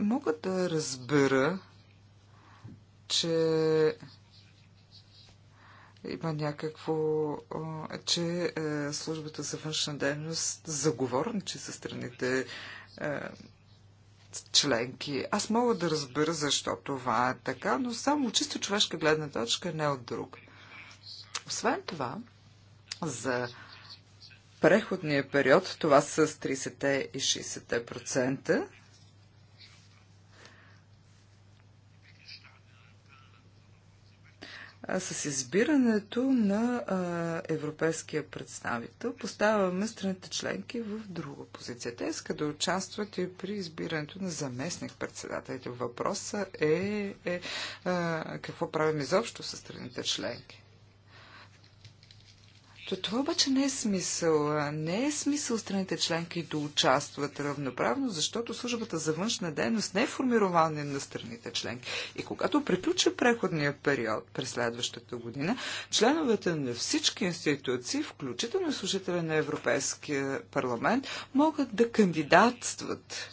Мога да разбера, че има някакво, че службата за външна дейност заговорничи със страните членки. Аз мога да разбера защо това е така, но само чисто човешка гледна точка, не от друг. Освен това, за преходния период, това с 30 и 60 с избирането на европейския представител поставяме страните членки в друга позиция. Те искат да участват и при избирането на заместник председателите. Въпросът е, е, е какво правим изобщо с страните членки. Това обаче не е смисъл. Не е смисъл страните членки да участват равноправно, защото службата за външна дейност не е формирование на страните членки. И когато приключи преходния период през следващата година, членовете на всички институции, включително служители на Европейския парламент, могат да кандидатстват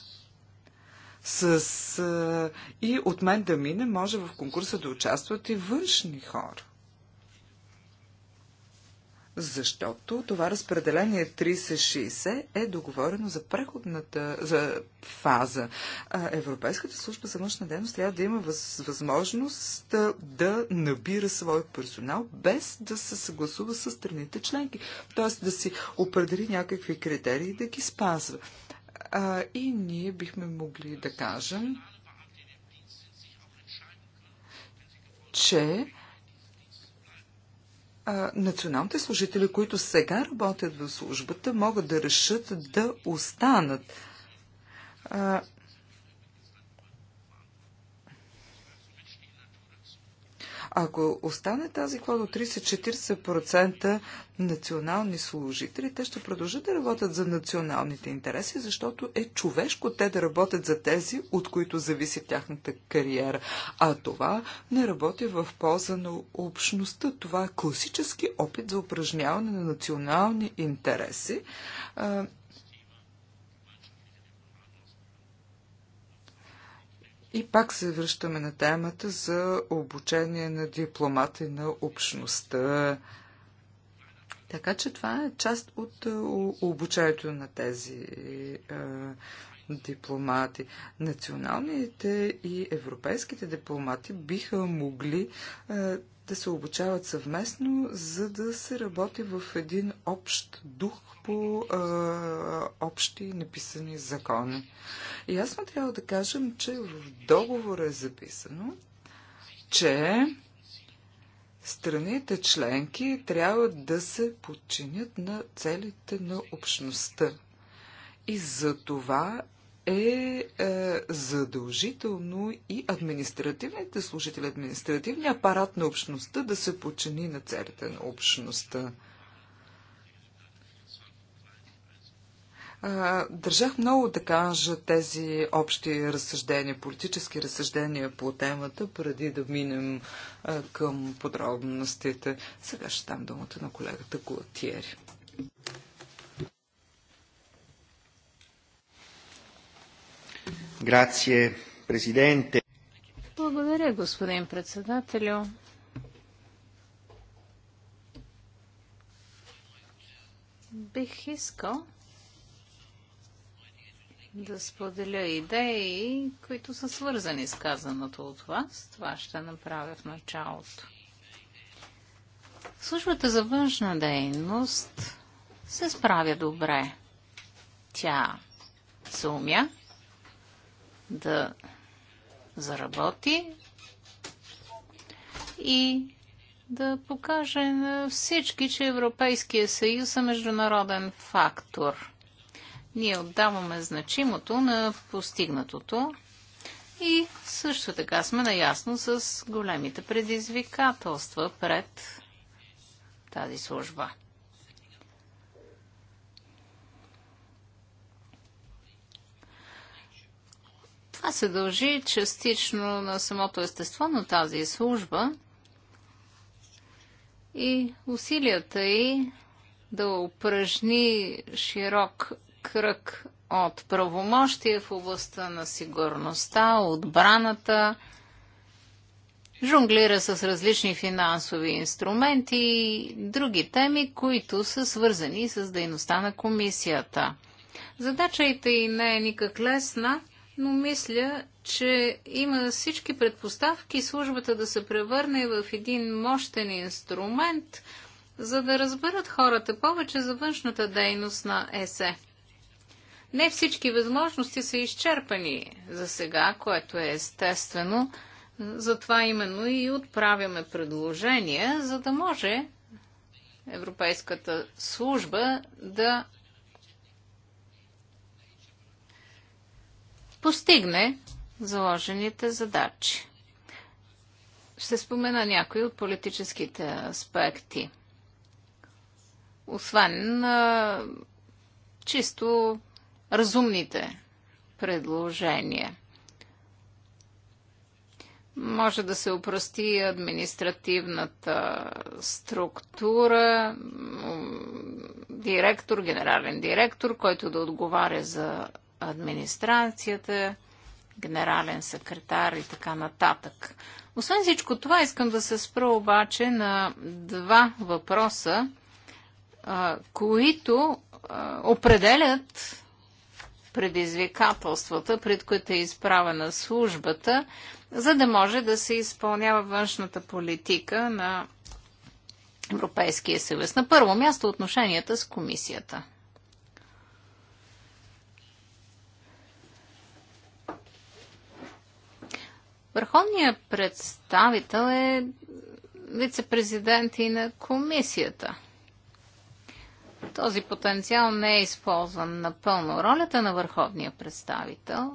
с... и от мен да мине може в конкурса да участват и външни хора. Защото това разпределение 3060 е договорено за преходната за фаза. Европейската служба за мъжна дейност трябва да има възможност да, набира свой персонал без да се съгласува с страните членки. Тоест да си определи някакви критерии и да ги спазва. и ние бихме могли да кажем, че а, националните служители, които сега работят в службата, могат да решат да останат. А, Ако остане тази квота от 30-40% национални служители, те ще продължат да работят за националните интереси, защото е човешко те да работят за тези, от които зависи тяхната кариера. А това не работи в полза на общността. Това е класически опит за упражняване на национални интереси И пак се връщаме на темата за обучение на дипломати на общността. Така че това е част от е, обучението на тези е, дипломати. Националните и европейските дипломати биха могли е, да се обучават съвместно, за да се работи в един общ дух по а, общи написани закони. И аз му трябва да кажем, че в договора е записано, че страните членки трябва да се подчинят на целите на общността. И за това е, е задължително и административните служители, административния апарат на общността да се почини на целите на общността. Държах много да кажа тези общи разсъждения, политически разсъждения по темата, преди да минем към подробностите. Сега ще дам думата на колегата Голатиери. Благодаря, господин председателю. Бих искал да споделя идеи, които са свързани с казаното от вас. Това ще направя в началото. Службата за външна дейност се справя добре. Тя се умя да заработи и да покаже на всички, че Европейския съюз е международен фактор. Ние отдаваме значимото на постигнатото и също така сме наясно с големите предизвикателства пред тази служба. Това се дължи частично на самото естество на тази служба и усилията й да упражни широк кръг от правомощия в областта на сигурността, отбраната, жонглира с различни финансови инструменти и други теми, които са свързани с дейността на комисията. Задачата й не е никак лесна – но мисля, че има всички предпоставки службата да се превърне в един мощен инструмент, за да разберат хората повече за външната дейност на ЕСЕ. Не всички възможности са изчерпани за сега, което е естествено. Затова именно и отправяме предложения, за да може Европейската служба да постигне заложените задачи. Ще спомена някои от политическите аспекти. Освен а, чисто разумните предложения. Може да се упрости административната структура, директор, генерален директор, който да отговаря за администрацията, генерален секретар и така нататък. Освен всичко това, искам да се спра обаче на два въпроса, които определят предизвикателствата, пред които е изправена службата, за да може да се изпълнява външната политика на Европейския съюз. На първо място отношенията с комисията – Върховният представител е вице-президент и на комисията. Този потенциал не е използван напълно. Ролята на върховния представител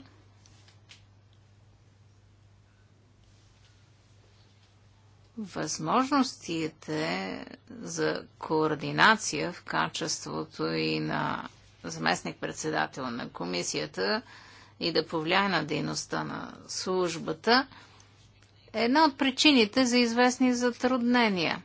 възможностите за координация в качеството и на заместник-председател на комисията – и да повлияе на дейността на службата, е една от причините за известни затруднения.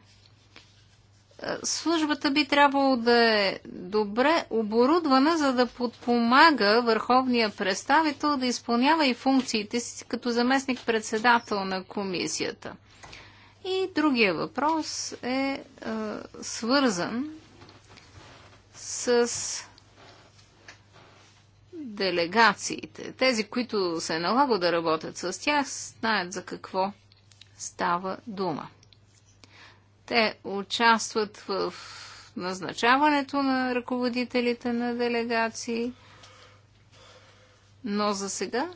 Е, службата би трябвало да е добре оборудвана, за да подпомага върховния представител да изпълнява и функциите си като заместник-председател на комисията. И другия въпрос е, е свързан с делегациите, тези, които се налага да работят с тях, знаят за какво става дума. Те участват в назначаването на ръководителите на делегации, но за сега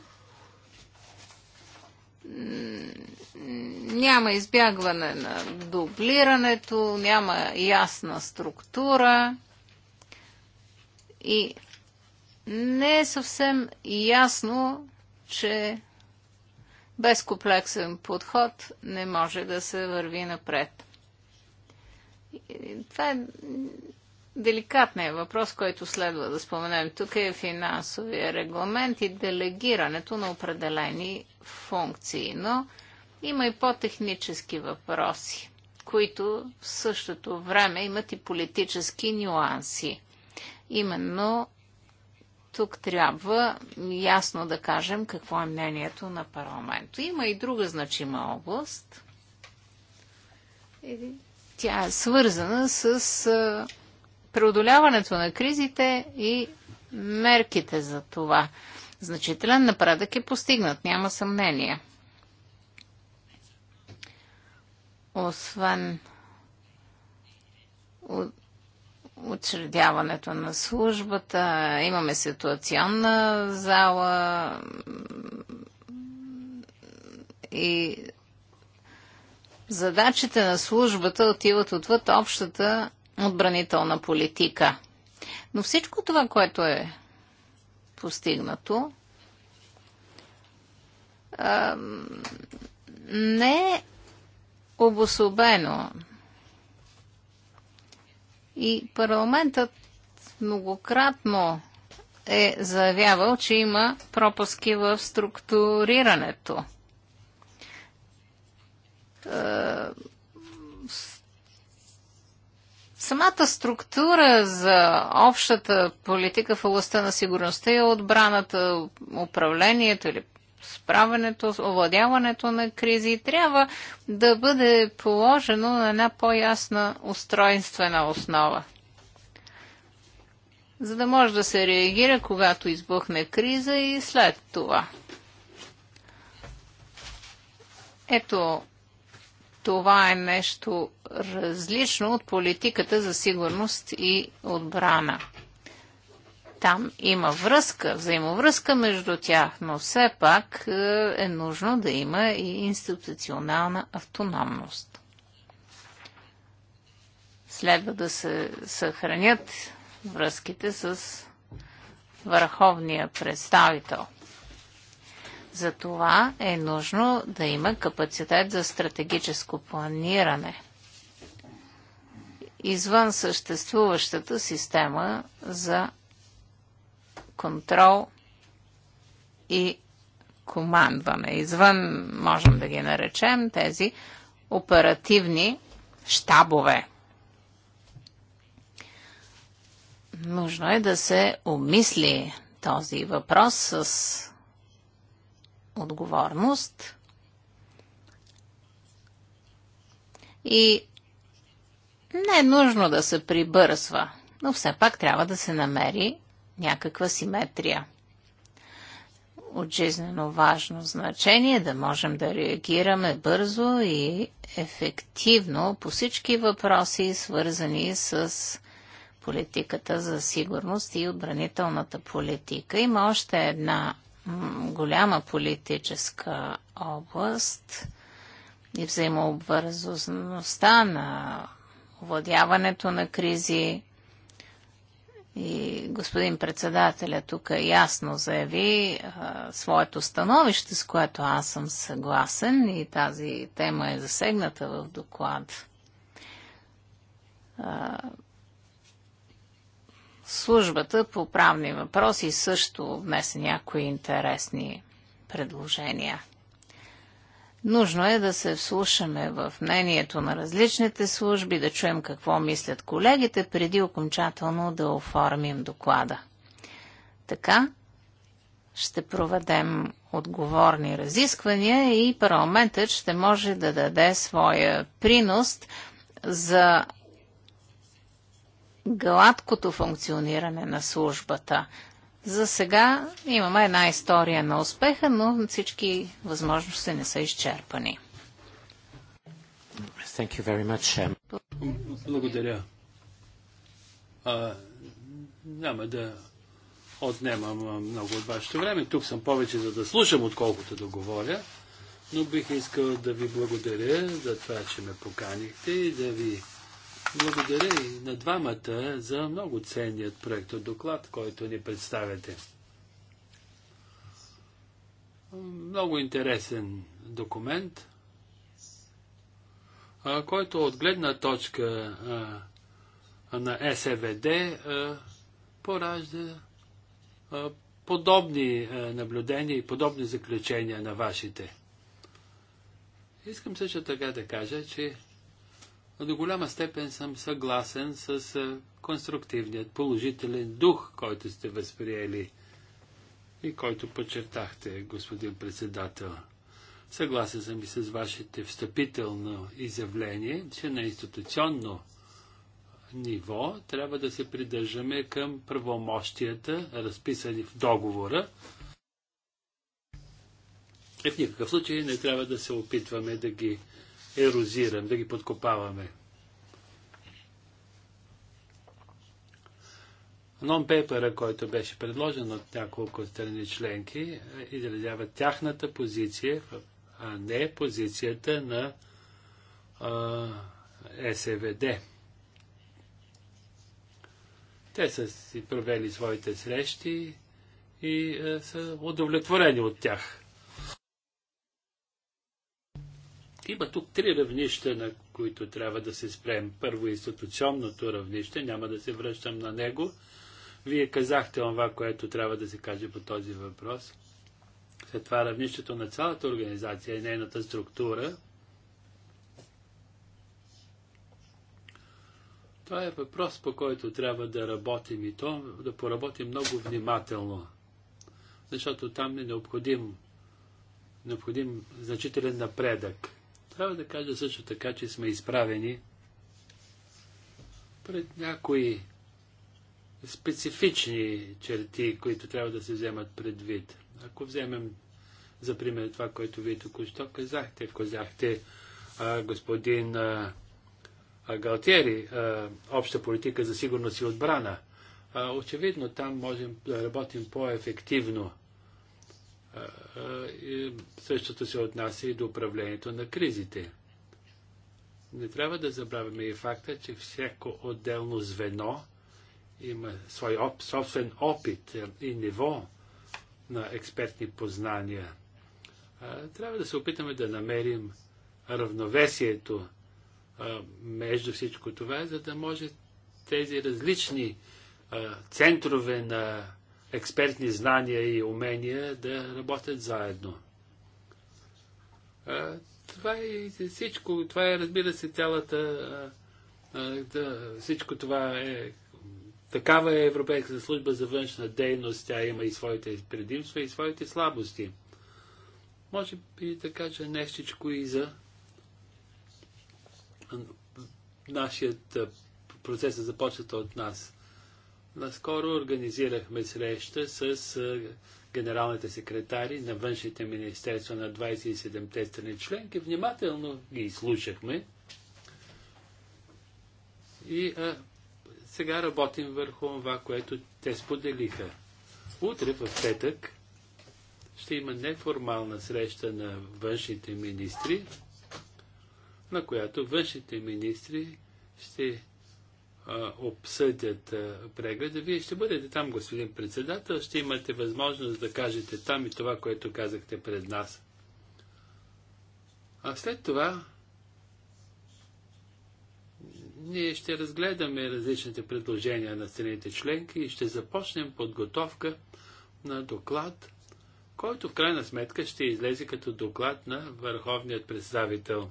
няма избягване на дублирането, няма ясна структура и не е съвсем ясно, че без комплексен подход не може да се върви напред. Това е деликатният въпрос, който следва да споменем. Тук е финансовия регламент и делегирането на определени функции, но има и по-технически въпроси, които в същото време имат и политически нюанси. Именно тук трябва ясно да кажем какво е мнението на парламента. Има и друга значима област. Тя е свързана с преодоляването на кризите и мерките за това. Значителен напредък е постигнат, няма съмнение. Освен учредяването на службата, имаме ситуационна зала и задачите на службата отиват отвъд общата отбранителна политика. Но всичко това, което е постигнато, не е обособено и парламентът многократно е заявявал, че има пропуски в структурирането. Е, самата структура за общата политика в областта на сигурността и отбраната, управлението или справянето, овладяването на кризи трябва да бъде положено на една по-ясна устройствена основа. За да може да се реагира, когато избухне криза и след това. Ето, това е нещо различно от политиката за сигурност и отбрана. Там има връзка, взаимовръзка между тях, но все пак е, е нужно да има и институционална автономност. Следва да се съхранят връзките с върховния представител. За това е нужно да има капацитет за стратегическо планиране извън съществуващата система за контрол и командване. Извън, можем да ги наречем, тези оперативни щабове. Нужно е да се обмисли този въпрос с отговорност и не е нужно да се прибърсва, но все пак трябва да се намери някаква симетрия от жизнено важно значение, да можем да реагираме бързо и ефективно по всички въпроси, свързани с политиката за сигурност и отбранителната политика. Има още една голяма политическа област и взаимообвързаността на владяването на кризи, и господин председателя тук ясно заяви а, своето становище, с което аз съм съгласен и тази тема е засегната в доклад. А, службата по правни въпроси също внесе някои интересни предложения. Нужно е да се вслушаме в мнението на различните служби, да чуем какво мислят колегите, преди окончателно да оформим доклада. Така ще проведем отговорни разисквания и парламентът ще може да даде своя принос за гладкото функциониране на службата. За сега имаме една история на успеха, но всички възможности не са изчерпани. Thank you very much. Благодаря. А, няма да отнемам много от вашето време. Тук съм повече за да слушам, отколкото да говоря. Но бих искал да ви благодаря за това, че ме поканихте и да ви благодаря и на двамата за много ценният проект от доклад, който ни представяте. Много интересен документ, който от гледна точка на СВД е поражда подобни наблюдения и подобни заключения на вашите. Искам също така да кажа, че до голяма степен съм съгласен с конструктивният, положителен дух, който сте възприели и който подчертахте, господин председател. Съгласен съм и с вашите встъпително изявление, че на институционно ниво трябва да се придържаме към правомощията, разписани в договора. И в никакъв случай не трябва да се опитваме да ги ерозирам, да ги подкопаваме. Нон-пейпера, който беше предложен от няколко страни членки, изразява тяхната позиция, а не позицията на а, СВД. Те са си провели своите срещи и а, са удовлетворени от тях. Има тук три равнища, на които трябва да се спрем. Първо институционното равнище, няма да се връщам на него. Вие казахте това, което трябва да се каже по този въпрос. След това равнището на цялата организация и нейната структура. Това е въпрос, по който трябва да работим и то да поработим много внимателно. Защото там е необходим, необходим значителен напредък. Трябва да кажа също така, че сме изправени пред някои специфични черти, които трябва да се вземат предвид. Ако вземем за пример това, което вие току-що казахте, казахте а, господин а, а, Галтери, а, обща политика за сигурност и отбрана. А, очевидно там можем да работим по-ефективно същото се отнася и до управлението на кризите. Не трябва да забравяме и факта, че всяко отделно звено има свой оп, собствен опит е, и ниво на експертни познания. Трябва да се опитаме да намерим равновесието между всичко това, за да може тези различни центрове на експертни знания и умения да работят заедно. това е всичко, това е разбира се цялата, всичко това е, такава е Европейската служба за външна дейност, тя има и своите предимства и своите слабости. Може би да кажа нещичко и за нашият процес да е започнат от нас. Наскоро организирахме среща с генералните секретари на външните министерства на 27-те страни членки. Внимателно ги изслушахме. И а, сега работим върху това, което те споделиха. Утре в петък ще има неформална среща на външните министри, на която външните министри ще обсъдят прегледа. Вие ще бъдете там, господин председател, ще имате възможност да кажете там и това, което казахте пред нас. А след това ние ще разгледаме различните предложения на страните членки и ще започнем подготовка на доклад, който в крайна сметка ще излезе като доклад на върховният представител.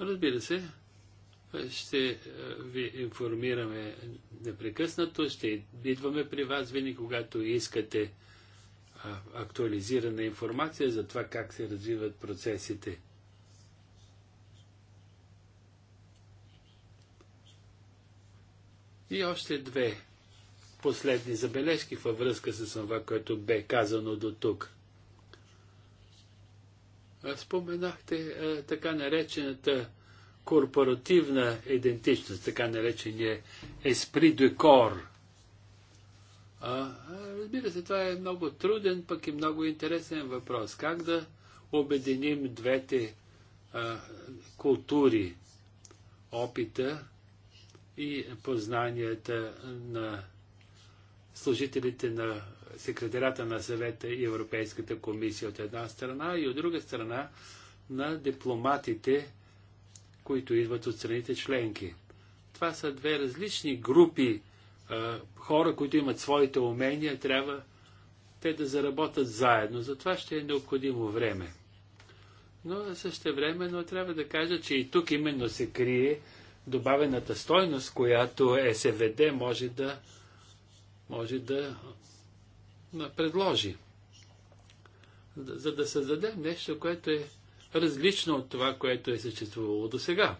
Разбира се, ще е, ви информираме непрекъснато, ще идваме при вас винаги, когато искате е, актуализирана информация за това как се развиват процесите. И още две последни забележки във връзка с това, което бе казано до тук. Споменахте така наречената корпоративна идентичност, така наречения esprit de corps. А, разбира се, това е много труден, пък и много интересен въпрос. Как да обединим двете а, култури, опита и познанията на служителите на секретарята на съвета и Европейската комисия от една страна и от друга страна на дипломатите, които идват от страните членки. Това са две различни групи а, хора, които имат своите умения, трябва те да заработят заедно. За това ще е необходимо време. Но също времено трябва да кажа, че и тук именно се крие добавената стойност, която е СВД може да, може да предложи, за да създадем нещо, което е различно от това, което е съществувало до сега.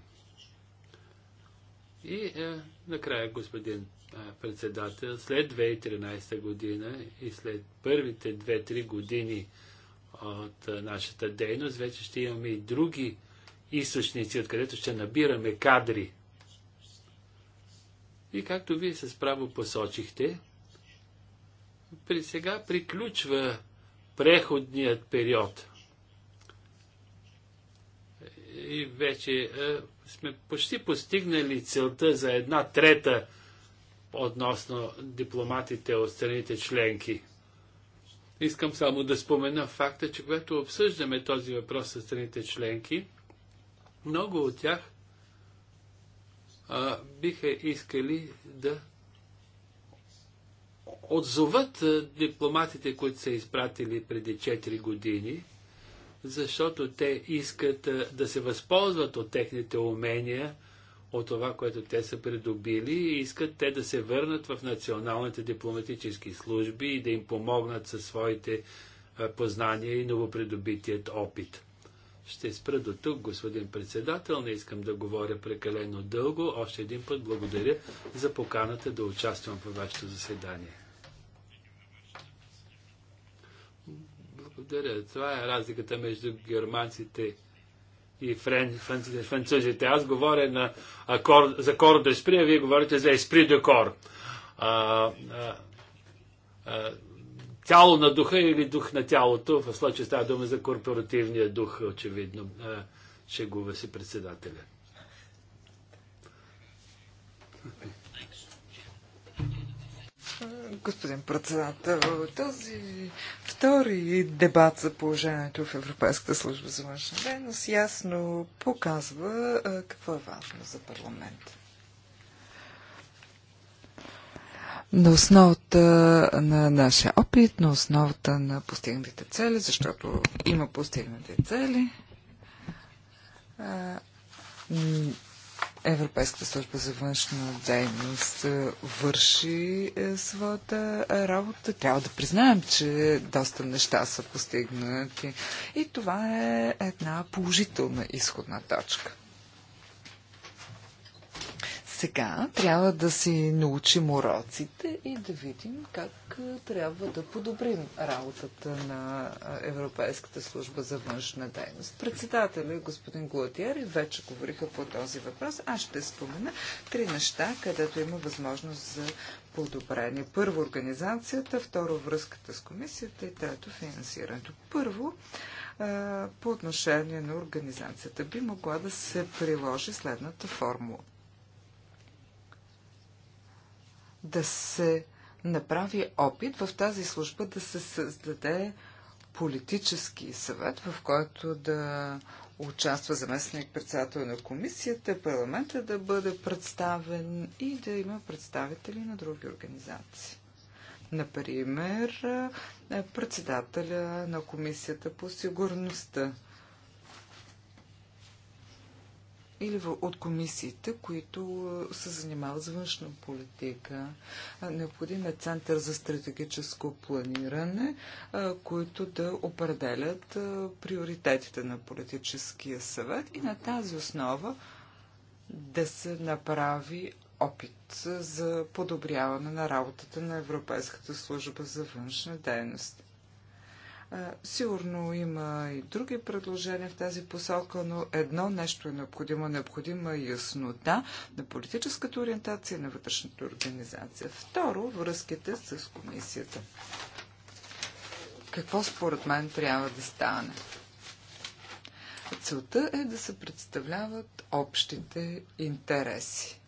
И е, накрая, господин е, председател, след 2013 година и след първите 2-3 години от е, нашата дейност, вече ще имаме и други източници, откъдето ще набираме кадри. И както вие с право посочихте, при сега приключва преходният период. И вече е, сме почти постигнали целта за една трета относно дипломатите от страните членки. Искам само да спомена факта, че когато обсъждаме този въпрос с страните членки, много от тях а, биха искали да отзоват е, дипломатите, които са изпратили преди 4 години, защото те искат е, да се възползват от техните умения, от това, което те са придобили и искат те да се върнат в националните дипломатически служби и да им помогнат със своите е, познания и новопридобитият опит. Ще спра до тук, господин председател. Не искам да говоря прекалено дълго. Още един път благодаря за поканата да участвам във вашето заседание. Благодаря. Това е разликата между германците и френ, фран, французите. Аз говоря на акор, за кор да спри, а вие говорите за еспри де кор. А, а, а, тяло на духа или дух на тялото. В случая става дума за корпоративния дух, очевидно. А, шегува си председателя. Господин председател, този втори дебат за положението в Европейската служба за външна дейност ясно показва какво е важно за парламент. на основата на нашия опит, на основата на постигнатите цели, защото има постигнати цели. Европейската служба за външна дейност е, върши е, своята работа. Трябва да признаем, че доста неща са постигнати. И това е една положителна изходна точка. Сега трябва да си научим уроците и да видим как трябва да подобрим работата на Европейската служба за външна дейност. Председателя и господин Глотиери вече говориха по този въпрос. Аз ще спомена три неща, където има възможност за подобрение. Първо организацията, второ връзката с комисията и трето финансирането. Първо, по отношение на организацията би могла да се приложи следната формула да се направи опит в тази служба да се създаде политически съвет, в който да участва заместник председател на комисията, парламента да бъде представен и да има представители на други организации. Например, председателя на комисията по сигурността. или от комисиите, които се занимават с външна политика. Необходим е център за стратегическо планиране, които да определят приоритетите на политическия съвет и на тази основа да се направи опит за подобряване на работата на Европейската служба за външна дейност. Сигурно има и други предложения в тази посока, но едно нещо е необходимо. Необходима е яснота на политическата ориентация на вътрешната организация. Второ, връзките с комисията. Какво според мен трябва да стане? Целта е да се представляват общите интереси.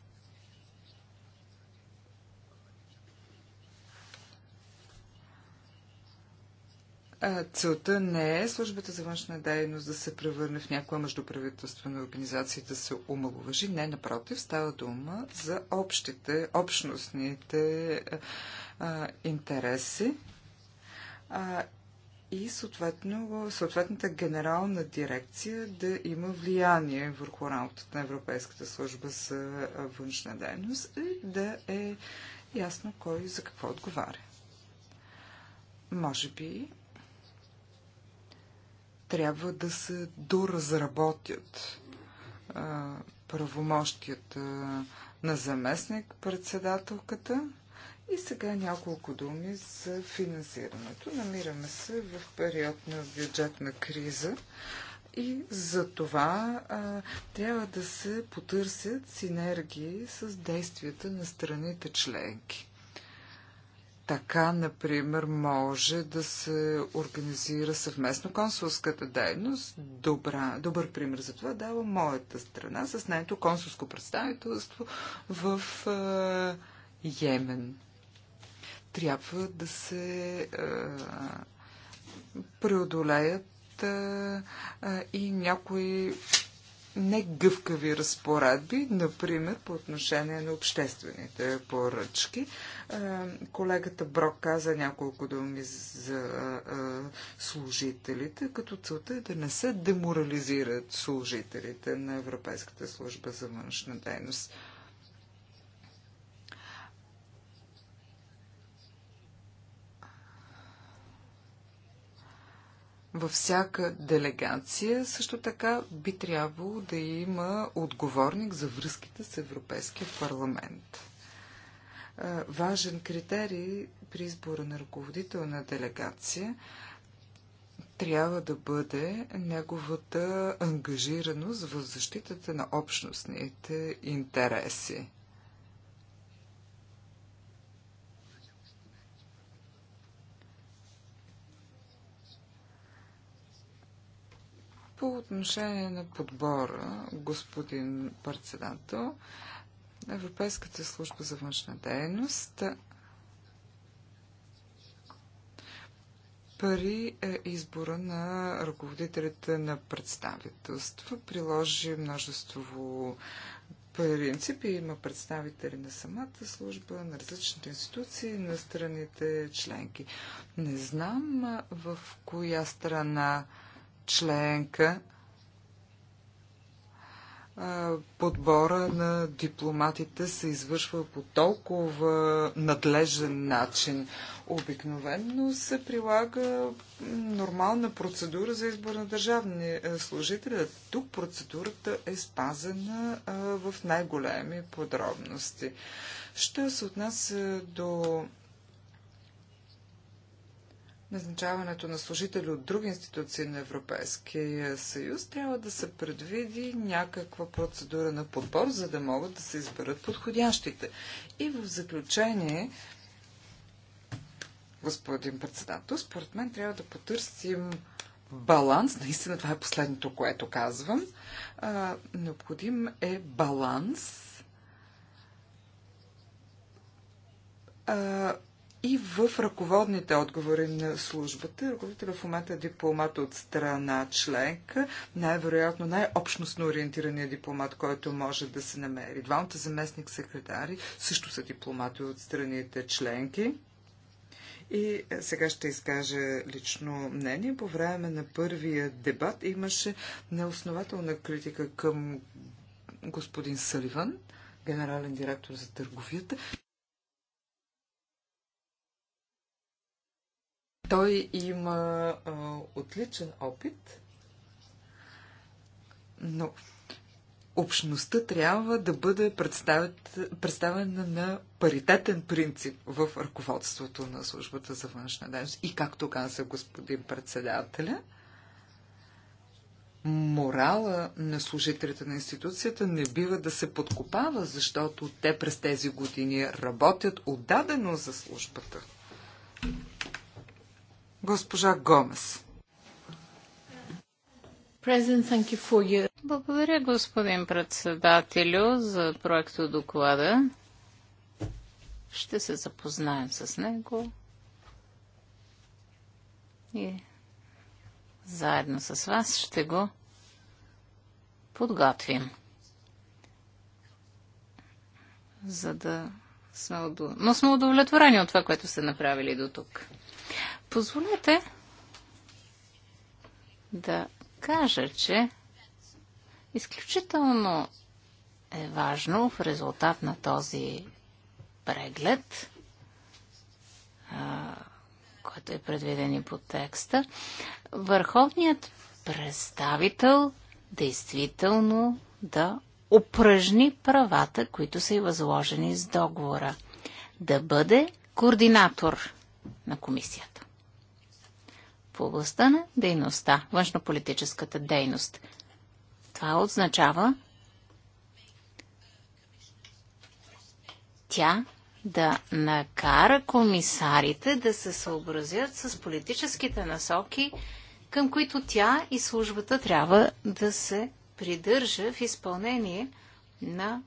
Целта не е службата за външна дейност да се превърне в някоя междуправителствена организация да се омалуважи. Не, напротив, става дума за общите, общностните а, интереси. А, и съответно, съответната генерална дирекция да има влияние върху работата на Европейската служба за външна дейност и да е ясно кой за какво отговаря. Може би трябва да се доразработят а, правомощията на заместник-председателката. И сега няколко думи за финансирането. Намираме се в период на бюджетна криза и за това а, трябва да се потърсят синергии с действията на страните членки. Така, например, може да се организира съвместно консулската дейност. Добра, добър пример за това дава моята страна с нейното консулско представителство в е, Йемен. Трябва да се е, преодолеят е, и някои негъвкави разпоредби, например по отношение на обществените поръчки. Е, колегата Брок каза няколко думи за е, е, служителите, като целта е да не се деморализират служителите на Европейската служба за външна дейност. Във всяка делегация също така би трябвало да има отговорник за връзките с Европейския парламент. Е, важен критерий при избора на ръководител на делегация трябва да бъде неговата ангажираност в защитата на общностните интереси. По отношение на подбора, господин председател, Европейската служба за външна дейност пари е избора на ръководителите на представителства. Приложи множество принципи. Има представители на самата служба, на различните институции, на страните членки. Не знам в коя страна членка подбора на дипломатите се извършва по толкова надлежен начин. Обикновенно се прилага нормална процедура за избор на държавни е, служители. Тук процедурата е спазена в най-големи подробности. Що се отнася до назначаването на служители от други институции на Европейския съюз, трябва да се предвиди някаква процедура на подбор, за да могат да се изберат подходящите. И в заключение, господин председател, според мен трябва да потърсим баланс, наистина това е последното, което казвам, а, необходим е баланс а, и в ръководните отговори на службата. Ръководителя в момента е дипломат от страна членка, най-вероятно най-общностно ориентирания дипломат, който може да се намери. Двамата заместник секретари също са дипломати от страните членки. И е, сега ще изкажа лично мнение. По време на първия дебат имаше неоснователна критика към господин Саливан, генерален директор за търговията. Той има а, отличен опит, но общността трябва да бъде представена на паритетен принцип в ръководството на службата за външна дейност. И както каза господин председателя, морала на служителите на институцията не бива да се подкопава, защото те през тези години работят отдадено за службата. Госпожа Гомес. Благодаря, господин председателю, за проекто доклада. Ще се запознаем с него и заедно с вас ще го подготвим, за да сме удов... Но сме удовлетворени от това, което сте направили до тук. Позволете да кажа, че изключително е важно в резултат на този преглед, който е предвиден и по текста, върховният представител действително да упражни правата, които са и възложени с договора. Да бъде координатор на комисията в областта на дейността, външнополитическата дейност. Това означава тя да накара комисарите да се съобразят с политическите насоки, към които тя и службата трябва да се придържа в изпълнение на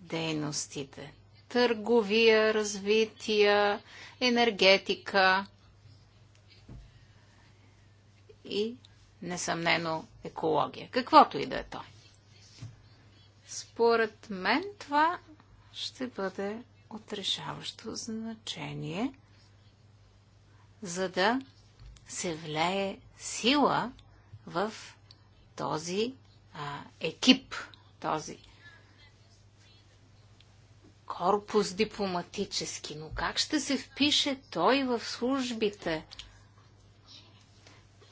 дейностите. Търговия, развитие, енергетика, и несъмнено екология, каквото и да е то. Според мен това ще бъде отрешаващо значение, за да се влее сила в този а, екип, този корпус дипломатически. Но как ще се впише той в службите?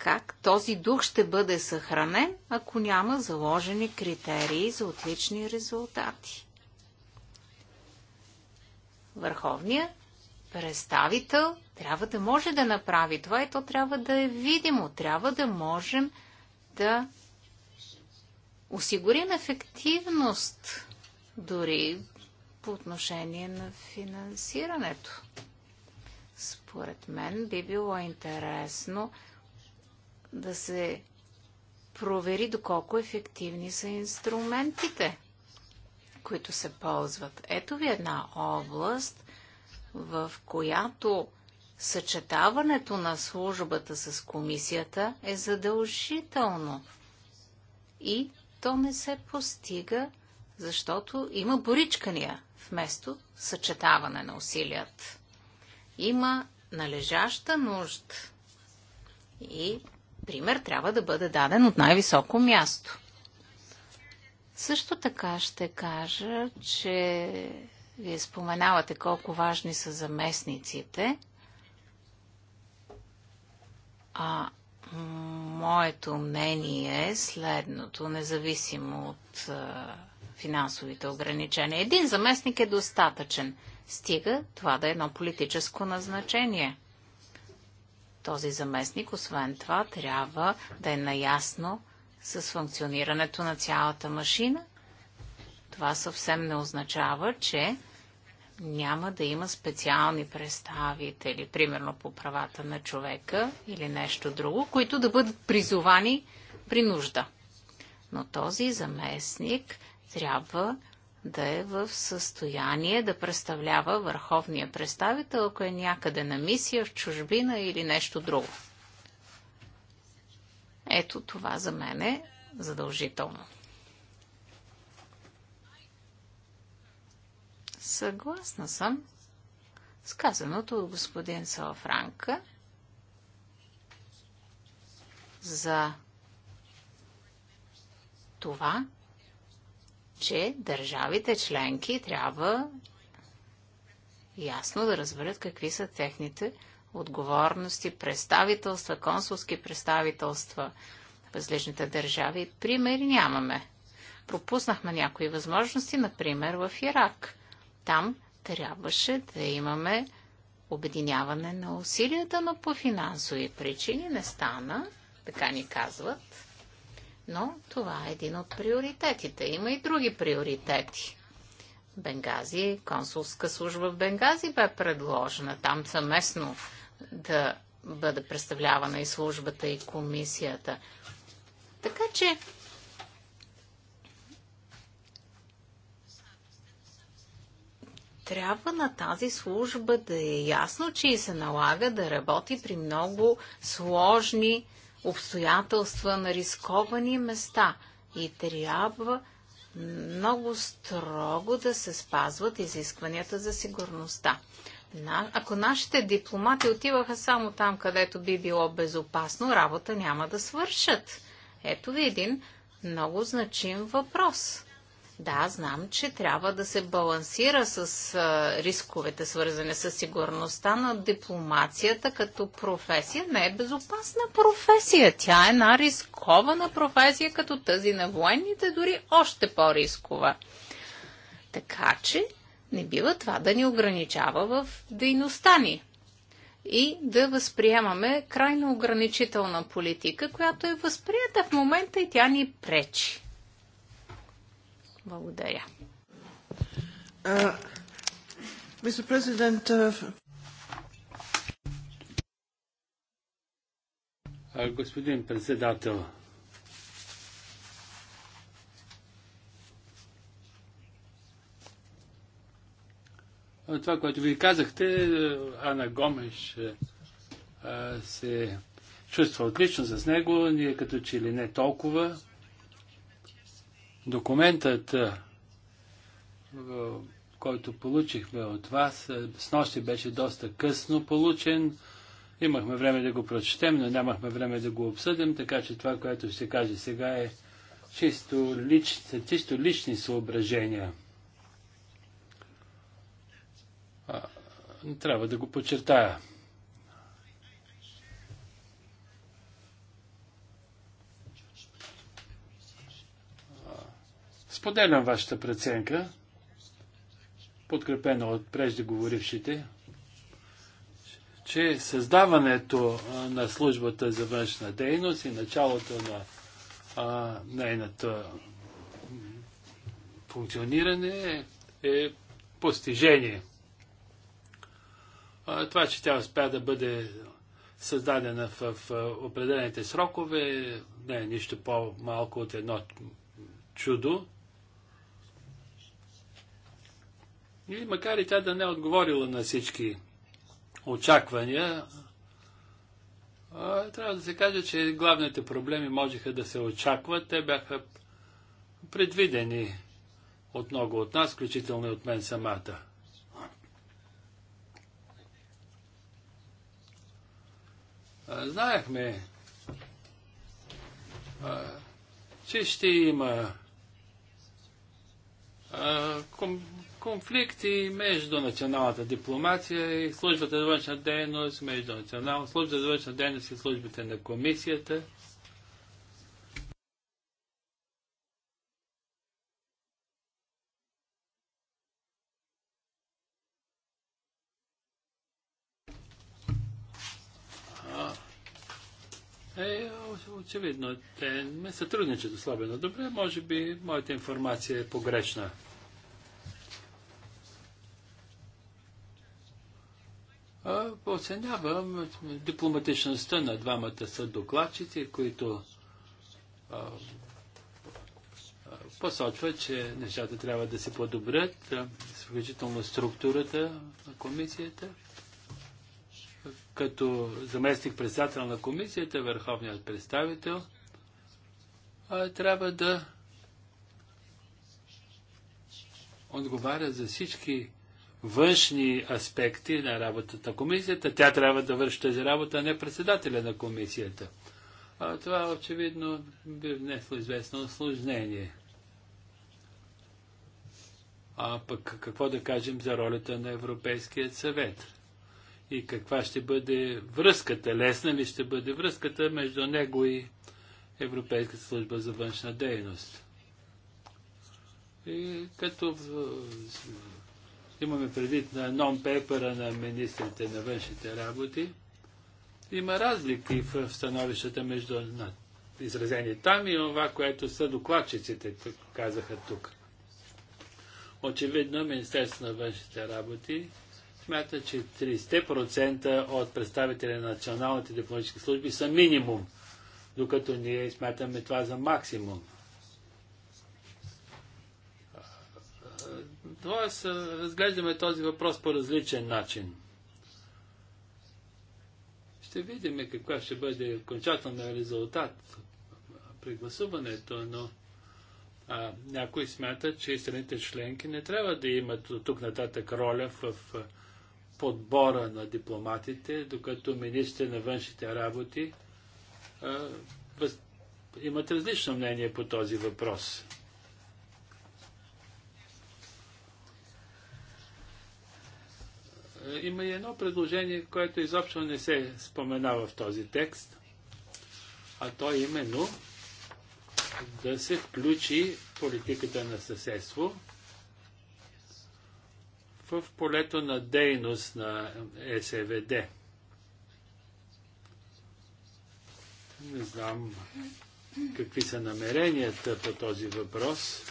как този дух ще бъде съхранен, ако няма заложени критерии за отлични резултати. Върховният представител трябва да може да направи това и то трябва да е видимо. Трябва да можем да осигурим ефективност дори по отношение на финансирането. Според мен би било интересно да се провери доколко ефективни са инструментите, които се ползват. Ето ви една област, в която съчетаването на службата с комисията е задължително. И то не се постига, защото има боричкания вместо съчетаване на усилият. Има належаща нужда и пример трябва да бъде даден от най-високо място. Също така ще кажа, че вие споменавате колко важни са заместниците. А моето мнение е следното, независимо от а, финансовите ограничения. Един заместник е достатъчен. Стига това да е едно политическо назначение – този заместник, освен това, трябва да е наясно с функционирането на цялата машина. Това съвсем не означава, че няма да има специални представители, примерно по правата на човека или нещо друго, които да бъдат призовани при нужда. Но този заместник трябва да е в състояние да представлява върховния представител, ако е някъде на мисия, в чужбина или нещо друго. Ето това за мен е задължително. Съгласна съм с казаното от господин Салафранка за това, че държавите членки трябва ясно да разберат какви са техните отговорности, представителства, консулски представителства в различните държави. Примери нямаме. Пропуснахме някои възможности, например в Ирак. Там трябваше да имаме обединяване на усилията, но по финансови причини не стана, така ни казват но това е един от приоритетите. Има и други приоритети. Бенгази, консулска служба в Бенгази бе предложена. Там съместно да бъде представлявана и службата, и комисията. Така че трябва на тази служба да е ясно, че и се налага да работи при много сложни обстоятелства на рисковани места и трябва много строго да се спазват изискванията за сигурността. Ако нашите дипломати отиваха само там, където би било безопасно, работа няма да свършат. Ето ви един много значим въпрос. Да, знам, че трябва да се балансира с рисковете, свързани с сигурността на дипломацията като професия. Не е безопасна професия. Тя е една рискована професия, като тази на военните, дори още по-рискова. Така че не бива това да ни ограничава в дейността ни и да възприемаме крайно ограничителна политика, която е възприята в момента и тя ни пречи. Благодаря. господин председател, това, което ви казахте, Ана Гомеш се чувства отлично с него, ние като че ли не толкова. Документът, е, който получихме от вас, е, с нощи беше доста късно получен. Имахме време да го прочетем, но нямахме време да го обсъдим, така че това, което ще каже сега е чисто, лич, чисто лични съображения. А, трябва да го подчертая. Споделям вашата преценка, подкрепена от преждеговорившите, че създаването на службата за външна дейност и началото на нейната функциониране е постижение. това, че тя успя да бъде създадена в, в определените срокове, не е нищо по-малко от едно чудо. И макар и тя да не е отговорила на всички очаквания, трябва да се каже, че главните проблеми можеха да се очакват. Те бяха предвидени от много от нас, включително и от мен самата. Знаехме, че ще има конфликти между националната дипломация и службата за външна дейност, между национална служба за външна дейност и службите на комисията. Е, очевидно, те не сътрудничат особено добре. Може би моята информация е погрешна. Оценявам дипломатичността на двамата съдокладчици, които посочват, че нещата трябва да се подобрят, включително структурата на комисията. Като заместник председател на комисията, върховният представител, трябва да отговаря за всички външни аспекти на работата на комисията. Тя трябва да върши тази работа, а не председателя на комисията. А това очевидно би внесло известно осложнение. А пък какво да кажем за ролята на Европейския съвет? И каква ще бъде връзката? Лесна ли ще бъде връзката между него и Европейската служба за външна дейност? И като имаме предвид на нон пепера на министрите на външните работи, има разлики в становищата между изразени там и това, което са докладчиците казаха тук. Очевидно, Министерството на външните работи смята, че 30% от представители на националните дипломатически служби са минимум, докато ние смятаме това за максимум. Тоест, разглеждаме този въпрос по различен начин. Ще видим каква ще бъде окончателният резултат при гласуването, но а, някои смятат, че страните членки не трябва да имат от тук нататък роля в, подбора на дипломатите, докато министрите на външните работи а, въз... имат различно мнение по този въпрос. Е, има и едно предложение, което изобщо не се споменава в този текст, а то е именно да се включи политиката на съседство в полето на дейност на СВД. Не знам какви са намеренията по този въпрос,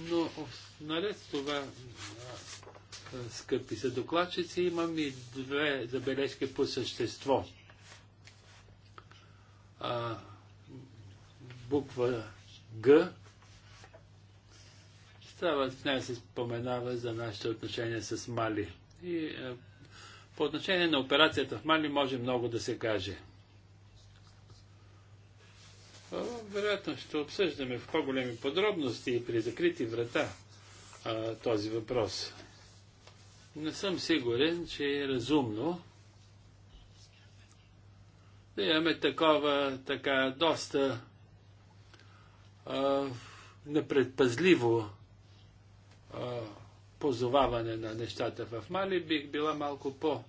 но Наред с това, скъпи са докладчици, имам и две забележки по същество. А, буква Г става, в нея се споменава за нашите отношения с Мали. И а, по отношение на операцията в Мали може много да се каже. вероятно ще обсъждаме в по-големи подробности и при закрити врата а, този въпрос. Не съм сигурен, че е разумно да имаме такова, така, доста а, непредпазливо а, позоваване на нещата в Мали, бих била малко по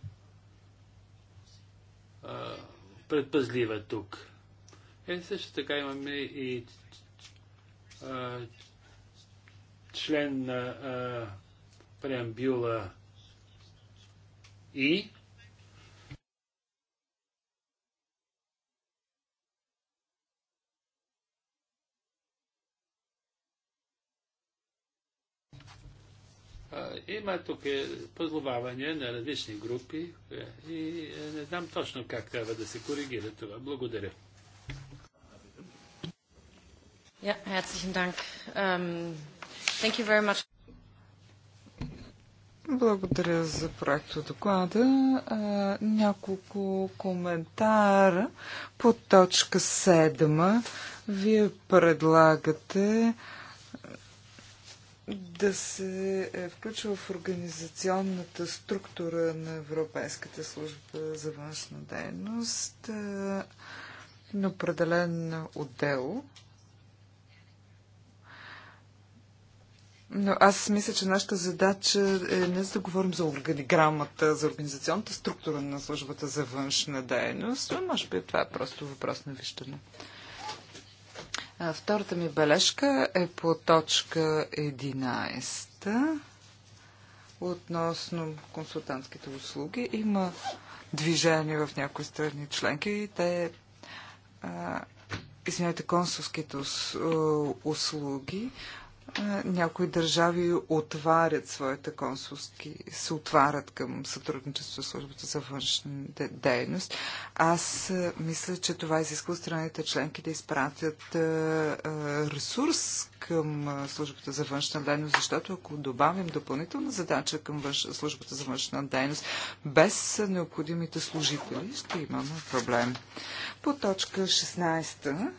а, предпазлива тук. Е, също така имаме и а, член на а, преамбюла И. има тук е позловаване на различни групи е, и е, не знам точно как трябва да се коригира това. Благодаря. Ja, herzlichen Dank. Ähm, Thank you very much. Благодаря за проекто доклада. няколко коментара по точка 7. Вие предлагате да се включва в организационната структура на Европейската служба за външна дейност на определен отдел, Но аз мисля, че нашата задача е не за да говорим за органиграмата, за организационната структура на службата за външна дейност, но може би това е просто въпрос на виждане. Втората ми бележка е по точка 11 относно консултантските услуги. Има движение в някои страни членки и те извинявайте, консулските услуги е, някои държави отварят своите консулски, се отварят към сътрудничество с службата за външна дейност. Аз е, мисля, че това изисква страните членки да изпратят е, ресурс към службата за външна дейност, защото ако добавим допълнителна задача към външ... службата за външна дейност без необходимите служители, ще имаме проблем. По точка 16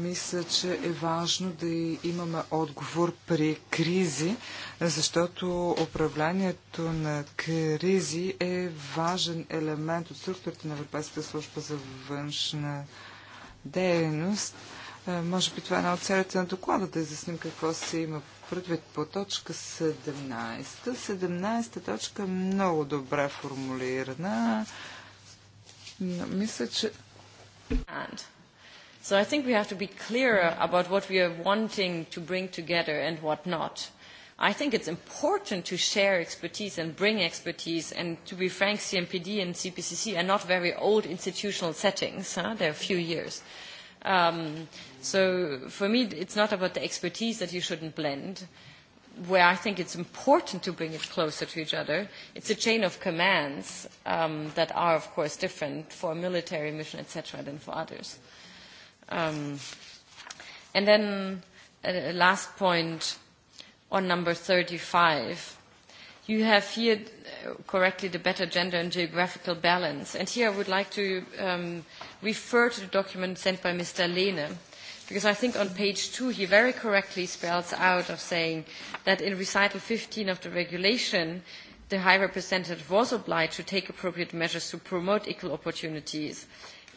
мисля, че е важно да имаме отговор при кризи, защото управлението на кризи е важен елемент от структурата на Европейската служба за външна дейност. Е, може би това е една от целите на доклада, да изясним какво се има предвид по точка 17. 17 точка е много добре формулирана. Мисля, че... So I think we have to be clearer about what we are wanting to bring together and what not. I think it's important to share expertise and bring expertise, and to be frank, CMPD and CPCC are not very old institutional settings. Huh? They're a few years. Um, so for me, it's not about the expertise that you shouldn't blend. Where I think it's important to bring it closer to each other, it's a chain of commands um, that are, of course, different for a military mission, etc., than for others. Um, and then a last point on number 35. You have here correctly the better gender and geographical balance. And here I would like to um, refer to the document sent by Mr. Lehne, because I think on page two he very correctly spells out of saying that in recital 15 of the regulation, the High Representative was obliged to take appropriate measures to promote equal opportunities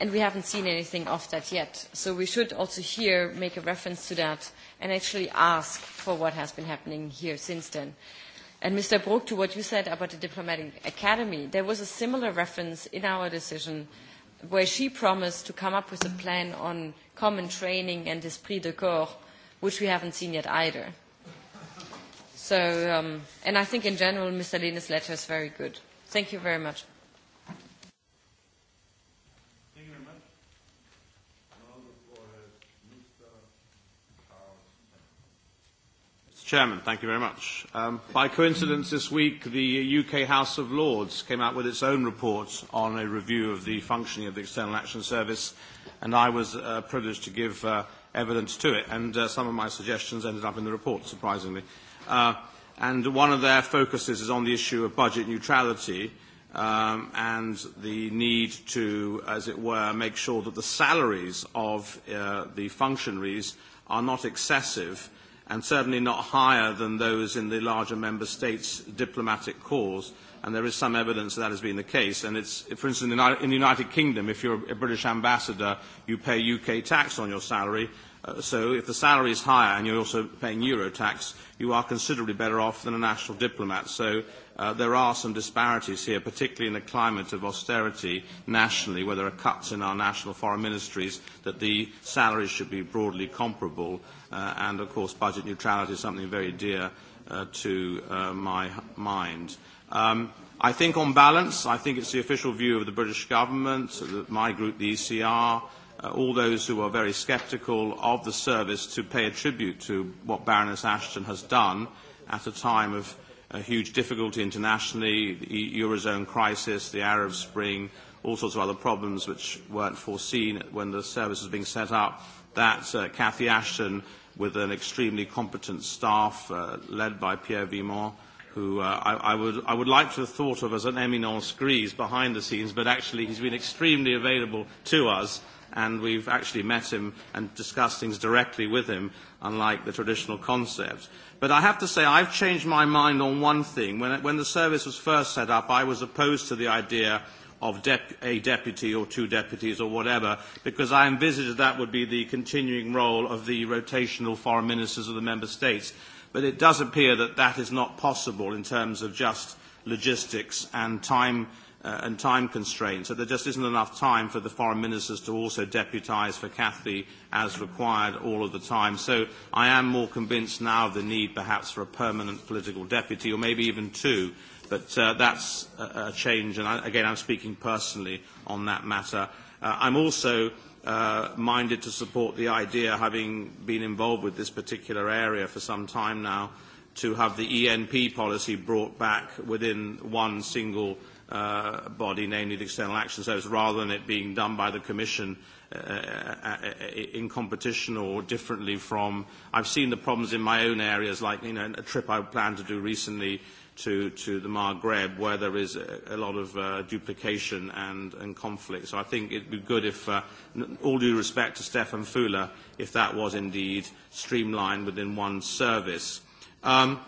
and we haven't seen anything of that yet. So we should also here make a reference to that and actually ask for what has been happening here since then. And Mr. Brook, to what you said about the diplomatic academy, there was a similar reference in our decision where she promised to come up with a plan on common training and esprit de corps, which we haven't seen yet either. So, um, and I think in general, Mr. Lena's letter is very good. Thank you very much. Chairman, thank you very much. Um, by coincidence, this week the UK House of Lords came out with its own report on a review of the functioning of the External Action Service, and I was uh, privileged to give uh, evidence to it, and uh, some of my suggestions ended up in the report, surprisingly. Uh, and one of their focuses is on the issue of budget neutrality um, and the need to, as it were, make sure that the salaries of uh, the functionaries are not excessive and certainly not higher than those in the larger member states' diplomatic corps. And there is some evidence that that has been the case. And it's, for instance, in the United Kingdom, if you're a British ambassador, you pay UK tax on your salary. Uh, so if the salary is higher and you're also paying Euro tax, you are considerably better off than a national diplomat. So there are some disparities here, particularly in a climate of austerity nationally, where there are cuts in our national foreign ministries, that the salaries should be broadly comparable. and, of course, budget neutrality is something very dear to my mind. I think on balance, I think it's the official view of the British government, my group, the ECR, all those who are very sceptical of the service to pay a tribute to what Baroness Ashton has done at a time of a huge difficulty internationally, the Eurozone crisis, the Arab Spring, all sorts of other problems which weren't foreseen when the service was being set up, that uh, Cathy Ashton, with an extremely competent staff uh, led by Pierre Vimont, who uh, I, I, would, I would like to have thought of as an eminence grise behind the scenes, but actually he's been extremely available to us, and we've actually met him and discussed things directly with him, unlike the traditional concept. But I have to say I've changed my mind on one thing. When, when the service was first set up, I was opposed to the idea of dep- a deputy or two deputies or whatever, because I envisaged that would be the continuing role of the rotational foreign ministers of the member states. But it does appear that that is not possible in terms of just logistics and time and time constraints, that there just isn't enough time for the foreign ministers to also deputise for Cathy as required all of the time. So I am more convinced now of the need perhaps for a permanent political deputy, or maybe even two. But uh, that's a, a change, and I, again, I'm speaking personally on that matter. Uh, I'm also uh, minded to support the idea, having been involved with this particular area for some time now, to have the ENP policy brought back within one single uh, body, namely the External Action Service, rather than it being done by the Commission uh, in competition or differently from. I've seen the problems in my own areas, like you know, a trip I planned to do recently to, to the Maghreb, where there is a, a lot of uh, duplication and, and conflict. So I think it would be good if, uh, all due respect to Stefan Fuller if that was indeed streamlined within one service. Um,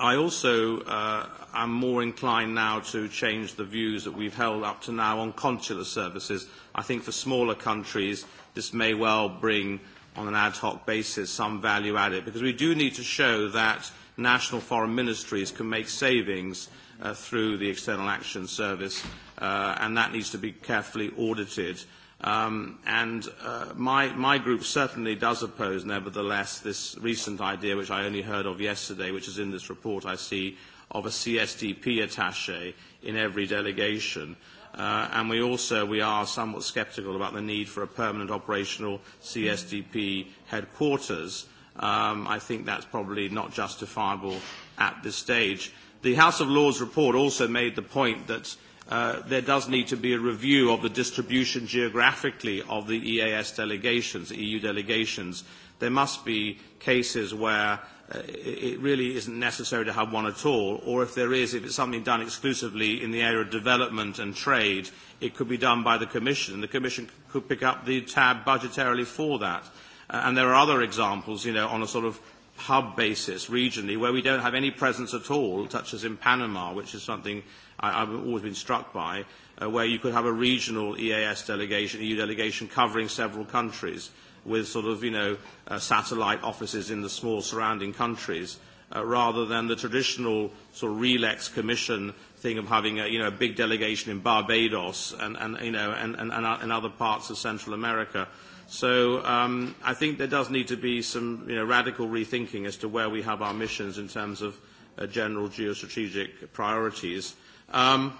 I also uh, I'm more inclined now to change the views that we've held up to now on consular services. I think for smaller countries, this may well bring, on an ad hoc basis, some value added, because we do need to show that national foreign ministries can make savings uh, through the External Action Service, uh, and that needs to be carefully audited. Um, and uh, my, my group certainly does oppose, nevertheless, this recent idea, which I only heard of yesterday, which is in this report I see, of a CSDP attaché in every delegation. Uh, and we also we are somewhat sceptical about the need for a permanent operational CSDP headquarters. Um, I think that's probably not justifiable at this stage. The House of Lords report also made the point that uh, there does need to be a review of the distribution geographically of the EAS delegations, EU delegations. There must be cases where it really isn't necessary to have one at all, or if there is, if it's something done exclusively in the area of development and trade, it could be done by the Commission. The Commission could pick up the tab budgetarily for that. and there are other examples, you know, on a sort of hub basis regionally where we don't have any presence at all, such as in Panama, which is something I, I've always been struck by, uh, where you could have a regional EAS delegation, EU delegation covering several countries with sort of, you know, uh, satellite offices in the small surrounding countries, uh, rather than the traditional sort of RELEX commission thing of having a, you know, a big delegation in Barbados and, and, you know, and, and, and other parts of Central America. So um, I think there does need to be some you know, radical rethinking as to where we have our missions in terms of uh, general geostrategic priorities. Um,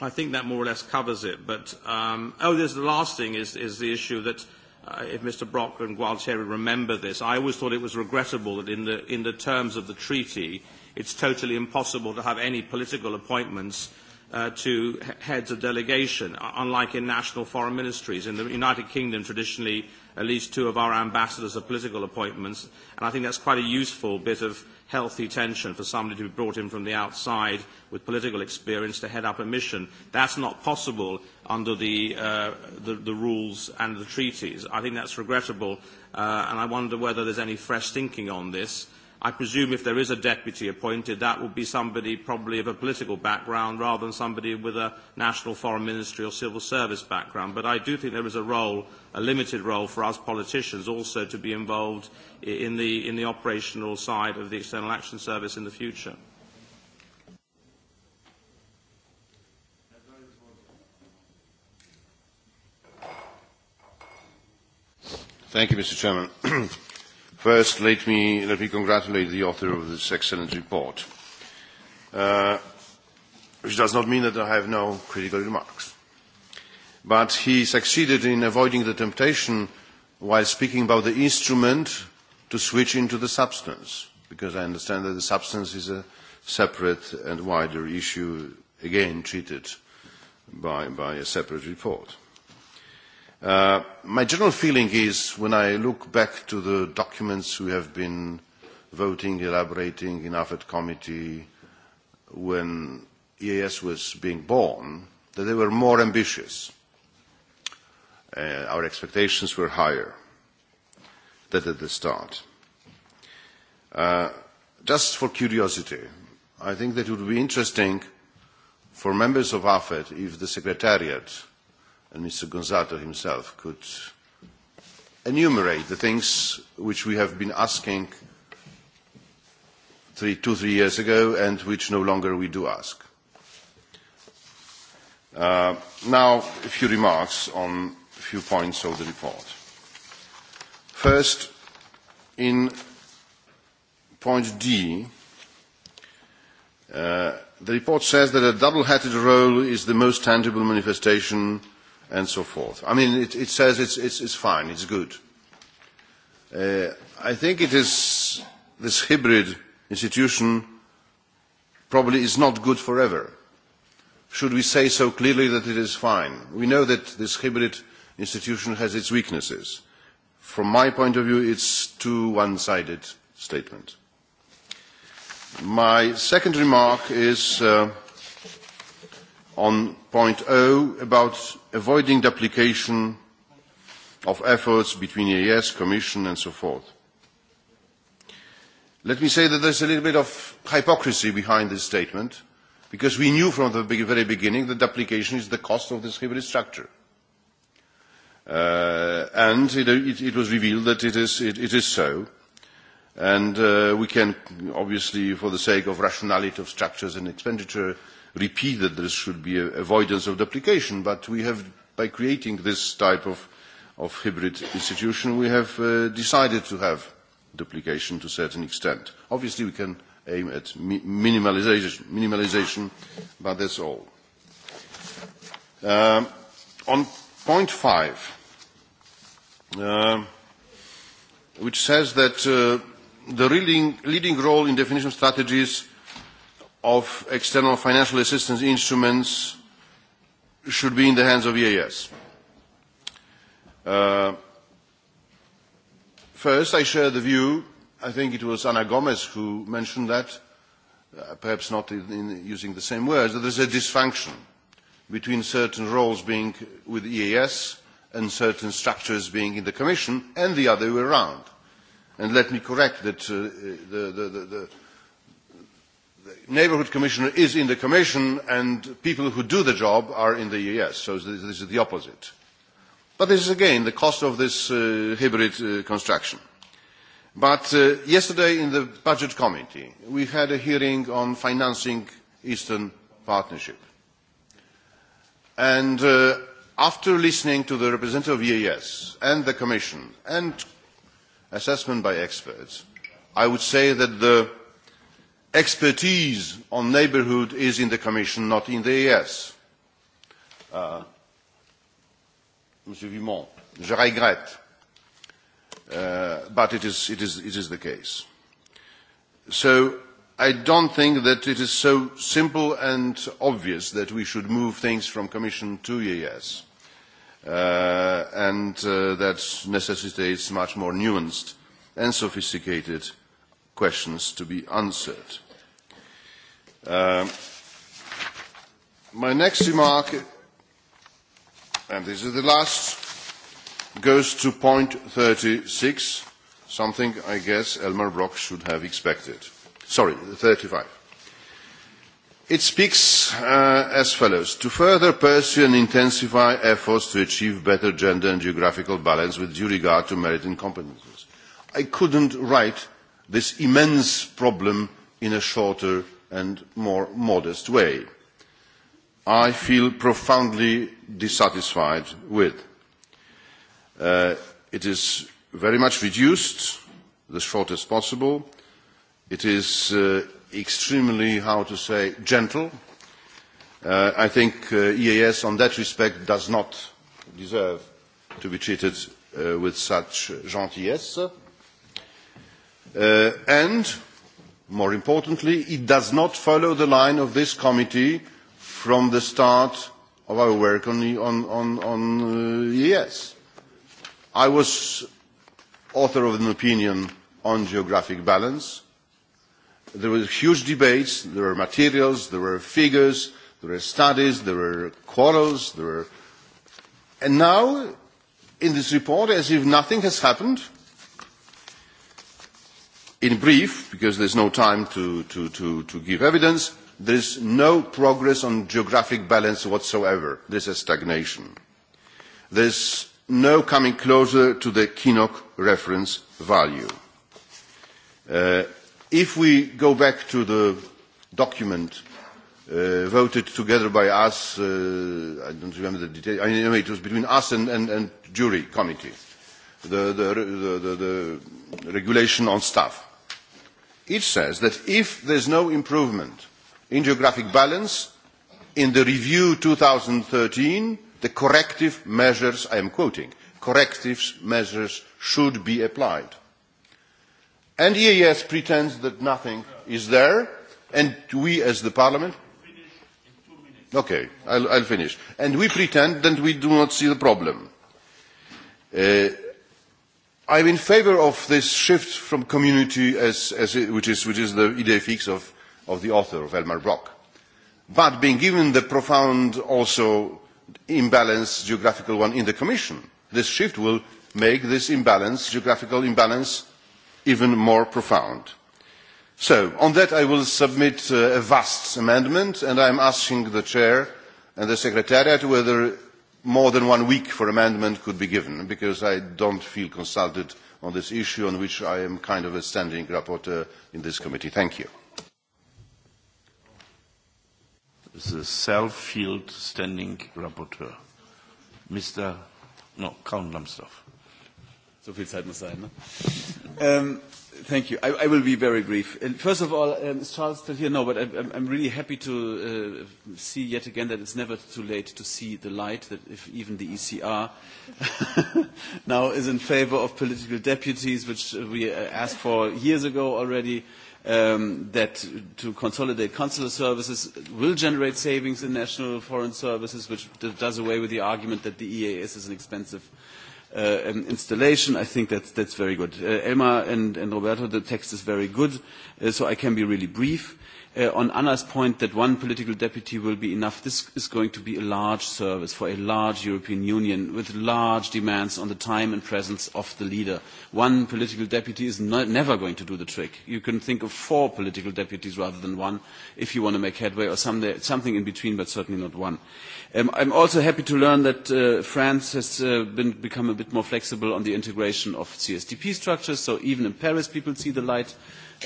I think that more or less covers it. But um, oh, there's the last thing is, is the issue that uh, if Mr. Brock and Gualtieri remember this. I always thought it was regrettable that in the, in the terms of the treaty, it's totally impossible to have any political appointments uh, to heads of delegation, unlike in national foreign ministries. In the United Kingdom, traditionally, at least two of our ambassadors are political appointments, and I think that's quite a useful bit of healthy tension for somebody to be brought in from the outside with political experience to head up a mission. That's not possible under the, uh, the, the rules and the treaties. I think that's regrettable, uh, and I wonder whether there's any fresh thinking on this. I presume if there is a deputy appointed, that would be somebody probably of a political background rather than somebody with a national foreign ministry or civil service background. But I do think there is a role a limited role for us politicians also to be involved in the, in the operational side of the External Action Service in the future. Thank you, Mr. Chairman. First, let me, let me congratulate the author of this excellent report, uh, which does not mean that I have no critical remarks but he succeeded in avoiding the temptation while speaking about the instrument to switch into the substance, because I understand that the substance is a separate and wider issue, again treated by, by a separate report. Uh, my general feeling is, when I look back to the documents we have been voting, elaborating in AFET committee, when EAS was being born, that they were more ambitious uh, our expectations were higher than at the start. Uh, just for curiosity, I think that it would be interesting for members of AFET if the Secretariat and Mr. Gonzato himself could enumerate the things which we have been asking three, two, three years ago and which no longer we do ask. Uh, now, a few remarks on few points of the report. First, in point D, the report says that a double-headed role is the most tangible manifestation and so forth. I mean, it, it says it's, it's, it's fine, it's good. Uh, I think it is this hybrid institution probably is not good forever. Should we say so clearly that it is fine? We know that this hybrid institution has its weaknesses. From my point of view, it's too one-sided statement. My second remark is uh, on point O about avoiding duplication of efforts between EAS, Commission and so forth. Let me say that there's a little bit of hypocrisy behind this statement because we knew from the very beginning that duplication is the cost of this hybrid structure. Uh, and it, it, it was revealed that it is, it, it is so. And uh, we can obviously, for the sake of rationality of structures and expenditure, repeat that there should be a avoidance of duplication, but we have, by creating this type of, of hybrid institution, we have uh, decided to have duplication to a certain extent. Obviously, we can aim at mi minimalization, minimalization, but that's all. Uh, on Point five, uh, which says that uh, the leading, leading role in definition strategies of external financial assistance instruments should be in the hands of EAS. Uh, first, I share the view, I think it was Ana Gomez who mentioned that, uh, perhaps not in, in using the same words, that there's a dysfunction between certain roles being with EAS and certain structures being in the Commission and the other way around. And let me correct that the, the, the, the Neighbourhood Commissioner is in the Commission and people who do the job are in the EAS, so this, this is the opposite. But this is again the cost of this uh, hybrid uh, construction. But uh, yesterday in the Budget Committee we had a hearing on financing Eastern Partnership And uh, after listening to the representative of EAS and the Commission and assessment by experts, I would say that the expertise on neighbourhood is in the Commission, not in the EAS. Uh, Monsieur Vimont, je regrette, uh, but it is, it, is, it is the case. So I don't think that it is so simple and obvious that we should move things from Commission to EAS, and that necessitates much more nuanced and sophisticated questions to be answered. my next remark, and this is the last, goes to point thirty six, something I guess Elmar Brok should have expected sorry, 35. It speaks uh, as follows. To further pursue and intensify efforts to achieve better gender and geographical balance with due regard to merit and competences. I couldn't write this immense problem in a shorter and more modest way. I feel profoundly dissatisfied with. Uh, it is very much reduced, the shortest possible, It is uh, extremely, how to say, gentle. Uh, I think uh, EAS on that respect does not deserve to be treated uh, with such gentillesse. Uh, and, more importantly, it does not follow the line of this committee from the start of our work on, on, on, on uh, EAS. I was author of an opinion on geographic balance there were huge debates, there were materials, there were figures, there were studies, there were quarrels, there were... And now, in this report, as if nothing has happened, in brief, because there's no time to, to, to, to give evidence, there is no progress on geographic balance whatsoever. This is stagnation. There is no coming closer to the Kinnock reference value. If we go back to the document uh, voted together by us, uh, I don't remember the detail, I mean, it was between us and, and, and jury committee, the, the, the, the, the regulation on staff. It says that if there's no improvement in geographic balance, in the review 2013, the corrective measures, I am quoting, corrective measures should be applied And EAS pretends that nothing is there, and we as the parliament... Okay, I'll, I'll finish. And we pretend that we do not see the problem. Uh, I'm in favour of this shift from community, as, as it, which, is, which is the idea fix of, of the author, of Elmar Brock. But being given the profound also imbalance, geographical one, in the Commission, this shift will make this imbalance, geographical imbalance, even more profound. So, on that I will submit a vast amendment and I am asking the Chair and the Secretariat whether more than one week for amendment could be given because I don't feel consulted on this issue on which I am kind of a standing rapporteur in this committee. Thank you. The self filled standing rapporteur. Mr. No, Count Lambsdorff. So viel Zeit muss sein. Ne? Um, thank you. I, I will be very brief. And first of all, um, is Charles still here? No, but I, I'm, I'm really happy to uh, see yet again that it's never too late to see the light, that if even the ECR now is in favor of political deputies, which we asked for years ago already, um, that to consolidate consular services will generate savings in national foreign services, which does away with the argument that the EAS is an expensive installation. I think that's, that's very good. Elmar and, and Roberto, the text is very good, so I can be really brief. on Anna's point that one political deputy will be enough, this is going to be a large service for a large European Union with large demands on the time and presence of the leader. One political deputy is never going to do the trick. You can think of four political deputies rather than one if you want to make headway or someday, something in between, but certainly not one. I'm also happy to learn that uh, France has uh, been, become a bit more flexible on the integration of CSDP structures, so even in Paris people see the light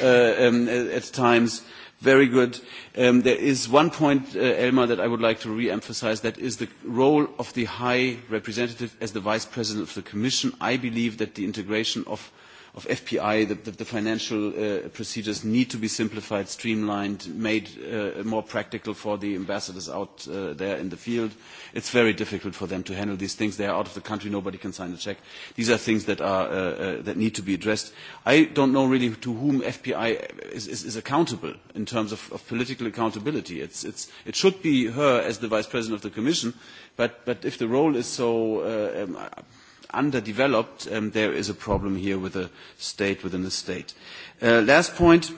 uh, um, at times. Very good. Um, there is one point, uh, Elmar, that I would like to re-emphasize. That is the role of the High Representative as the Vice President of the Commission. I believe that the integration of uh, of FPI, that the financial procedures need to be simplified, streamlined, made more practical for the ambassadors out there in the field. It's very difficult for them to handle these things. They are out of the country. Nobody can sign a check. These are things that, need to be addressed. I don't know really to whom FPI is, accountable in terms of, political accountability. it should be her as the vice president of the commission, but, but if the role is so... Uh, underdeveloped, um, there is a problem here with a state within a state. Uh, last point.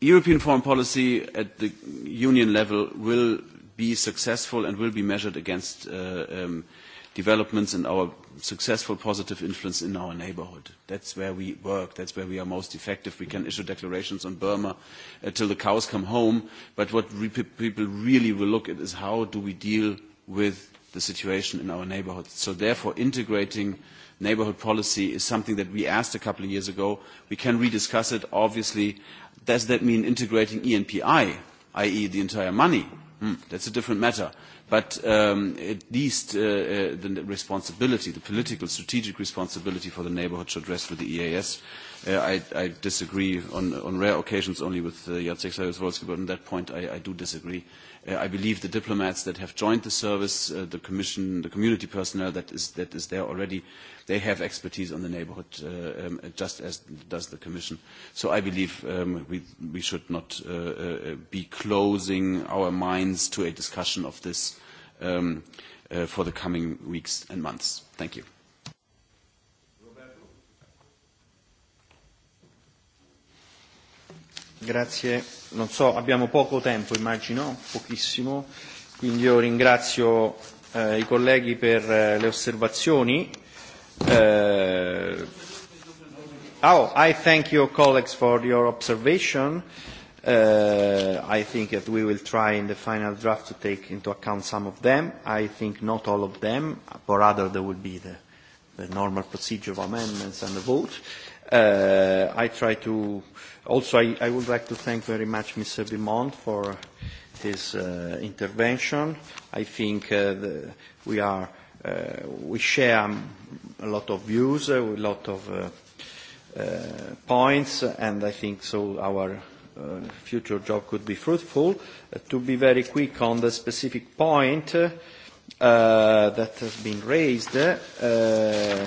European foreign policy at the Union level will be successful and will be measured against uh, um, developments and our successful positive influence in our neighborhood. That's where we work. That's where we are most effective. We can issue declarations on Burma until the cows come home. But what re people really will look at is how do we deal with the situation in our neighborhoods. So therefore, integrating neighborhood policy is something that we asked a couple of years ago. We can rediscuss it, obviously. Does that mean integrating ENPI, i.e. the entire money? Hmm, that's a different matter. But um, at least uh, uh, the responsibility, the political strategic responsibility for the neighborhood should rest with the EAS I, I disagree on, on rare occasions only with uh, Jacek saryusz but on that point I, I do disagree. Uh, I believe the diplomats that have joined the service, uh, the commission, the community personnel that is, that is there already, they have expertise on the neighborhood, uh, um, just as does the commission. So I believe um, we, we should not uh, uh, be closing our minds to a discussion of this um, uh, for the coming weeks and months. Thank you. Grazie. Non so, abbiamo poco tempo, immagino, pochissimo, quindi io ringrazio eh, i colleghi per eh, le osservazioni. Eh, oh, I thank your colleagues for your observation. Uh, I think that we will try in the final draft to take into account some of them. I think not all of them, but rather there will be the, the normal procedure of amendments and the vote. Uh, Uh, I try to also I, I would like to thank very much Mr. Bimont for his uh, intervention. I think uh, the, we are uh, we share a lot of views, a lot of uh, uh, points, and I think so our uh, future job could be fruitful. Uh, to be very quick on the specific point uh, that has been raised. Uh,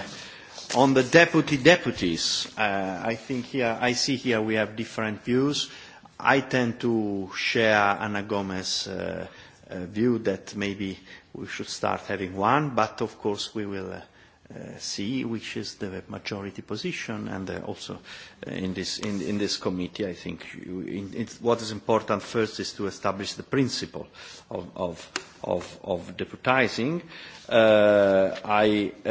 On the deputy deputies, uh, I think here, I see here we have different views. I tend to share Anna Gomez's uh, uh, view that maybe we should start having one, but of course we will uh, C, which is the majority position, and uh, also in this, in, in this committee, I think you, in, what is important first is to establish the principle of, of, of, of deputizing. Uh, I uh,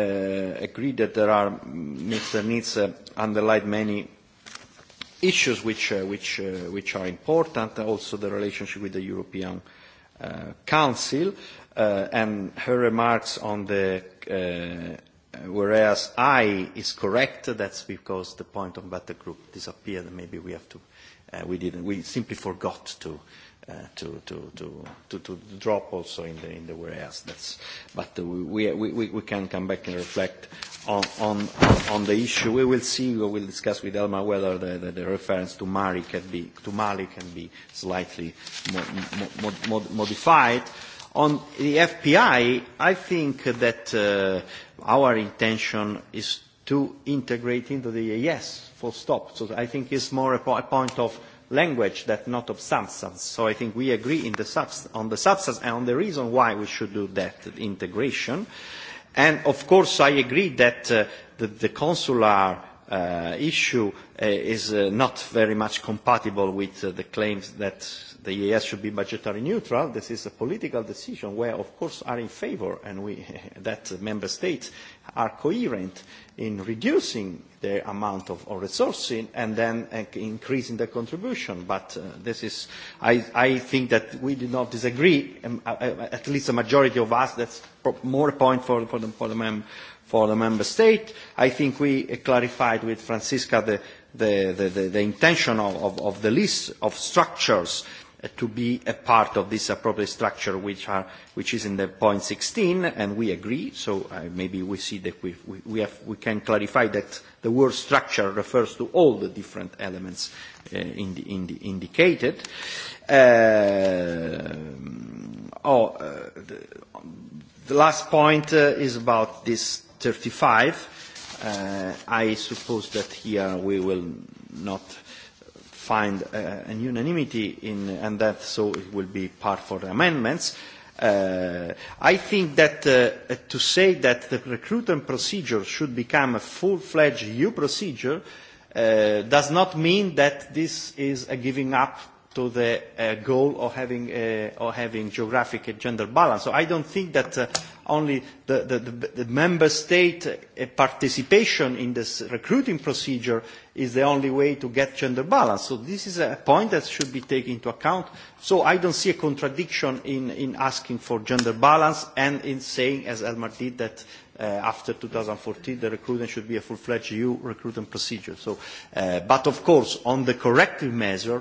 agree that there are, Mr. Nietzsche underlined many issues which, uh, which, uh, which are important, also the relationship with the European uh, Council, uh, and her remarks on the uh, whereas I is correct, that's because the point on battle group disappeared. and Maybe we have to, uh, we didn't, we simply forgot to, uh, to, to, to, to, to drop also in the, in the whereas. That's, but uh, we, we, we, we can come back and reflect on, on, on the issue. We will see, we will discuss with Elma whether the, the, the reference to Mali can be, to Mali can be slightly mo- mo- mo- modified. On the FPI, I think that uh, our intention is to integrate into the EAS, full stop. So I think it's more a, po a point of language that not of substance. So I think we agree in the subst on the substance and on the reason why we should do that integration. And of course I agree that uh, the, the consular uh, issue uh, is uh, not very much compatible with uh, the claims that the EAS should be budgetary neutral. This is a political decision where, of course, are in favor, and we, that member states are coherent in reducing the amount of, of resourcing and then uh, increasing the contribution. But uh, this is, I, I think that we do not disagree, um, uh, at least a majority of us, that's more a point for, for, the, for the mem- for the member state. I think we clarified with Francisca the, the, the, the, the intention of, of, of the list of structures to be a part of this appropriate structure which, are, which is in the point 16 and we agree so uh, maybe we see that we, we, we, have, we can clarify that the word structure refers to all the different elements uh, in the, in the indicated uh, oh, uh, the, the last point uh, is about this 35. Uh, I suppose that here we will not find uh, an unanimity in, and that so it will be part for the amendments. Uh, I think that uh, to say that the recruitment procedure should become a full-fledged EU procedure uh, does not mean that this is a giving up to the uh, goal of having, uh, of having geographic and gender balance. So I don't think that uh, only the, the, the, the member state uh, participation in this recruiting procedure is the only way to get gender balance. So this is a point that should be taken into account. So I don't see a contradiction in, in asking for gender balance and in saying, as Elmar did, that uh, after 2014 the recruitment should be a full-fledged EU recruitment procedure. So, uh, but of course, on the corrective measure,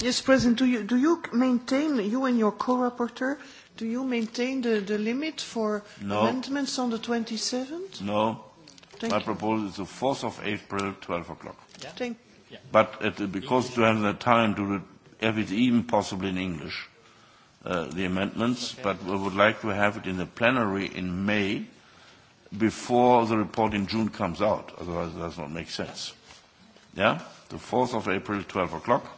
Yes, President, do you, do you maintain, you and your co-rapporteur, do you maintain the, the limit for no. amendments on the 27th? No. Thank My you. proposal is the 4th of April, 12 o'clock. Yeah. Thank yeah. But at, because to have the time to have it even possible in English, uh, the amendments, okay. but we would like to have it in the plenary in May before the report in June comes out. Otherwise, it does not make sense. Yeah? The 4th of April, 12 o'clock